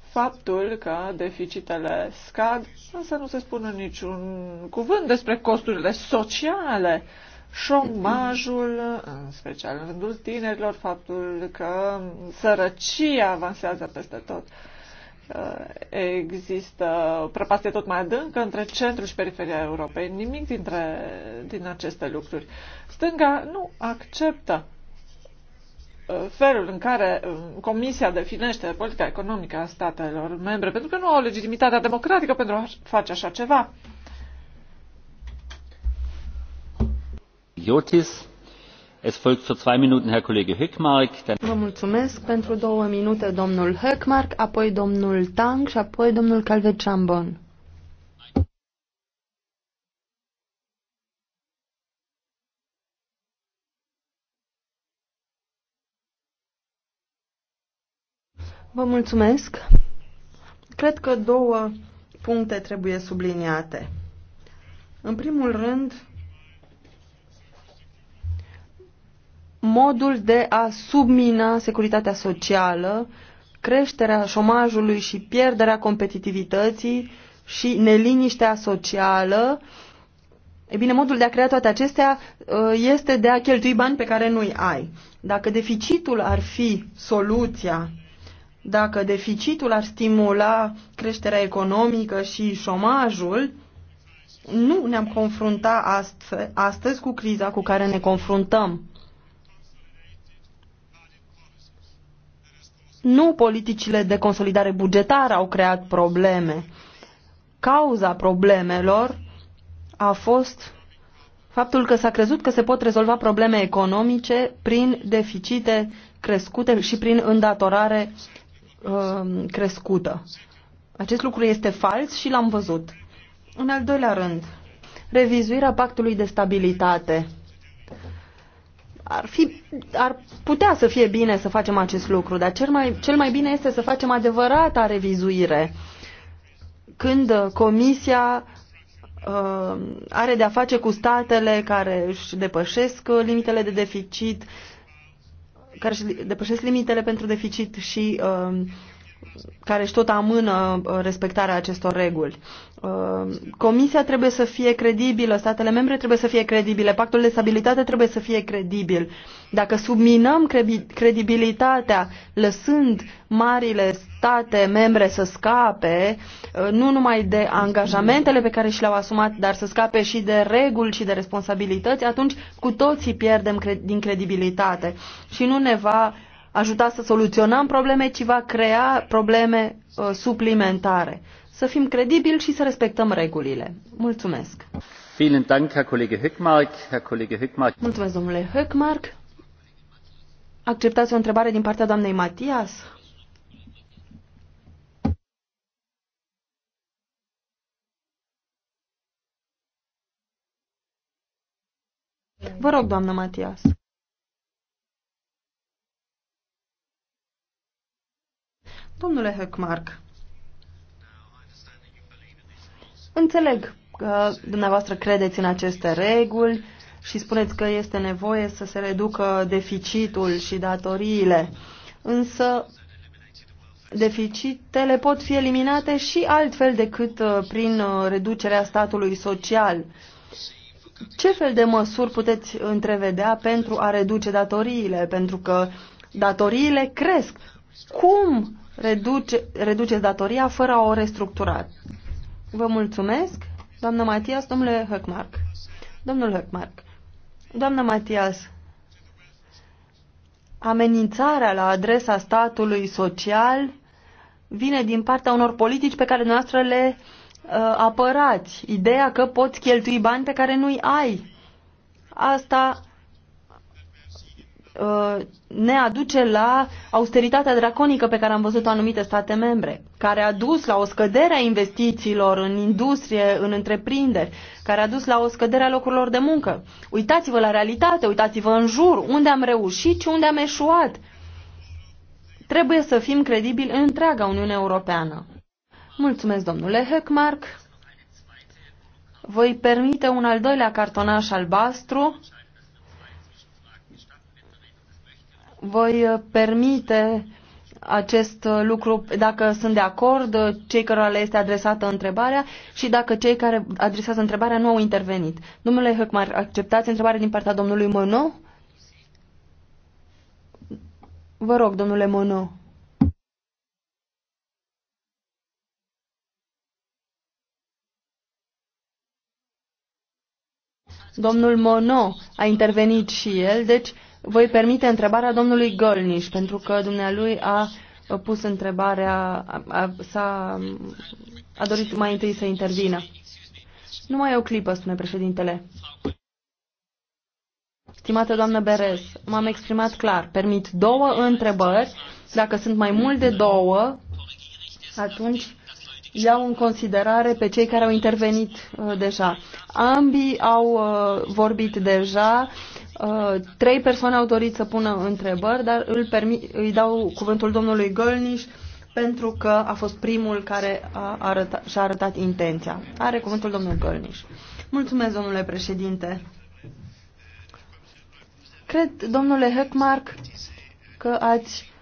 faptul că deficitele scad, însă nu se spune niciun cuvânt despre costurile sociale uh, șomajul, în special în rândul tinerilor, faptul că sărăcia avansează peste tot. Uh, există o prăpastie tot mai adâncă între centrul și periferia Europei. Nimic dintre, din aceste lucruri. Stânga nu acceptă uh, felul în care uh, Comisia definește politica economică a statelor membre, pentru că nu au legitimitatea democratică pentru a face așa ceva. Vă mulțumesc pentru două minute, domnul Höckmark, apoi domnul Tang și apoi domnul Calvet Chambon. Vă mulțumesc. Cred că două puncte trebuie subliniate. În primul rând, modul de a submina securitatea socială, creșterea șomajului și pierderea competitivității și neliniștea socială. E bine, modul de a crea toate acestea uh, este de a cheltui bani pe care nu-i ai. Dacă deficitul ar fi soluția, dacă deficitul ar stimula creșterea economică și șomajul, nu ne-am confrunta astăzi cu criza cu care ne confruntăm. Nu politicile de consolidare bugetară au creat probleme. Cauza problemelor a fost faptul că s-a crezut că se pot rezolva probleme economice prin deficite crescute și prin îndatorare uh, crescută. Acest lucru este fals și l-am văzut. În al doilea rând, revizuirea pactului de stabilitate ar, fi, ar putea să fie bine să facem acest lucru, dar cel mai, cel mai bine este să facem adevărata revizuire. Când uh, Comisia uh, are de-a face cu statele care își depășesc uh, limitele de deficit, care își depășesc limitele pentru deficit și uh, care își tot amână uh, respectarea acestor reguli. Uh, comisia trebuie să fie credibilă, statele membre trebuie să fie credibile, pactul de stabilitate trebuie să fie credibil. Dacă subminăm credibilitatea, lăsând marile state membre să scape, uh, nu numai de angajamentele pe care și le-au asumat, dar să scape și de reguli și de responsabilități, atunci cu toții pierdem din credibilitate și nu ne va ajuta să soluționăm probleme, ci va crea probleme uh, suplimentare să fim credibili și să respectăm regulile. Mulțumesc! Mulțumesc, domnule Höckmark. Acceptați o întrebare din partea doamnei Matias? Vă rog, doamnă Matias. Domnule Höckmark, Înțeleg că dumneavoastră credeți în aceste reguli și spuneți că este nevoie să se reducă deficitul și datoriile, însă deficitele pot fi eliminate și altfel decât uh, prin uh, reducerea statului social. Ce fel de măsuri puteți întrevedea pentru a reduce datoriile? Pentru că datoriile cresc. Cum reduce, reduceți datoria fără a o restructura? Vă mulțumesc, doamna Matias, domnule Höckmark. Domnul Höckmark, doamna Matias, amenințarea la adresa statului social vine din partea unor politici pe care noastră le uh, apărați. Ideea că poți cheltui bani pe care nu-i ai. Asta Uh, ne aduce la austeritatea draconică pe care am văzut-o anumite state membre, care a dus la o scădere a investițiilor în industrie, în întreprinderi, care a dus la o scădere a locurilor de muncă. Uitați-vă la realitate, uitați-vă în jur, unde am reușit și unde am eșuat. Trebuie să fim credibili în întreaga Uniune Europeană. Mulțumesc, domnule Heckmark. Voi permite un al doilea cartonaș albastru voi uh, permite acest uh, lucru dacă sunt de acord uh, cei cărora le este adresată întrebarea și dacă cei care adresează întrebarea nu au intervenit. Domnule Hăcmar, acceptați întrebarea din partea domnului Măno? Vă rog, domnule Măno. Domnul Mono a intervenit și el, deci voi permite întrebarea domnului Gălniș, pentru că dumnealui a pus întrebarea, a, a, a a dorit mai întâi să intervină. Nu mai e o clipă, spune președintele. Stimată doamnă Berez, m-am exprimat clar. Permit două întrebări. Dacă sunt mai mult de două, atunci iau în considerare pe cei care au intervenit uh, deja. Ambii au uh, vorbit deja. Uh, Uh, trei persoane au dorit să pună întrebări, dar îl permit, îi dau cuvântul domnului Gălniș pentru că a fost primul care a arăta, și-a arătat intenția. Are cuvântul domnul Gălniș. Mulțumesc, domnule președinte. Cred, domnule Heckmark, că ați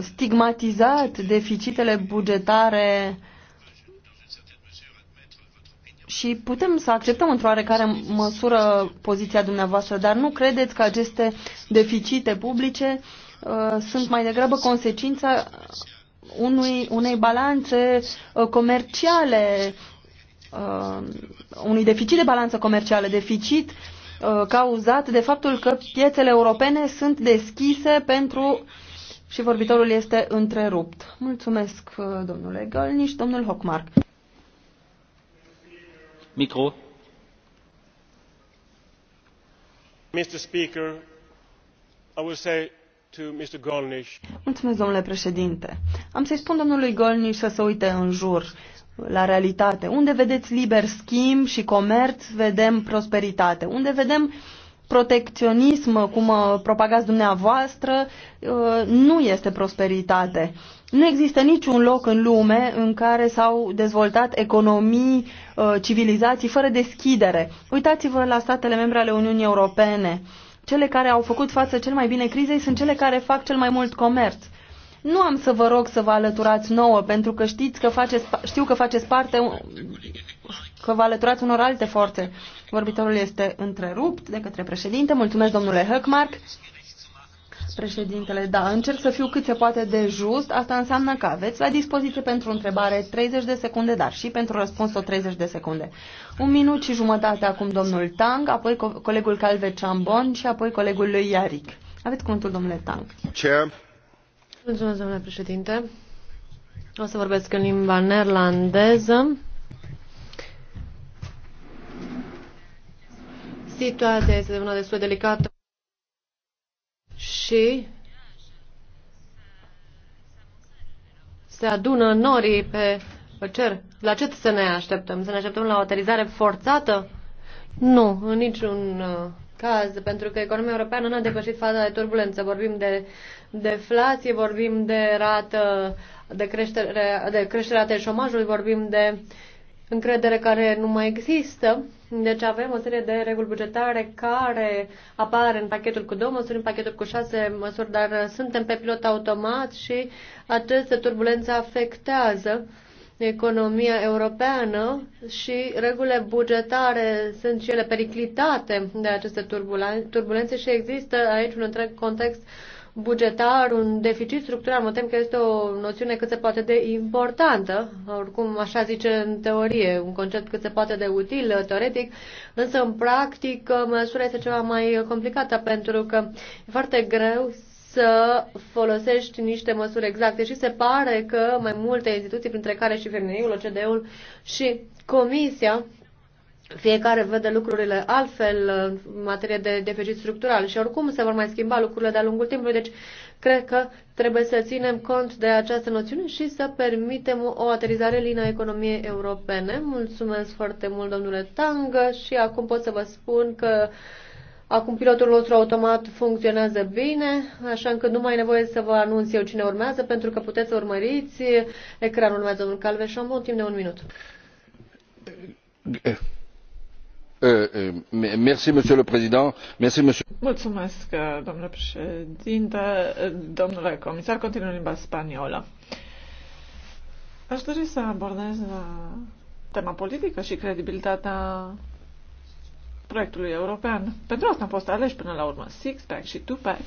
stigmatizat deficitele bugetare uh, și putem să acceptăm într-o oarecare măsură poziția dumneavoastră, dar nu credeți că aceste deficite publice uh, sunt mai degrabă consecința unui, unei balanțe uh, comerciale, uh, unui deficit de balanță comercială, deficit uh, cauzat de faptul că piețele europene sunt deschise pentru și vorbitorul este întrerupt. Mulțumesc, uh, domnule Gălniș, domnul Hockmark domnule președinte am să i spun domnului gollnisch să se uite în jur la realitate unde vedeți liber schimb și comerț vedem prosperitate unde vedem protecționism, cum uh, propagați dumneavoastră, uh, nu este prosperitate. Nu există niciun loc în lume în care s-au dezvoltat economii, uh, civilizații fără deschidere. Uitați-vă la statele membre ale Uniunii Europene. Cele care au făcut față cel mai bine crizei sunt cele care fac cel mai mult comerț. Nu am să vă rog să vă alăturați nouă, pentru că știți că faceți, știu că faceți parte că vă alăturați unor alte forțe. Vorbitorul este întrerupt de către președinte. Mulțumesc, domnule Höckmark. Președintele, da, încerc să fiu cât se poate de just. Asta înseamnă că aveți la dispoziție pentru întrebare 30 de secunde, dar și pentru răspuns o 30 de secunde. Un minut și jumătate acum domnul Tang, apoi co colegul Calve Ciambon și apoi colegul lui Iaric. Aveți cuvântul, domnule Tang. Ce? Mulțumesc, domnule președinte. O să vorbesc în limba neerlandeză. Situația este una destul de delicată și se adună norii pe cer. La ce să ne așteptăm? Să ne așteptăm la o aterizare forțată? Nu, în niciun uh, caz, pentru că economia europeană n-a depășit faza de turbulență. Vorbim de deflație, vorbim de rată de creștere, de creștere a șomajului, vorbim de încredere care nu mai există deci avem o serie de reguli bugetare care apar în pachetul cu două măsuri, în pachetul cu șase măsuri, dar suntem pe pilot automat și aceste turbulențe afectează economia europeană și regulile bugetare sunt cele periclitate de aceste turbulențe și există aici un întreg context uh, bugetar, un deficit structural, mă tem că este o noțiune cât se poate de importantă, oricum așa zice în teorie, un concept cât se poate de util, teoretic, însă în practică măsura este ceva mai complicată pentru că e foarte greu să folosești niște măsuri exacte și se pare că mai multe instituții, printre care și FMI-ul, OCDE-ul și Comisia, fiecare vede lucrurile altfel în materie de deficit structural și oricum se vor mai schimba lucrurile de-a lungul timpului, deci cred că trebuie să ținem cont de această noțiune și să permitem o aterizare lină a economiei europene. Mulțumesc foarte mult, domnule Tangă, și acum pot să vă spun că Acum pilotul nostru automat funcționează bine, așa încât nu mai e nevoie să vă anunț eu cine urmează, pentru că puteți să urmăriți ecranul meu, domnul un timp de un minut. Eh, Mulțumesc, domnule președinte, uh, domnule comisar, continuă limba spaniolă. Aș dori să abordez uh, tema politică și credibilitatea proiectului european. Pentru asta am fost aleși până la urmă six-pack și two-pack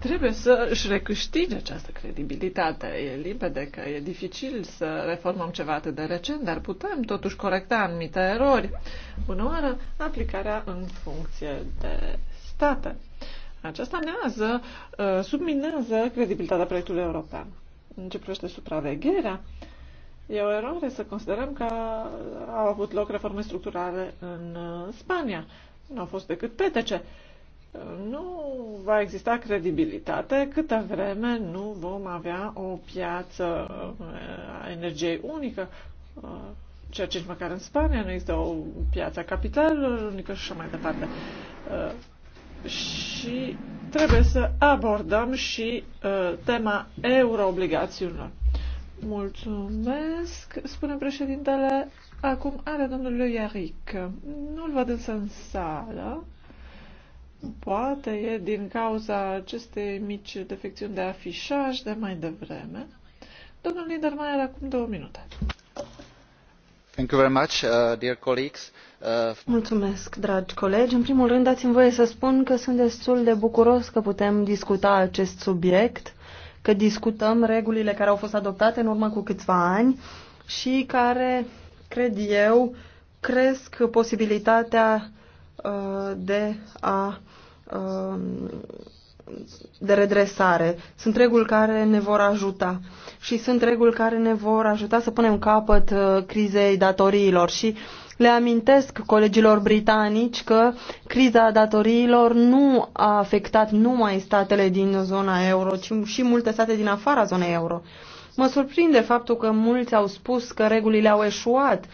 trebuie să își recâștige această credibilitate. E limpede că e dificil să reformăm ceva atât de recent, dar putem totuși corecta anumite erori. Bună oară, aplicarea în funcție de state. Aceasta nează, uh, subminează credibilitatea proiectului european. În ce privește supravegherea, e o eroare să considerăm că au avut loc reforme structurale în uh, Spania. Nu au fost decât petece nu va exista credibilitate câtă vreme nu vom avea o piață uh, a energiei unică, uh, ceea ce nici măcar în Spania nu există o piață a capitalelor unică și așa mai departe. Uh, și trebuie să abordăm și tema euroobligațiunilor. Mulțumesc, spune președintele. Acum are domnul Iaric. Nu-l văd însă în sală. Poate e din cauza acestei mici defecțiuni de afișaj de mai devreme. Domnul lider mai are acum două minute. Thank you very much, uh, dear colleagues. Uh... Mulțumesc, dragi colegi. În primul rând, dați-mi voie să spun că sunt destul de bucuros că putem discuta acest subiect, că discutăm regulile care au fost adoptate în urmă cu câțiva ani și care, cred eu, cresc posibilitatea uh, de a Um, de redresare. Sunt reguli care ne vor ajuta și sunt reguli care ne vor ajuta să punem capăt uh, crizei datoriilor și le amintesc colegilor britanici că criza datoriilor nu a afectat numai statele din zona euro, ci și multe state din afara zonei euro. Mă surprinde faptul că mulți au spus că regulile au eșuat.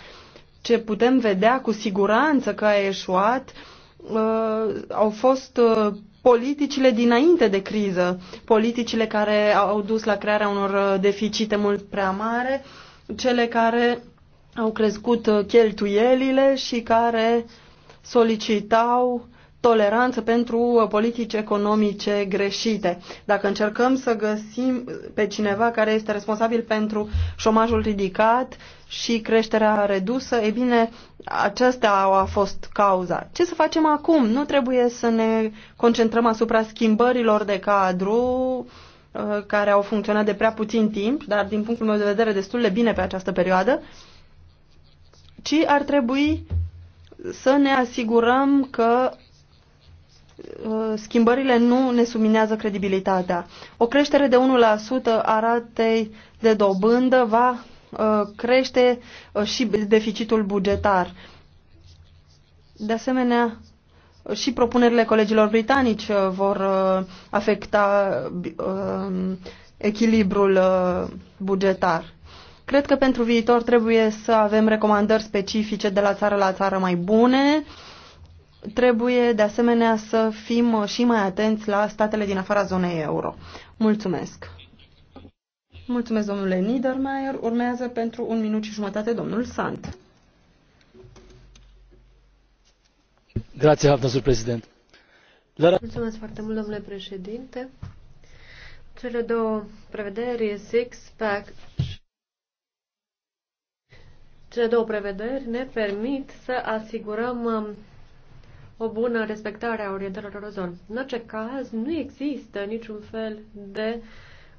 Ce putem vedea cu siguranță că a eșuat uh, uh, au fost uh, politicile dinainte de criză, politicile care au dus la crearea unor uh, deficite mult prea mare, cele care au crescut uh, cheltuielile și care solicitau toleranță pentru uh, politici economice greșite. Dacă încercăm să găsim uh, pe cineva care este responsabil pentru șomajul ridicat și creșterea redusă, e bine, aceasta a fost cauza. Ce să facem acum? Nu trebuie să ne concentrăm asupra schimbărilor de cadru uh, care au funcționat de prea puțin timp, dar din punctul meu de vedere destul de bine pe această perioadă, ci ar trebui să ne asigurăm că Uh, schimbările nu ne subminează credibilitatea. O creștere de 1% a ratei de dobândă va uh, crește uh, și deficitul bugetar. De asemenea, și propunerile colegilor britanici vor afecta echilibrul bugetar. Cred că pentru viitor trebuie să avem recomandări specifice de la țară la țară mai bune, Trebuie, de asemenea, să fim uh, și mai atenți la statele din afara zonei euro. Mulțumesc! Mulțumesc, domnule Niedermayer. Urmează pentru un minut și jumătate domnul Sant. Grazie, domnul președinte. Mulțumesc foarte mult, domnule președinte. Cele două prevederi, six-pack cele două prevederi ne permit să asigurăm um, o bună respectare a orientărilor orozon. În orice caz, nu există niciun fel de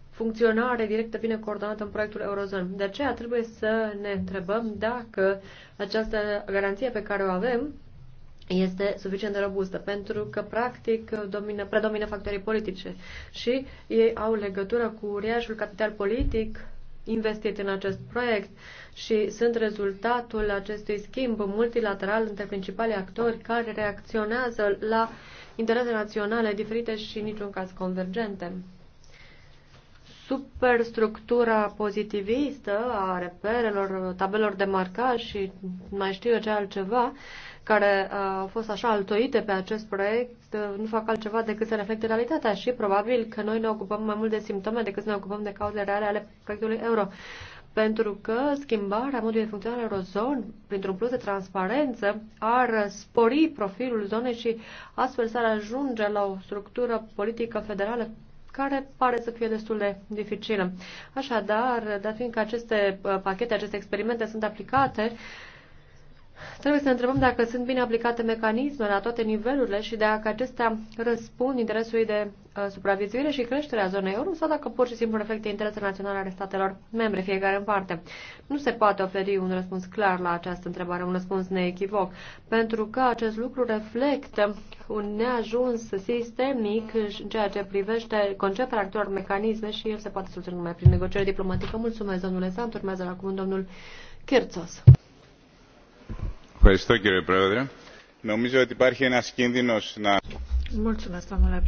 funcționare directă bine coordonată în proiectul Eurozon. De aceea trebuie să ne întrebăm dacă această garanție pe care o avem este suficient de robustă, pentru că, practic, domină, predomină factorii politice și ei au legătură cu uriașul capital politic investit în acest proiect și sunt rezultatul acestui schimb multilateral între principalii actori care reacționează la interese naționale diferite și în niciun caz convergente. Superstructura pozitivistă a reperelor, tabelor de marcaj și mai știu eu ce altceva care uh, au fost așa altoite pe acest proiect uh, nu fac altceva decât să reflecte realitatea și probabil că noi ne ocupăm mai mult de simptome decât să ne ocupăm de cauzele reale ale proiectului euro. Pentru că schimbarea modului de funcționare al eurozon printr-un plus de transparență ar spori profilul zonei și astfel s-ar ajunge la o structură politică federală care pare să fie destul de dificilă. Așadar, dat fiindcă aceste uh, pachete, aceste experimente sunt aplicate, uh, Trebuie să ne întrebăm dacă sunt bine aplicate mecanismele la toate nivelurile și dacă acestea răspund interesului de uh, supraviețuire și creștere a zonei euro sau dacă pur și simplu reflectă interesele naționale ale statelor membre, fiecare în parte. Nu se poate oferi un răspuns clar la această întrebare, un răspuns neechivoc, pentru că acest lucru reflectă un neajuns sistemic în ceea ce privește conceperea actualor mecanisme și el se poate soluționa numai prin negociere diplomatică. Mulțumesc, domnule Sant. Urmează acum domnul Kirțos domnule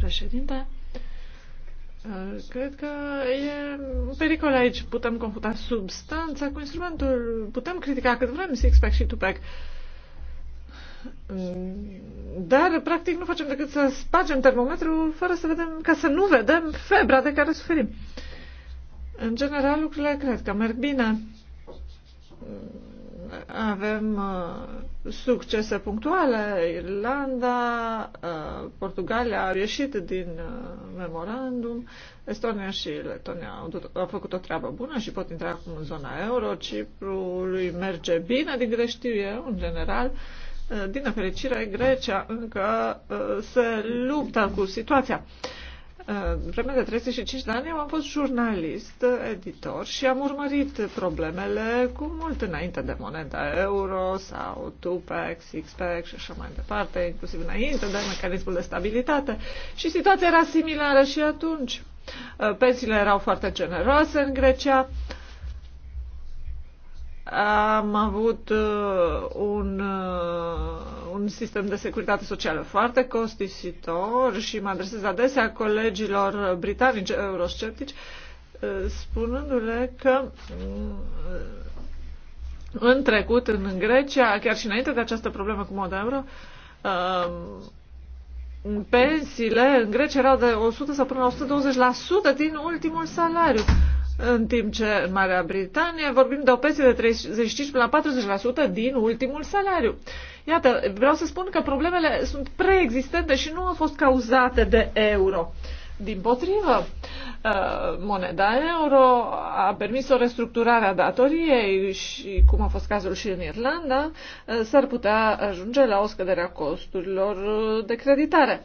președinte. Ă, cred că e un pericol aici. Putem confunda substanța cu instrumentul. Putem critica cât vrem six-pack și two-pack. Dar, practic, nu facem decât să spargem termometrul fără să vedem, ca să nu vedem febra de care suferim. În general, lucrurile cred că merg bine avem uh, succese punctuale. Irlanda, uh, Portugalia au ieșit din uh, memorandum, Estonia și Letonia au, au făcut o treabă bună și pot intra acum în zona euro. Ciprului merge bine, din câte știu eu, în general. Din nefericire, Grecia încă se luptă cu situația. Uh, Uh, vreme de 35 de ani eu am fost jurnalist, uh, editor și am urmărit problemele cu mult înainte de moneda euro sau Tupac, Sixpack și așa mai departe, inclusiv înainte de mecanismul de stabilitate. Și situația era similară și atunci. Uh, pensiile erau foarte generoase în Grecia. Am avut un un sistem de securitate socială foarte costisitor și mă adresez adesea colegilor britanici eurosceptici, eh, spunându-le că mm, în trecut, în Grecia, chiar și înainte de această problemă cu moda euro, eh, pensiile în Grecia erau de 100 sau până la 120% din ultimul salariu. În timp ce în Marea Britanie vorbim de o pensie de 35 până la 40% din ultimul salariu. Iată, vreau să spun că problemele sunt preexistente și nu au fost cauzate de euro. Din potrivă, uh, moneda euro a permis o restructurare a datoriei și, cum a fost cazul și în Irlanda, uh, s-ar putea ajunge la o scădere a costurilor uh, de creditare.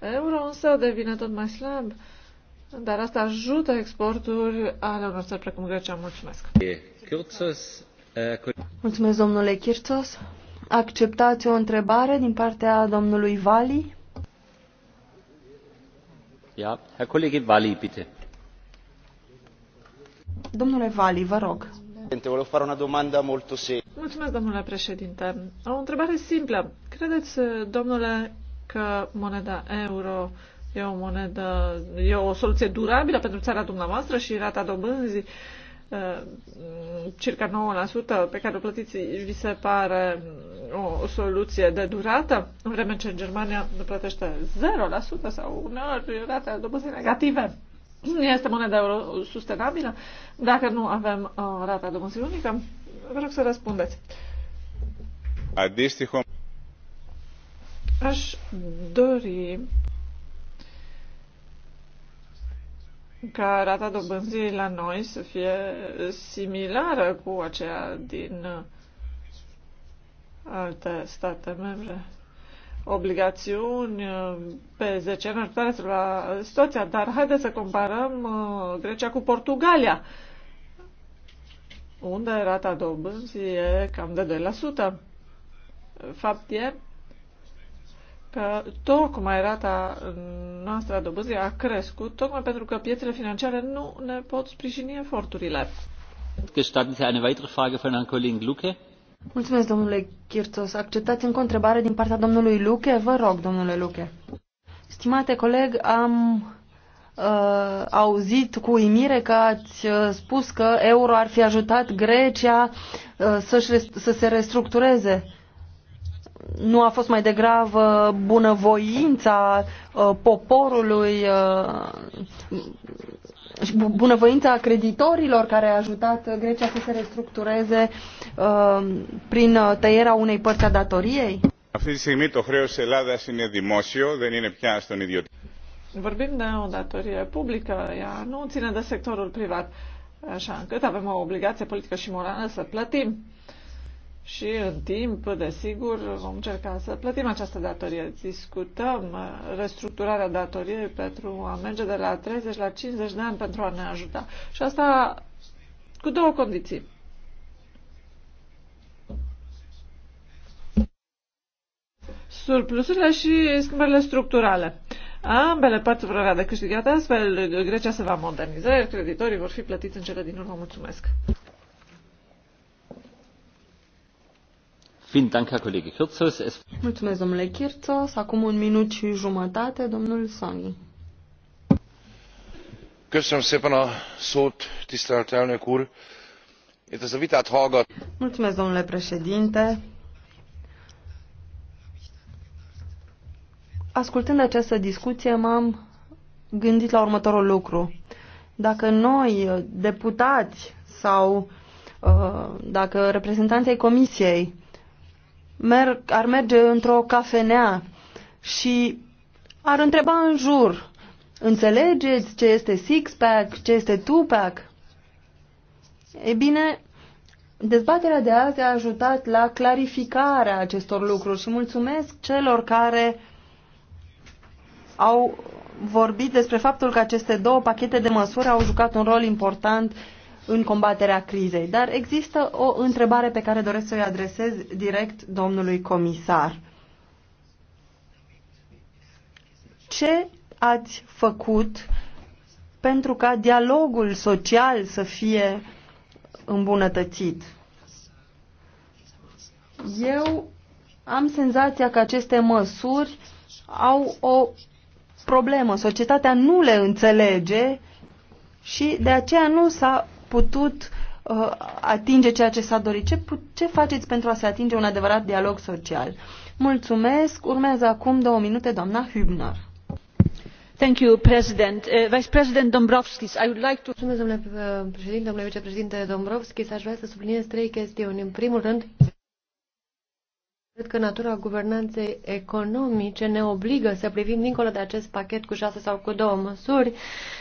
Euro însă devine tot mai slab, dar asta ajută exporturi ale unor țări precum Grecia. Mulțumesc! Mulțumesc, domnule Kirțos! Acceptați o întrebare din partea domnului Vali? Ja, Herr Kollege Vali, bitte. Domnule Vali, vă rog. Mulțumesc, domnule președinte. O întrebare simplă. Credeți, domnule, că moneda euro e o monedă, e o soluție durabilă pentru țara dumneavoastră și rata dobânzii? Uh, circa 9% pe care o plătiți, vi se pare mm, o, o soluție de durată, în vreme ce în Germania plătește 0% sau uneori rate dobânzii negative. Nu este moneda euro sustenabilă dacă nu avem uh, rata dobânzii unică? Vă rog să răspundeți. Aș dori ca rata dobânzii la noi să fie similară cu aceea din uh, alte state membre. Obligațiuni uh, pe 10 ani ar putea la situația, dar haideți să comparăm uh, Grecia cu Portugalia, unde rata dobânzii e cam de 2%. Fapt e că tocmai rata noastră a dobânzii a crescut, tocmai pentru că piețele financiare nu ne pot sprijini eforturile. Mulțumesc, domnule Chirțos. Acceptați încă o întrebare din partea domnului Luche? Vă rog, domnule Luche. Stimate coleg, am uh, auzit cu uimire că ați uh, spus că euro ar fi ajutat Grecia uh, să, să se restructureze nu a fost mai degrabă bunăvoința uh, poporului, și uh, bunăvoința creditorilor care a ajutat Grecia să se restructureze uh, prin tăierea unei părți a datoriei? Vorbim de o datorie publică, ea nu ține de sectorul privat, așa încât avem o obligație politică și morală să plătim și în timp, desigur, vom încerca să plătim această datorie. Discutăm uh, restructurarea datoriei pentru a merge de la 30 la 50 de ani pentru a ne ajuta. Și asta cu două condiții. Surplusurile și schimbările structurale. Ambele părți vor avea de câștigat astfel, Grecia se va moderniza, iar creditorii vor fi plătiți în cele din urmă. Mulțumesc! Mulțumesc, domnule Kirțos. Acum un minut și jumătate, domnul Sani. Köszönöm szépen a szót, tisztelt elnök úr. Itt ez a vitát hallgat. Mulțumesc, domnule președinte. Ascultând această discuție, m-am gândit la următorul lucru. Dacă noi, deputați sau uh, dacă reprezentanții comisiei merg, ar merge într-o cafenea și ar întreba în jur, înțelegeți ce este six-pack, ce este two-pack? E bine, dezbaterea de azi a ajutat la clarificarea acestor lucruri și mulțumesc celor care au vorbit despre faptul că aceste două pachete de măsuri au jucat un rol important în combaterea crizei. Dar există o întrebare pe care doresc să o adresez direct domnului comisar. Ce ați făcut pentru ca dialogul social să fie îmbunătățit? Eu am senzația că aceste măsuri au o problemă. Societatea nu le înțelege și de aceea nu s-a putut uh, atinge ceea ce s-a dorit. Ce, ce faceți pentru a se atinge un adevărat dialog social? Mulțumesc. Urmează acum două minute doamna Hübner. Thank you, President. Uh, Vice President Dombrovskis, I would like to... Mulțumesc, domnule uh, președinte, domnule vicepreședinte Dombrovskis. Aș vrea să subliniez trei chestiuni. În primul rând, Cred că natura guvernanței economice ne obligă să privim dincolo de acest pachet cu șase sau cu două măsuri,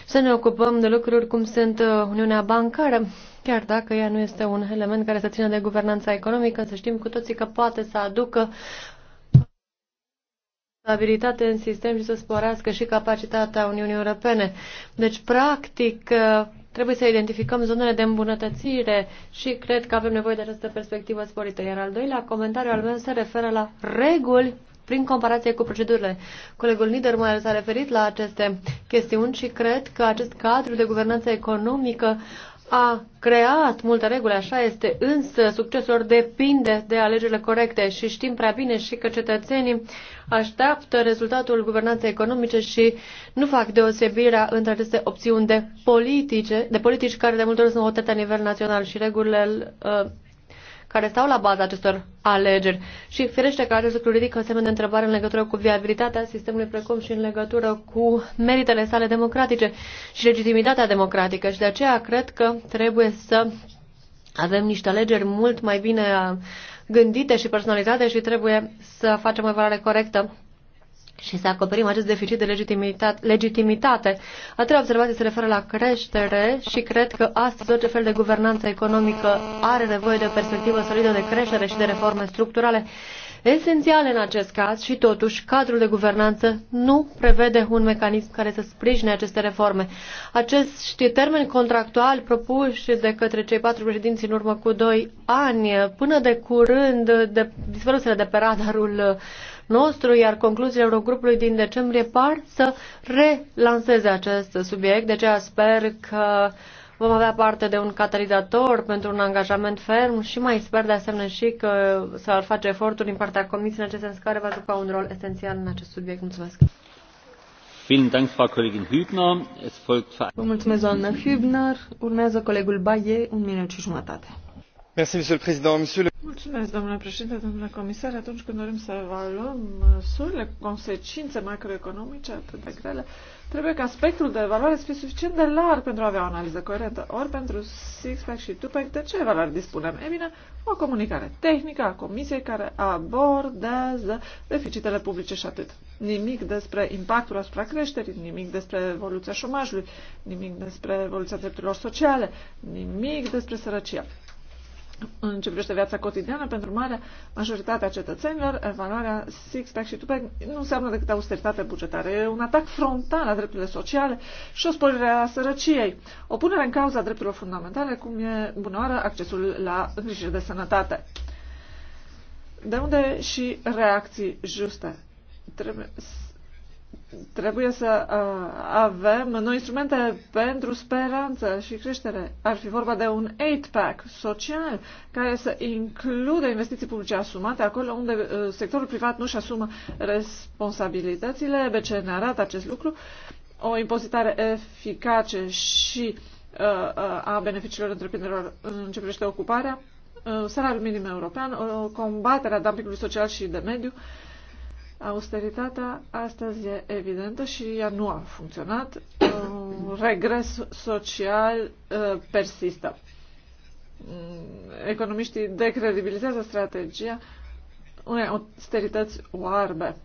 să ne ocupăm de lucruri cum sunt uh, Uniunea Bancară, chiar dacă ea nu este un element care să țină de guvernanța economică, să știm cu toții că poate să aducă stabilitate în sistem și să sporească și capacitatea Uniunii Europene. Deci, practic, uh, Trebuie să identificăm zonele de îmbunătățire și cred că avem nevoie de această perspectivă sporită. Iar al doilea comentariu al meu se referă la reguli prin comparație cu procedurile. Colegul Niedermayer s-a referit la aceste chestiuni și cred că acest cadru de guvernanță economică a creat multe reguli, așa este, însă succesul depinde de alegerile corecte și știm prea bine și că cetățenii așteaptă rezultatul guvernanței economice și nu fac deosebirea între aceste opțiuni de politice, de politici care de multe ori sunt hotărâte la nivel național și regulile uh, care stau la baza acestor alegeri. Și firește că acest lucru ridică de întrebare în legătură cu viabilitatea sistemului, precum și în legătură cu meritele sale democratice și legitimitatea democratică. Și de aceea cred că trebuie să avem niște alegeri mult mai bine gândite și personalizate și trebuie să facem o evaluare corectă și să acoperim acest deficit de legitimitate. legitimitate. A treia observație se referă la creștere și cred că astăzi orice fel de guvernanță economică are nevoie de o perspectivă solidă de creștere și de reforme structurale esențiale în acest caz și totuși cadrul de guvernanță nu prevede un mecanism care să sprijine aceste reforme. Acest termen contractual propus de către cei patru președinți în urmă cu doi ani, până de curând de, dispărusele de pe radarul nostru, iar concluziile Eurogrupului din decembrie par să relanseze acest subiect, de aceea sper că vom avea parte de un catalizator pentru un angajament ferm și mai sper de asemenea și că să ar face eforturi din partea Comisiei în acest sens care va juca un rol esențial în acest subiect. Mulțumesc! Vă mulțumesc, doamnă Hübner. Urmează colegul Baie, un minut și jumătate. Mulțumesc, domnule președinte, domnule comisar. Atunci când dorim să evaluăm măsurile cu consecințe macroeconomice atât de grele, trebuie ca spectrul de evaluare să fie suficient de larg pentru a avea o analiză coerentă. Ori pentru six-pack și two-pack, de ce evaluare dispunem? E bine, o comunicare tehnică a Comisiei care abordează deficitele publice și atât. Nimic despre impactul asupra creșterii, nimic despre evoluția șomajului, nimic despre evoluția drepturilor sociale, nimic despre sărăcia. În ce privește viața cotidiană, pentru marea majoritatea cetățenilor, evaluarea six-pack și two-pack nu înseamnă decât austeritate bugetară. E un atac frontal a drepturile sociale și o sporire a sărăciei. O punere în cauza drepturilor fundamentale, cum e bunoară accesul la îngrijire de sănătate. De unde și reacții juste. Trebuie Trebuie să uh, avem noi instrumente pentru speranță și creștere. Ar fi vorba de un eight-pack social care să includă investiții publice asumate acolo unde uh, sectorul privat nu-și asumă responsabilitățile. ne arată acest lucru. O impozitare eficace și uh, uh, a beneficiilor întreprinderilor în ce privește ocuparea, uh, salariul minim european, o combatere a dumpingului social și de mediu. Uh, Austeritatea astăzi e evidentă și ea nu a funcționat. regres social uh, persistă. Economiștii decredibilizează strategia unei austerități oarbe.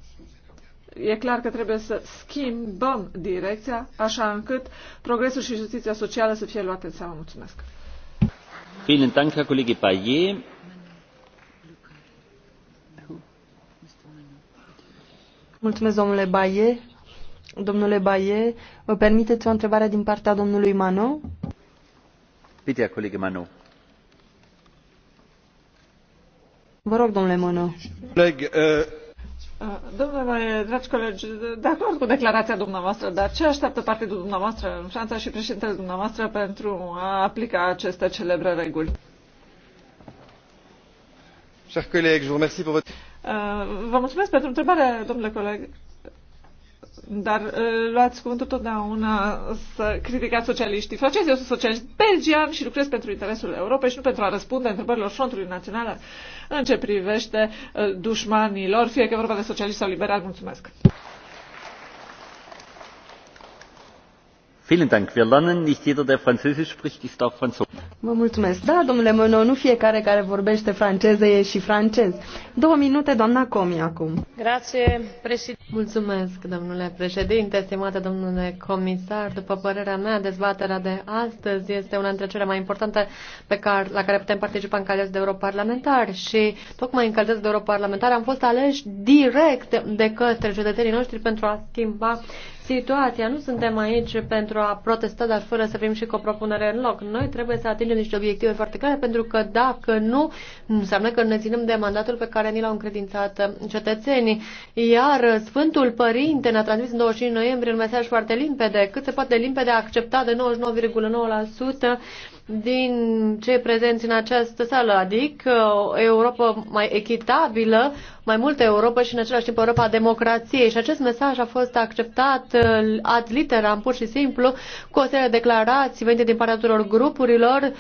E clar că trebuie să schimbăm direcția, așa încât progresul și justiția socială să fie luate în seamă. Mulțumesc! Vielen Dank, Herr Kollege Bayer. Mulțumesc, domnule Baie. Domnule Baie, vă permiteți o întrebare din partea domnului Mano? Bitte, coleg Mano. Vă rog, domnule Mano. Coleg, uh... Domnule Marie, dragi colegi, de acord cu declarația dumneavoastră, dar ce așteaptă partidul dumneavoastră în Franța și președintele dumneavoastră pentru a aplica aceste celebre reguli? Chers collègues, je vous remercie pour votre... Uh, vă mulțumesc pentru întrebare, domnule coleg. Dar uh, luați cuvântul totdeauna să criticați socialiștii francezi. Eu sunt socialist belgian și lucrez pentru interesul Europei și nu pentru a răspunde întrebărilor Frontului Național în ce privește uh, dușmanii lor, fie că vorba de socialiști sau liberali. Mulțumesc! mulțumesc. Da, domnule Mănou, nu fiecare care vorbește franceză e și francez. Două minute, doamna Comi, acum. Mulțumesc, domnule președinte, stimate domnule comisar. După părerea mea, dezbaterea de astăzi este una dintre cele mai importante pe care, la care putem participa în calitate de europarlamentar și tocmai în calitate de europarlamentar am fost aleși direct de către cetățenii noștri pentru a schimba situația. Nu suntem aici pentru a protesta, dar fără să primim și cu o propunere în loc. Noi trebuie să atingem niște obiective foarte clare, pentru că dacă nu, înseamnă că ne ținem de mandatul pe care ni l-au încredințat cetățenii. Iar Sfântul Părinte ne-a transmis în 25 noiembrie un mesaj foarte limpede, cât se poate limpede acceptat de 99,9% din cei prezenți în această sală, adică o Europa mai echitabilă, mai multă Europa și în același timp Europa a democrației. Și acest mesaj a fost acceptat uh, ad literam, pur și simplu, cu o serie de declarații venite din partea tuturor grupurilor,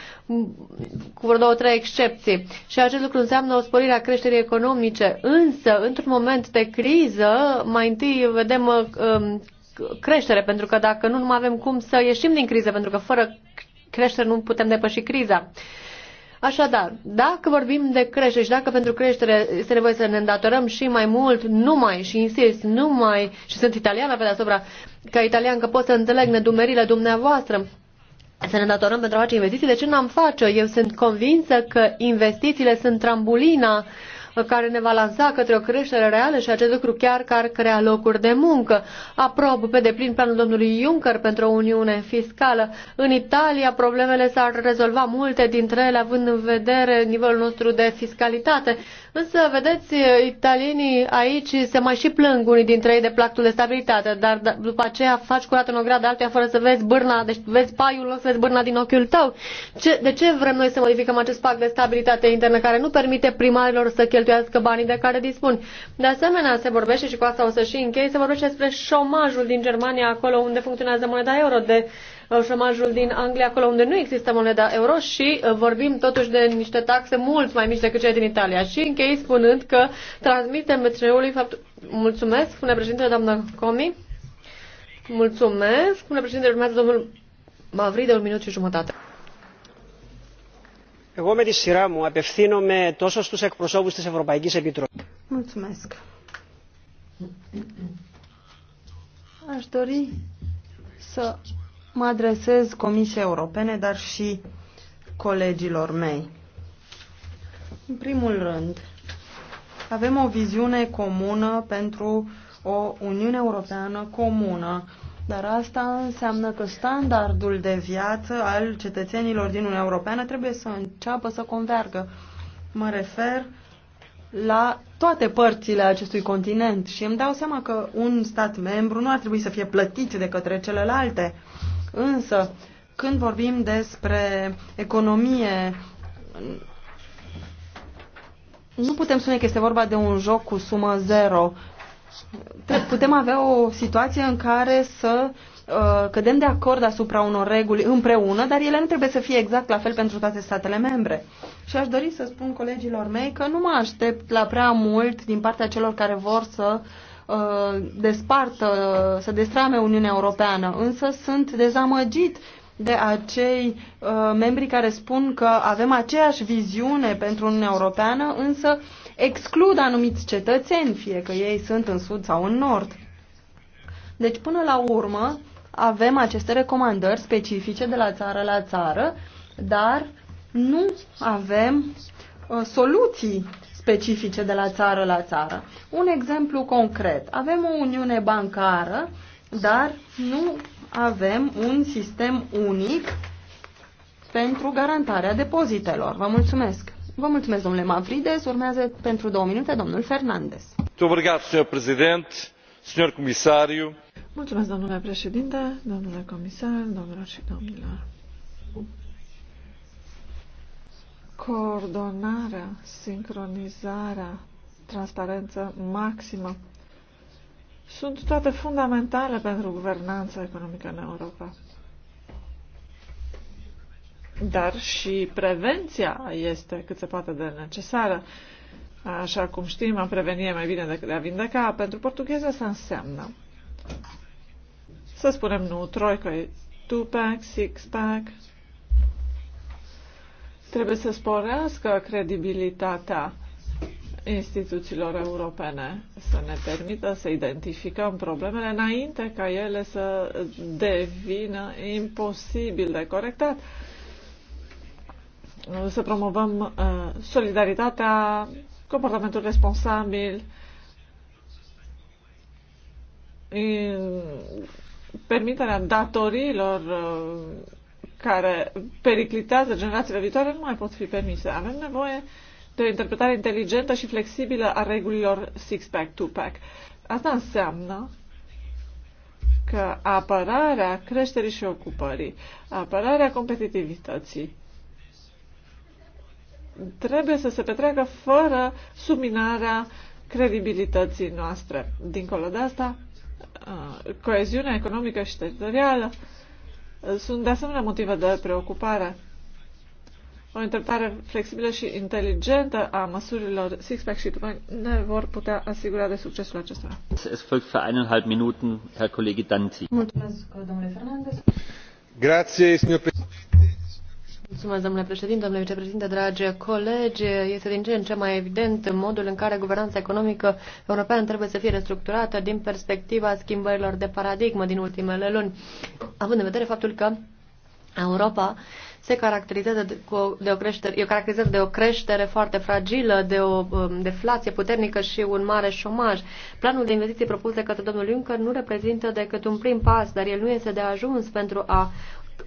cu vreo două, trei excepții. Și acest lucru înseamnă o sporire a creșterii economice. Însă, într-un moment de criză, mai întâi vedem uh, um, creștere, pentru că dacă nu, nu avem cum să ieșim din criză, pentru că fără creștere nu putem depăși criza. Așadar, dacă vorbim de creștere și dacă pentru creștere este nevoie să ne îndatorăm și mai mult, numai și insist, numai, și sunt italiană pe deasupra, ca italian că pot să înțeleg nedumerile dumneavoastră, să ne îndatorăm pentru a face investiții, de ce n-am face? Eu sunt convinsă că investițiile sunt trambulina uh, care ne va lansa către o creștere reală și acest lucru chiar că ar crea locuri de muncă. Aprob pe deplin planul domnului Juncker pentru o uniune fiscală. În Italia problemele s-ar rezolva multe dintre ele având în vedere nivelul nostru de fiscalitate. Însă, vedeți, italienii aici se mai și plâng unii dintre ei de plactul de stabilitate, dar după aceea faci curat în o gradă altea fără să vezi bârna, deci vezi paiul, nu să vezi bârna din ochiul tău. Ce, de ce vrem noi să modificăm acest pact de stabilitate internă care nu permite primarilor să cheltuie cheltuiască banii de care dispun. De asemenea, se vorbește și cu asta o să și închei, se vorbește despre șomajul din Germania, acolo unde funcționează moneda euro, de uh, șomajul din Anglia, acolo unde nu există moneda euro și uh, vorbim totuși de niște taxe mult mai mici decât cele din Italia. Și închei spunând că transmitem BCE-ului faptul... Mulțumesc, spune președintele, doamnă Comi. Mulțumesc, spune președintele, urmează domnul Mavride, un minut și jumătate. Εγώ με τη σειρά μου απευθύνομαι τόσο στους εκπροσώπους της Ευρωπαϊκής Επιτροπής. Mulțumesc. Aș dori să mă adresez Comisiei Europene, dar și colegilor mei. În primul rând, avem o viziune comună pentru o Uniune Europeană comună dar asta înseamnă că standardul de viață al cetățenilor din Uniunea Europeană trebuie să înceapă să convergă. Mă refer la toate părțile acestui continent și îmi dau seama că un stat membru nu ar trebui să fie plătit de către celelalte. Însă, când vorbim despre economie, nu putem spune că este vorba de un joc cu sumă zero putem avea o situație în care să uh, cădem de acord asupra unor reguli împreună, dar ele nu trebuie să fie exact la fel pentru toate statele membre. Și aș dori să spun colegilor mei că nu mă aștept la prea mult din partea celor care vor să uh, despartă, să destrame Uniunea Europeană, însă sunt dezamăgit de acei uh, membri care spun că avem aceeași viziune pentru Uniunea Europeană, însă uh, exclud anumiți cetățeni, fie că ei sunt în sud sau în nord. Deci, până la urmă, avem aceste recomandări specifice de la țară la țară, dar nu avem uh, soluții specifice de la țară la țară. Un exemplu concret. Avem o uniune bancară, dar nu avem un sistem unic pentru garantarea depozitelor. Vă mulțumesc! Vă mulțumesc, domnule Mavrides. Urmează pentru două minute domnul Fernandez. Mulțumesc, domnule președinte, domnule comisar, domnilor și domnilor. Coordonarea, sincronizarea, transparență maximă sunt toate fundamentale pentru guvernanța economică în Europa dar și prevenția este cât se poate de necesară. Așa cum știm, a preveni e mai bine decât a vindeca. Pentru portugheză asta înseamnă să spunem nu, troică e two-pack, six-pack. Trebuie să sporească credibilitatea instituțiilor europene, să ne permită să identificăm problemele înainte ca ele să devină imposibil de corectat să promovăm uh, solidaritatea, comportamentul responsabil, permiterea datoriilor uh, care periclitează generațiile viitoare nu mai pot fi permise. Avem nevoie de o interpretare inteligentă și flexibilă a regulilor six-pack, two-pack. Asta înseamnă că apărarea creșterii și ocupării, apărarea competitivității, trebuie să se petreacă fără subminarea credibilității noastre. Dincolo de asta, uh, coeziunea economică și teritorială uh, sunt de asemenea motive de preocupare. O interpretare flexibilă și inteligentă a măsurilor six-pack și după ne vor putea asigura de succesul acestora. Herr Kollege Mulțumesc, domnule Fernandez. Grazie, signor președinte. Mulțumesc, domnule președinte, domnule vicepreședinte, dragi colegi. Este din ce în ce mai evident modul în care guvernanța economică europeană trebuie să fie restructurată din perspectiva schimbărilor de paradigmă din ultimele luni, având în vedere faptul că Europa se caracterizează de, de o creștere, e caracterizată de o creștere foarte fragilă, de o um, deflație puternică și un mare șomaj. Planul de investiții propus de către domnul Juncker nu reprezintă decât un prim pas, dar el nu este de ajuns pentru a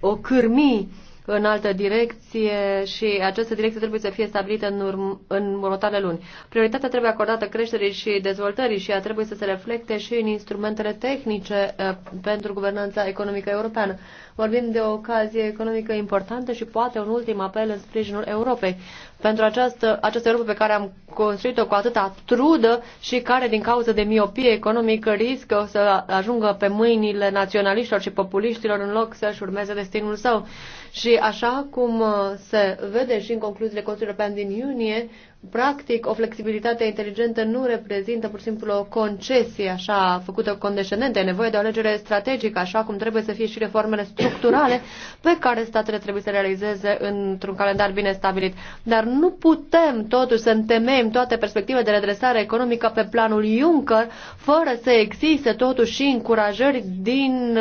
o cârmi în altă direcție și această direcție trebuie să fie stabilită în, urm- în următoarele luni. Prioritatea trebuie acordată creșterii și dezvoltării și ea trebuie să se reflecte și în instrumentele tehnice eh, pentru guvernanța economică europeană. Vorbim de o ocazie economică importantă și poate un ultim apel în sprijinul Europei pentru această, această Europa pe care am construit-o cu atâta trudă și care, din cauza de miopie economică, riscă să ajungă pe mâinile naționaliștilor și populiștilor în loc să-și urmeze destinul său. Și așa cum uh, se vede și în concluziile Consiliului European din iunie, practic o flexibilitate inteligentă nu reprezintă pur și simplu o concesie așa făcută condescendentă. E nevoie de o alegere strategică, așa cum trebuie să fie și reformele structurale pe care statele trebuie să le realizeze într-un calendar bine stabilit. Dar nu putem totuși să întemeim toate perspectivele de redresare economică pe planul Juncker fără să existe totuși și încurajări din,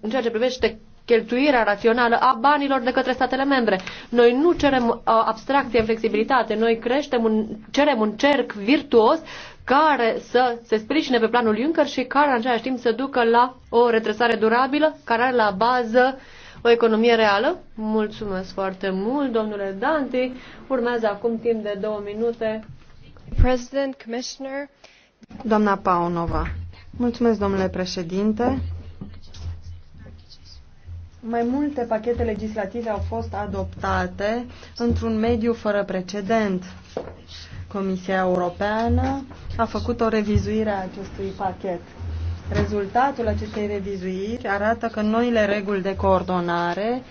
în ceea ce privește cheltuirea rațională a banilor de către statele membre. Noi nu cerem uh, abstracție, flexibilitate, noi creștem un, cerem un cerc virtuos care să se sprijine pe planul Juncker și care în același timp să ducă la o retresare durabilă, care are la bază o economie reală. Mulțumesc foarte mult, domnule Danti. Urmează acum timp de două minute. President, Commissioner. Doamna Paunova. Mulțumesc, domnule președinte. Mai multe pachete legislative au fost adoptate într-un mediu fără precedent. Comisia Europeană a făcut o revizuire a acestui pachet. Rezultatul acestei revizuiri arată că noile reguli de coordonare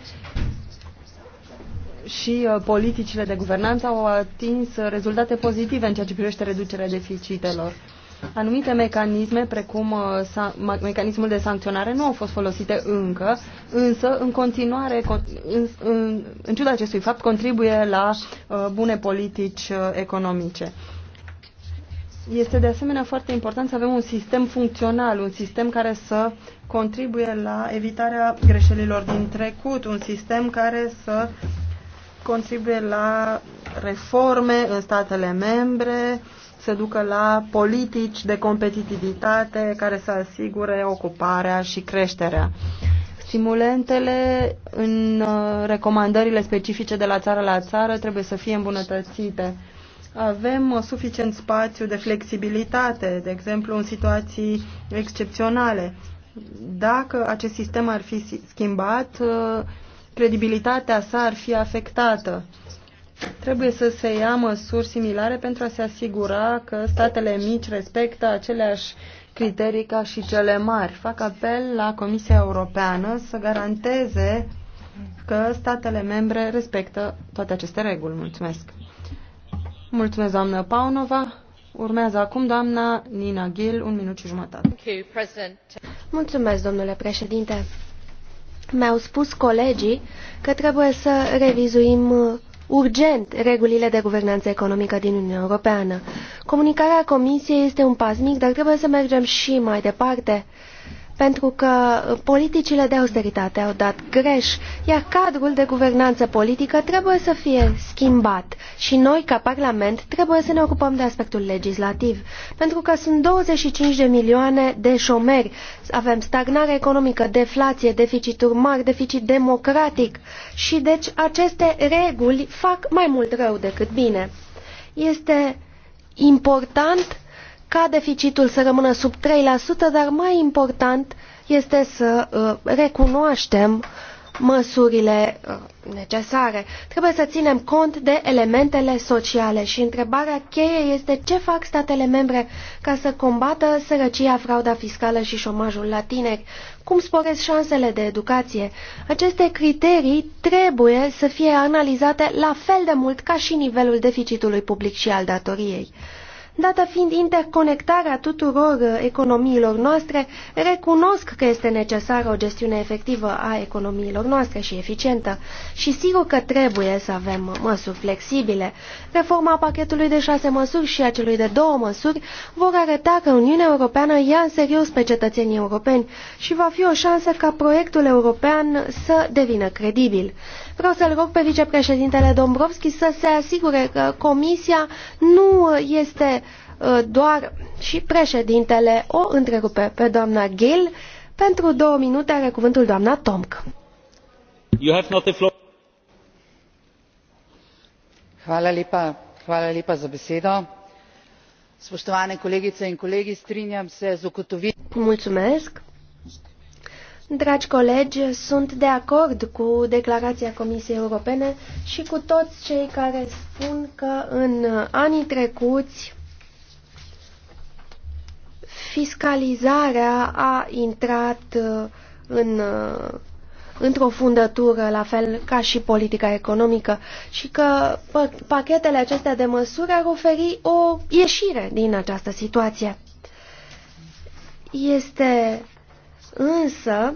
și uh, politicile de guvernanță au atins uh, rezultate pozitive în ceea ce privește reducerea deficitelor. Anumite mecanisme, precum uh, mecanismul de sancționare, nu au fost folosite încă, însă, în continuare, în, în, în ciuda acestui fapt, contribuie la uh, bune politici uh, economice. Este de asemenea foarte important să avem un sistem funcțional, un sistem care să contribuie la evitarea greșelilor din trecut, un sistem care să contribuie la reforme în statele membre, să ducă la politici de competitivitate care să asigure ocuparea și creșterea. Simulentele în uh, recomandările specifice de la țară la țară trebuie să fie îmbunătățite. Avem uh, suficient spațiu de flexibilitate, de exemplu în situații excepționale. Dacă acest sistem ar fi schimbat, uh, credibilitatea sa ar fi afectată Trebuie să se ia măsuri similare pentru a se asigura că statele mici respectă aceleași criterii ca și cele mari. Fac apel la Comisia Europeană să garanteze că statele membre respectă toate aceste reguli. Mulțumesc! Mulțumesc, doamnă Paunova. Urmează acum doamna Nina Gil, un minut și jumătate. Mulțumesc, domnule președinte. Mi-au spus colegii că trebuie să revizuim urgent regulile de guvernanță economică din Uniunea Europeană. Comunicarea Comisiei este un pas mic, dar trebuie să mergem și mai departe pentru că politicile de austeritate au dat greș, iar cadrul de guvernanță politică trebuie să fie schimbat și noi, ca Parlament, trebuie să ne ocupăm de aspectul legislativ, pentru că sunt 25 de milioane de șomeri, avem stagnare economică, deflație, deficituri mari, deficit democratic și deci aceste reguli fac mai mult rău decât bine. Este important ca deficitul să rămână sub 3%, dar mai important este să uh, recunoaștem măsurile uh, necesare. Trebuie să ținem cont de elementele sociale și întrebarea cheie este ce fac statele membre ca să combată sărăcia, frauda fiscală și șomajul la tineri, cum sporesc șansele de educație. Aceste criterii trebuie să fie analizate la fel de mult ca și nivelul deficitului public și al datoriei dată fiind interconectarea tuturor uh, economiilor noastre, recunosc că este necesară o gestiune efectivă a economiilor noastre și eficientă și sigur că trebuie să avem măsuri flexibile. Reforma pachetului de șase măsuri și a celui de două măsuri vor arăta că Uniunea Europeană ia în serios pe cetățenii europeni și va fi o șansă ca proiectul european să devină credibil. Vreau să-l rog pe vicepreședintele Dombrovski să se asigure că Comisia nu este uh, doar și președintele o întrerupe pe doamna Gill. Pentru două minute are cuvântul doamna Tomc. You have not the floor. Hvala lepa, hvala lepa za besedo. Spoštovane kolegice in kolegi, strinjam se z ugotovitvijo. Mulțumesc. Dragi colegi, sunt de acord cu declarația Comisiei Europene și cu toți cei care spun că în anii trecuți fiscalizarea a intrat uh, în, uh, într-o fundătură, la fel ca și politica economică, și că pachetele acestea de măsuri ar oferi o ieșire din această situație. Este Însă,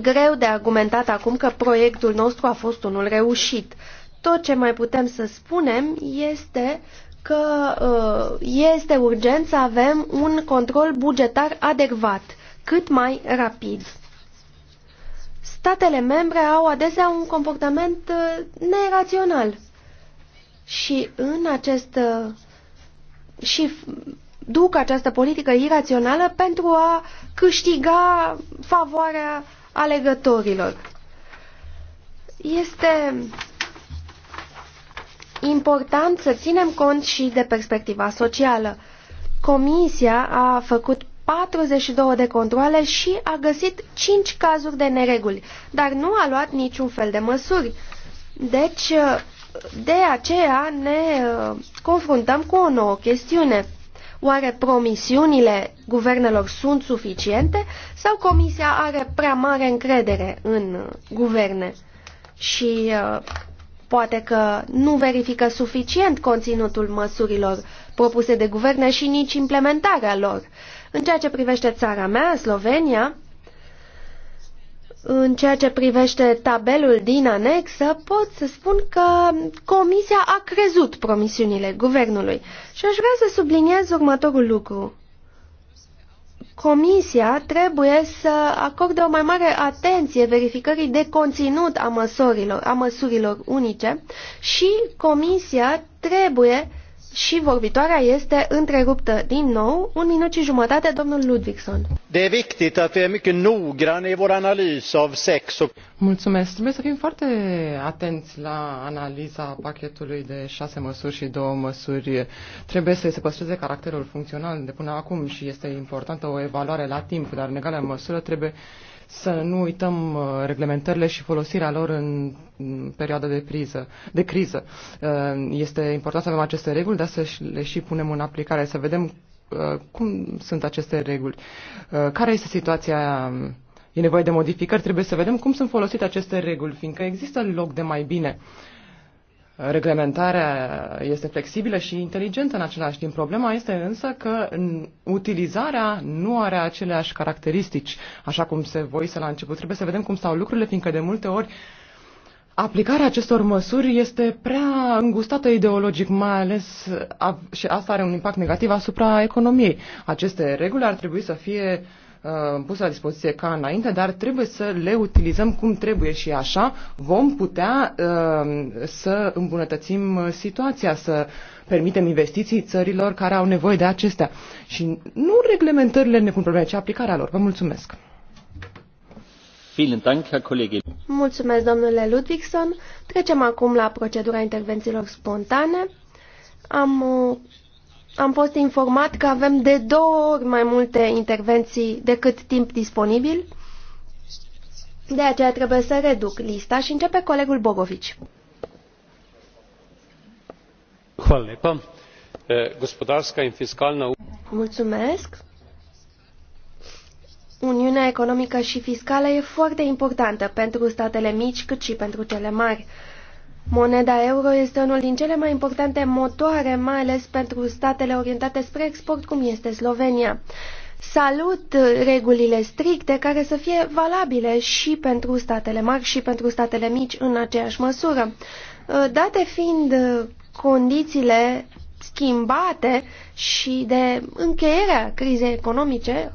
greu de argumentat acum că proiectul nostru a fost unul reușit. Tot ce mai putem să spunem este că uh, este urgent să avem un control bugetar adecvat, cât mai rapid. Statele membre au adesea un comportament uh, nerațional și în acest uh, și duc această politică irațională pentru a câștiga favoarea alegătorilor. Este important să ținem cont și de perspectiva socială. Comisia a făcut 42 de controle și a găsit 5 cazuri de nereguli, dar nu a luat niciun fel de măsuri. Deci, de aceea ne uh, confruntăm cu o nouă chestiune. Oare promisiunile guvernelor sunt suficiente sau Comisia are prea mare încredere în uh, guverne și uh, poate că nu verifică suficient conținutul măsurilor propuse de guverne și nici implementarea lor? În ceea ce privește țara mea, Slovenia, în ceea ce privește tabelul din anexă, pot să spun că Comisia a crezut promisiunile Guvernului și aș vrea să subliniez următorul lucru. Comisia trebuie să acorde o mai mare atenție verificării de conținut a măsurilor, a măsurilor unice și Comisia trebuie și vorbitoarea este întreruptă din nou, un minut și jumătate, domnul Ludvigson. Mulțumesc. Trebuie să fim foarte atenți la analiza pachetului de șase măsuri și două măsuri. Trebuie să se păstreze caracterul funcțional de până acum și este importantă o evaluare la timp, dar în egală măsură trebuie să nu uităm uh, reglementările și folosirea lor în perioada de, priză, de criză. Uh, este important să avem aceste reguli, dar să le și punem în aplicare, să vedem uh, cum sunt aceste reguli, care este situația e nevoie de modificări, trebuie să vedem cum sunt folosite aceste reguli, fiindcă există loc de mai bine reglementarea este flexibilă și inteligentă în același timp. Problema este însă că utilizarea nu are aceleași caracteristici, așa cum se voise la început. Trebuie să vedem cum stau lucrurile, fiindcă de multe ori aplicarea acestor măsuri este prea îngustată ideologic, mai ales și asta are un impact negativ asupra economiei. Aceste reguli ar trebui să fie uh, Uh, pus la dispoziție ca înainte, dar trebuie să le utilizăm cum trebuie și așa vom putea uh, să îmbunătățim situația, să permitem investiții țărilor care au nevoie de acestea. Și nu reglementările ne pun probleme, ci aplicarea lor. Vă mulțumesc! Mulțumesc, domnule Ludvigson. Trecem acum la procedura intervențiilor spontane. Am uh, am fost informat că avem de două ori mai multe intervenții decât timp disponibil. De aceea trebuie să reduc lista și începe colegul Bogovici. Mulțumesc. Uniunea economică și fiscală e foarte importantă pentru statele mici cât și pentru cele mari. Moneda euro este unul din cele mai importante motoare, mai ales pentru statele orientate spre export, cum este Slovenia. Salut regulile stricte care să fie valabile și pentru statele mari și pentru statele mici în aceeași măsură. Date fiind condițiile schimbate și de încheierea crizei economice,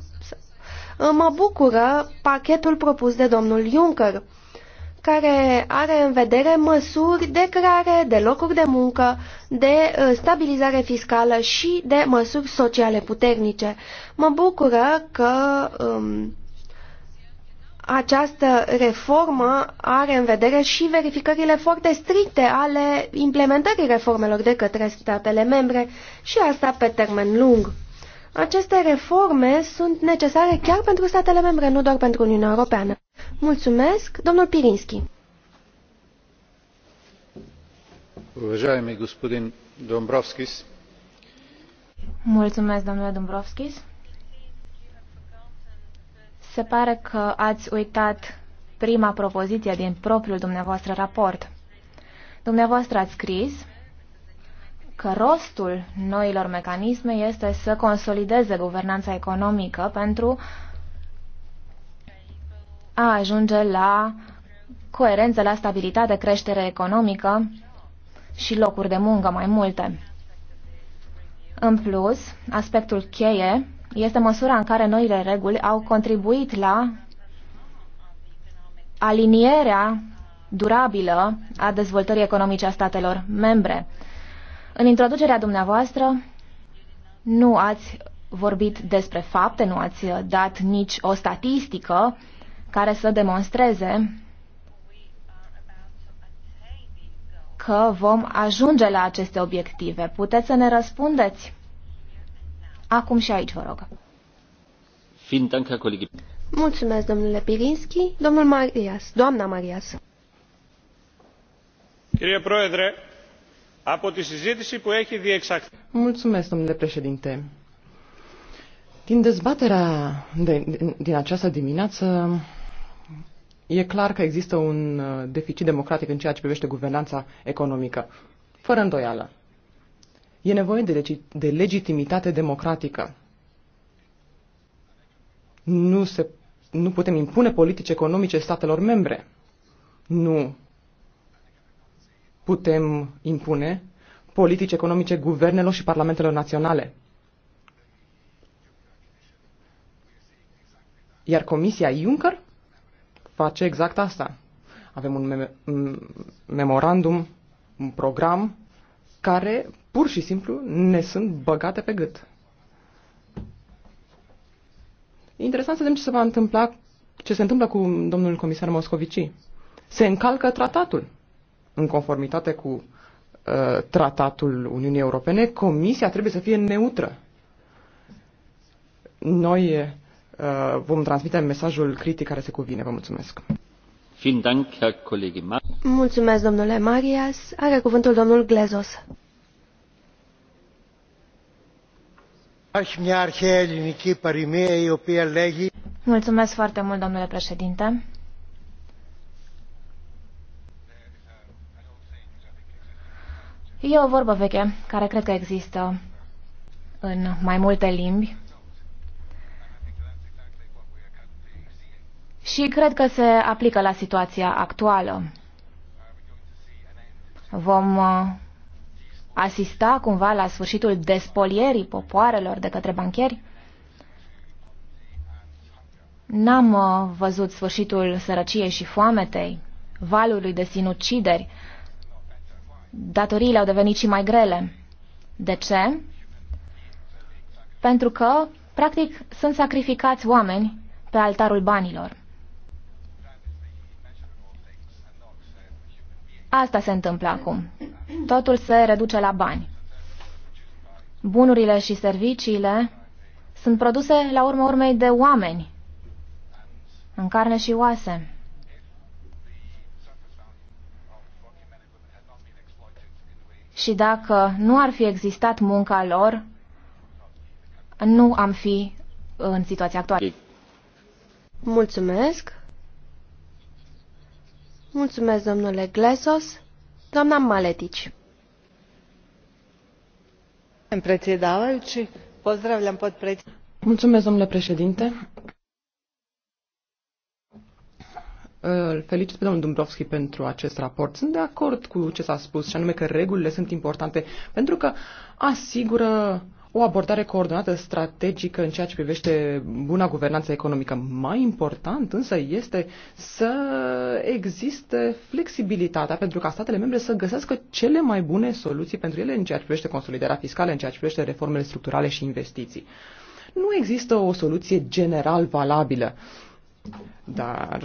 mă bucură pachetul propus de domnul Juncker care are în vedere măsuri de creare de locuri de muncă, de uh, stabilizare fiscală și de măsuri sociale puternice. Mă bucură că um, această reformă are în vedere și verificările foarte stricte ale implementării reformelor de către statele membre și asta pe termen lung. Aceste reforme sunt necesare chiar pentru statele membre, nu doar pentru Uniunea Europeană. Mulțumesc, domnul Pirinski. Уважаемый господин Домбровскис. Mulțumesc, domnule Dombrovskis. Se pare că ați uitat prima propoziție din propriul dumneavoastră raport. Dumneavoastră ați scris că rostul noilor mecanisme este să consolideze guvernanța economică pentru a ajunge la coerență, la stabilitate, creștere economică și locuri de muncă mai multe. În plus, aspectul cheie este măsura în care noile reguli au contribuit la alinierea durabilă a dezvoltării economice a statelor membre. În introducerea dumneavoastră nu ați vorbit despre fapte, nu ați dat nici o statistică care să demonstreze că vom ajunge la aceste obiective. Puteți să ne răspundeți? Acum și aici, vă rog. Mulțumesc, domnule Pirinski. Domnul Marias, doamna Marias. Mulțumesc, domnule președinte. Din dezbaterea de, din această dimineață E clar că există un uh, deficit democratic în ceea ce privește guvernanța economică, fără îndoială. E nevoie de, legi- de legitimitate democratică. Nu, se, nu putem impune politici economice statelor membre. Nu putem impune politici economice guvernelor și parlamentelor naționale. Iar Comisia Juncker face exact asta. Avem un, memorandum, un program care pur și simplu ne sunt băgate pe gât. E interesant să vedem ce se va întâmpla, ce se întâmplă cu domnul comisar Moscovici. Se încalcă tratatul. În conformitate cu uh, tratatul Uniunii Europene, comisia trebuie să fie neutră. Noi Uh, vom transmite mesajul critic care se cuvine. Vă mulțumesc. Mulțumesc, domnule Marias. Are cuvântul domnul Glezos. Mulțumesc foarte mult, domnule președinte. E o vorbă veche care cred că există în mai multe limbi și cred că se aplică la situația actuală. Vom uh, asista cumva la sfârșitul despolierii popoarelor de către bancheri? N-am uh, văzut sfârșitul sărăciei și foametei, valului de sinucideri. Datoriile au devenit și mai grele. De ce? Pentru că, practic, sunt sacrificați oameni pe altarul banilor. Asta se întâmplă acum. Totul se reduce la bani. Bunurile și serviciile sunt produse la urma urmei de oameni, în carne și oase. Și dacă nu ar fi existat munca lor, nu am fi în situația actuală. Mulțumesc. Mulțumesc, domnule Glesos. Doamna Maletici. Mulțumesc, domnule președinte. Îl felicit pe domnul Dumbrovski pentru acest raport. Sunt de acord cu ce s-a spus, și anume că regulile sunt importante pentru că asigură uh, o abordare coordonată strategică în ceea ce privește buna guvernanță economică. Mai important însă este să existe flexibilitatea pentru ca statele membre să găsească cele mai bune soluții pentru ele în ceea ce privește consolidarea fiscală, în ceea ce privește reformele structurale și investiții. Nu există o soluție general valabilă. Dar,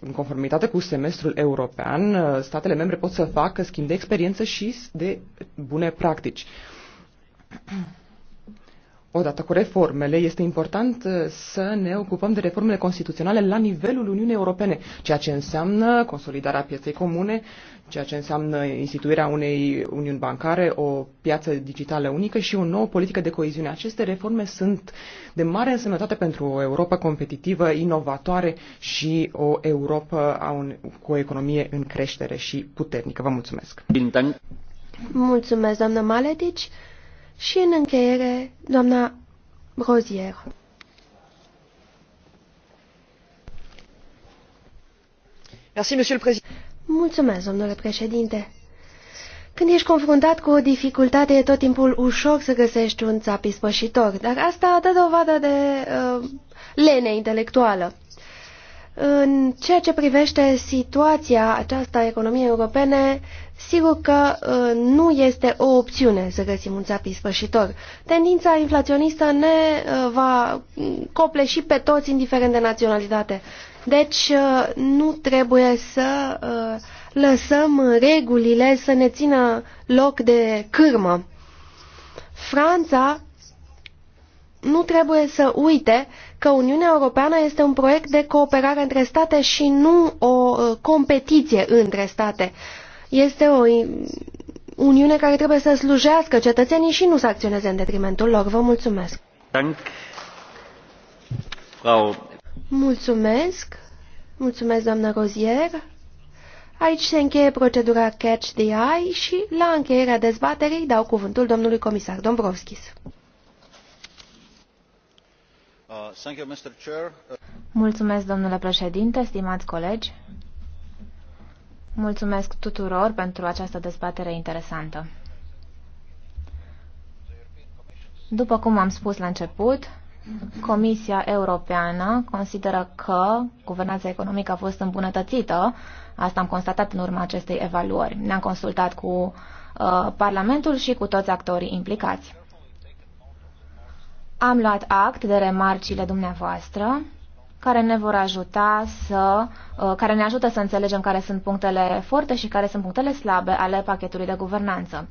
în conformitate cu semestrul european, statele membre pot să facă schimb de experiență și de bune practici. Odată cu reformele, este important uh, să ne ocupăm de reformele constituționale la nivelul Uniunii Europene, ceea ce înseamnă consolidarea pieței comune, ceea ce înseamnă instituirea unei uniuni bancare, o piață digitală unică și o nouă politică de coeziune. Aceste reforme sunt de mare însemnătate pentru o Europa competitivă, inovatoare și o Europa un, cu o economie în creștere și puternică. Vă mulțumesc! Mulțumesc, doamnă Maledici! Și în încheiere, doamna Rozier. Mulțumesc, domnule președinte. Când ești confruntat cu o dificultate, e tot timpul ușor să găsești un țap ispășitor, dar asta dă dovadă de uh, lene intelectuală. În ceea ce privește situația aceasta a economiei europene, sigur că ă, nu este o opțiune să găsim un țap ispășitor. Tendința inflaționistă ne ă, va cople și pe toți, indiferent de naționalitate. Deci ă, nu trebuie să lăsăm regulile să ne țină loc de cârmă. Franța nu trebuie să uite că Uniunea Europeană este un proiect de cooperare între state și nu o uh, competiție între state. Este o Uniune care trebuie să slujească cetățenii și nu să acționeze în detrimentul lor. Vă mulțumesc. Mulțumesc. Mulțumesc, doamnă Rozier. Aici se încheie procedura Catch the Eye și, la încheierea dezbaterii, dau cuvântul domnului comisar Dombrovskis. Uh, Mulțumesc, domnule președinte, stimați colegi. Mulțumesc tuturor pentru această dezbatere interesantă. După cum am spus la început, Comisia Europeană consideră că guvernanța economică a fost îmbunătățită. Asta am constatat în urma acestei evaluări. Ne-am consultat cu uh, Parlamentul și cu toți actorii implicați. Am luat act de remarcile dumneavoastră care ne vor ajuta să, uh, care ne ajută să înțelegem care sunt punctele forte și care sunt punctele slabe ale pachetului de guvernanță.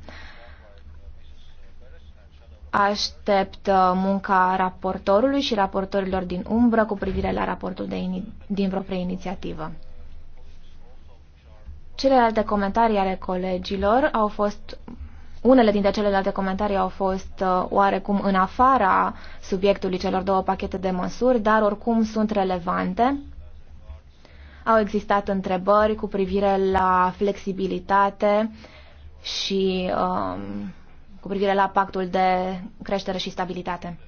Aștept uh, munca raportorului și raportorilor din umbră cu privire la raportul de ini- din proprie inițiativă. Celelalte comentarii ale colegilor au fost unele dintre celelalte comentarii au fost uh, oarecum în afara subiectului celor două pachete de măsuri, dar oricum sunt relevante. Au existat întrebări cu privire la flexibilitate și um, cu privire la pactul de creștere și stabilitate.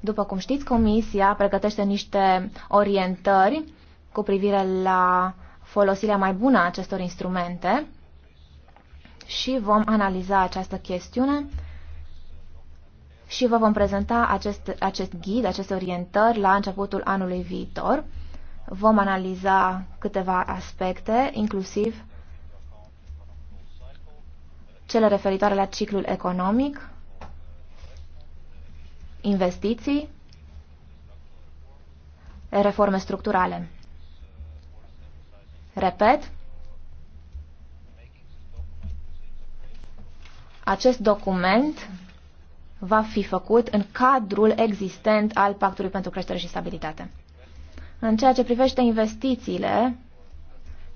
După cum știți, Comisia pregătește niște orientări cu privire la folosirea mai bună a acestor instrumente și vom analiza această chestiune și vă vom prezenta acest, acest ghid, aceste orientări la începutul anului viitor. Vom analiza câteva aspecte, inclusiv cele referitoare la ciclul economic, investiții, reforme structurale. Repet, Acest document va fi făcut în cadrul existent al Pactului pentru Creștere și Stabilitate. În ceea ce privește investițiile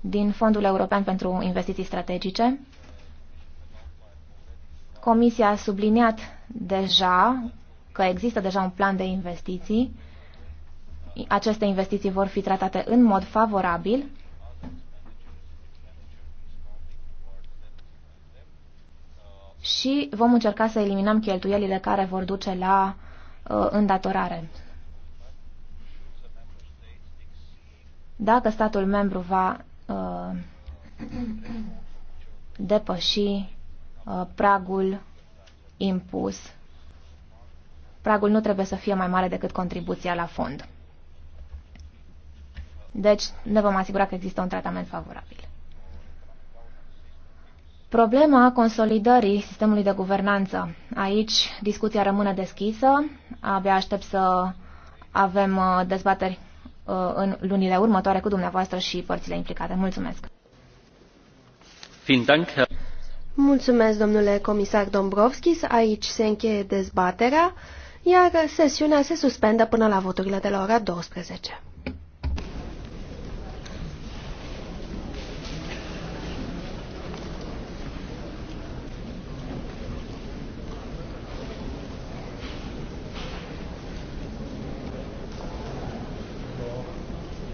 din Fondul European pentru Investiții Strategice, Comisia a subliniat deja că există deja un plan de investiții. Aceste investiții vor fi tratate în mod favorabil și vom încerca să eliminăm cheltuielile care vor duce la uh, îndatorare. Dacă statul membru va uh, depăși uh, pragul impus, pragul nu trebuie să fie mai mare decât contribuția la fond. Deci ne vom asigura că există un tratament favorabil. Problema consolidării sistemului de guvernanță. Aici discuția rămâne deschisă. Abia aștept să avem uh, dezbateri uh, în lunile următoare cu dumneavoastră și părțile implicate. Mulțumesc! Mulțumesc, domnule comisar Dombrovskis. Aici se încheie dezbaterea, iar sesiunea se suspendă până la voturile de la ora 12.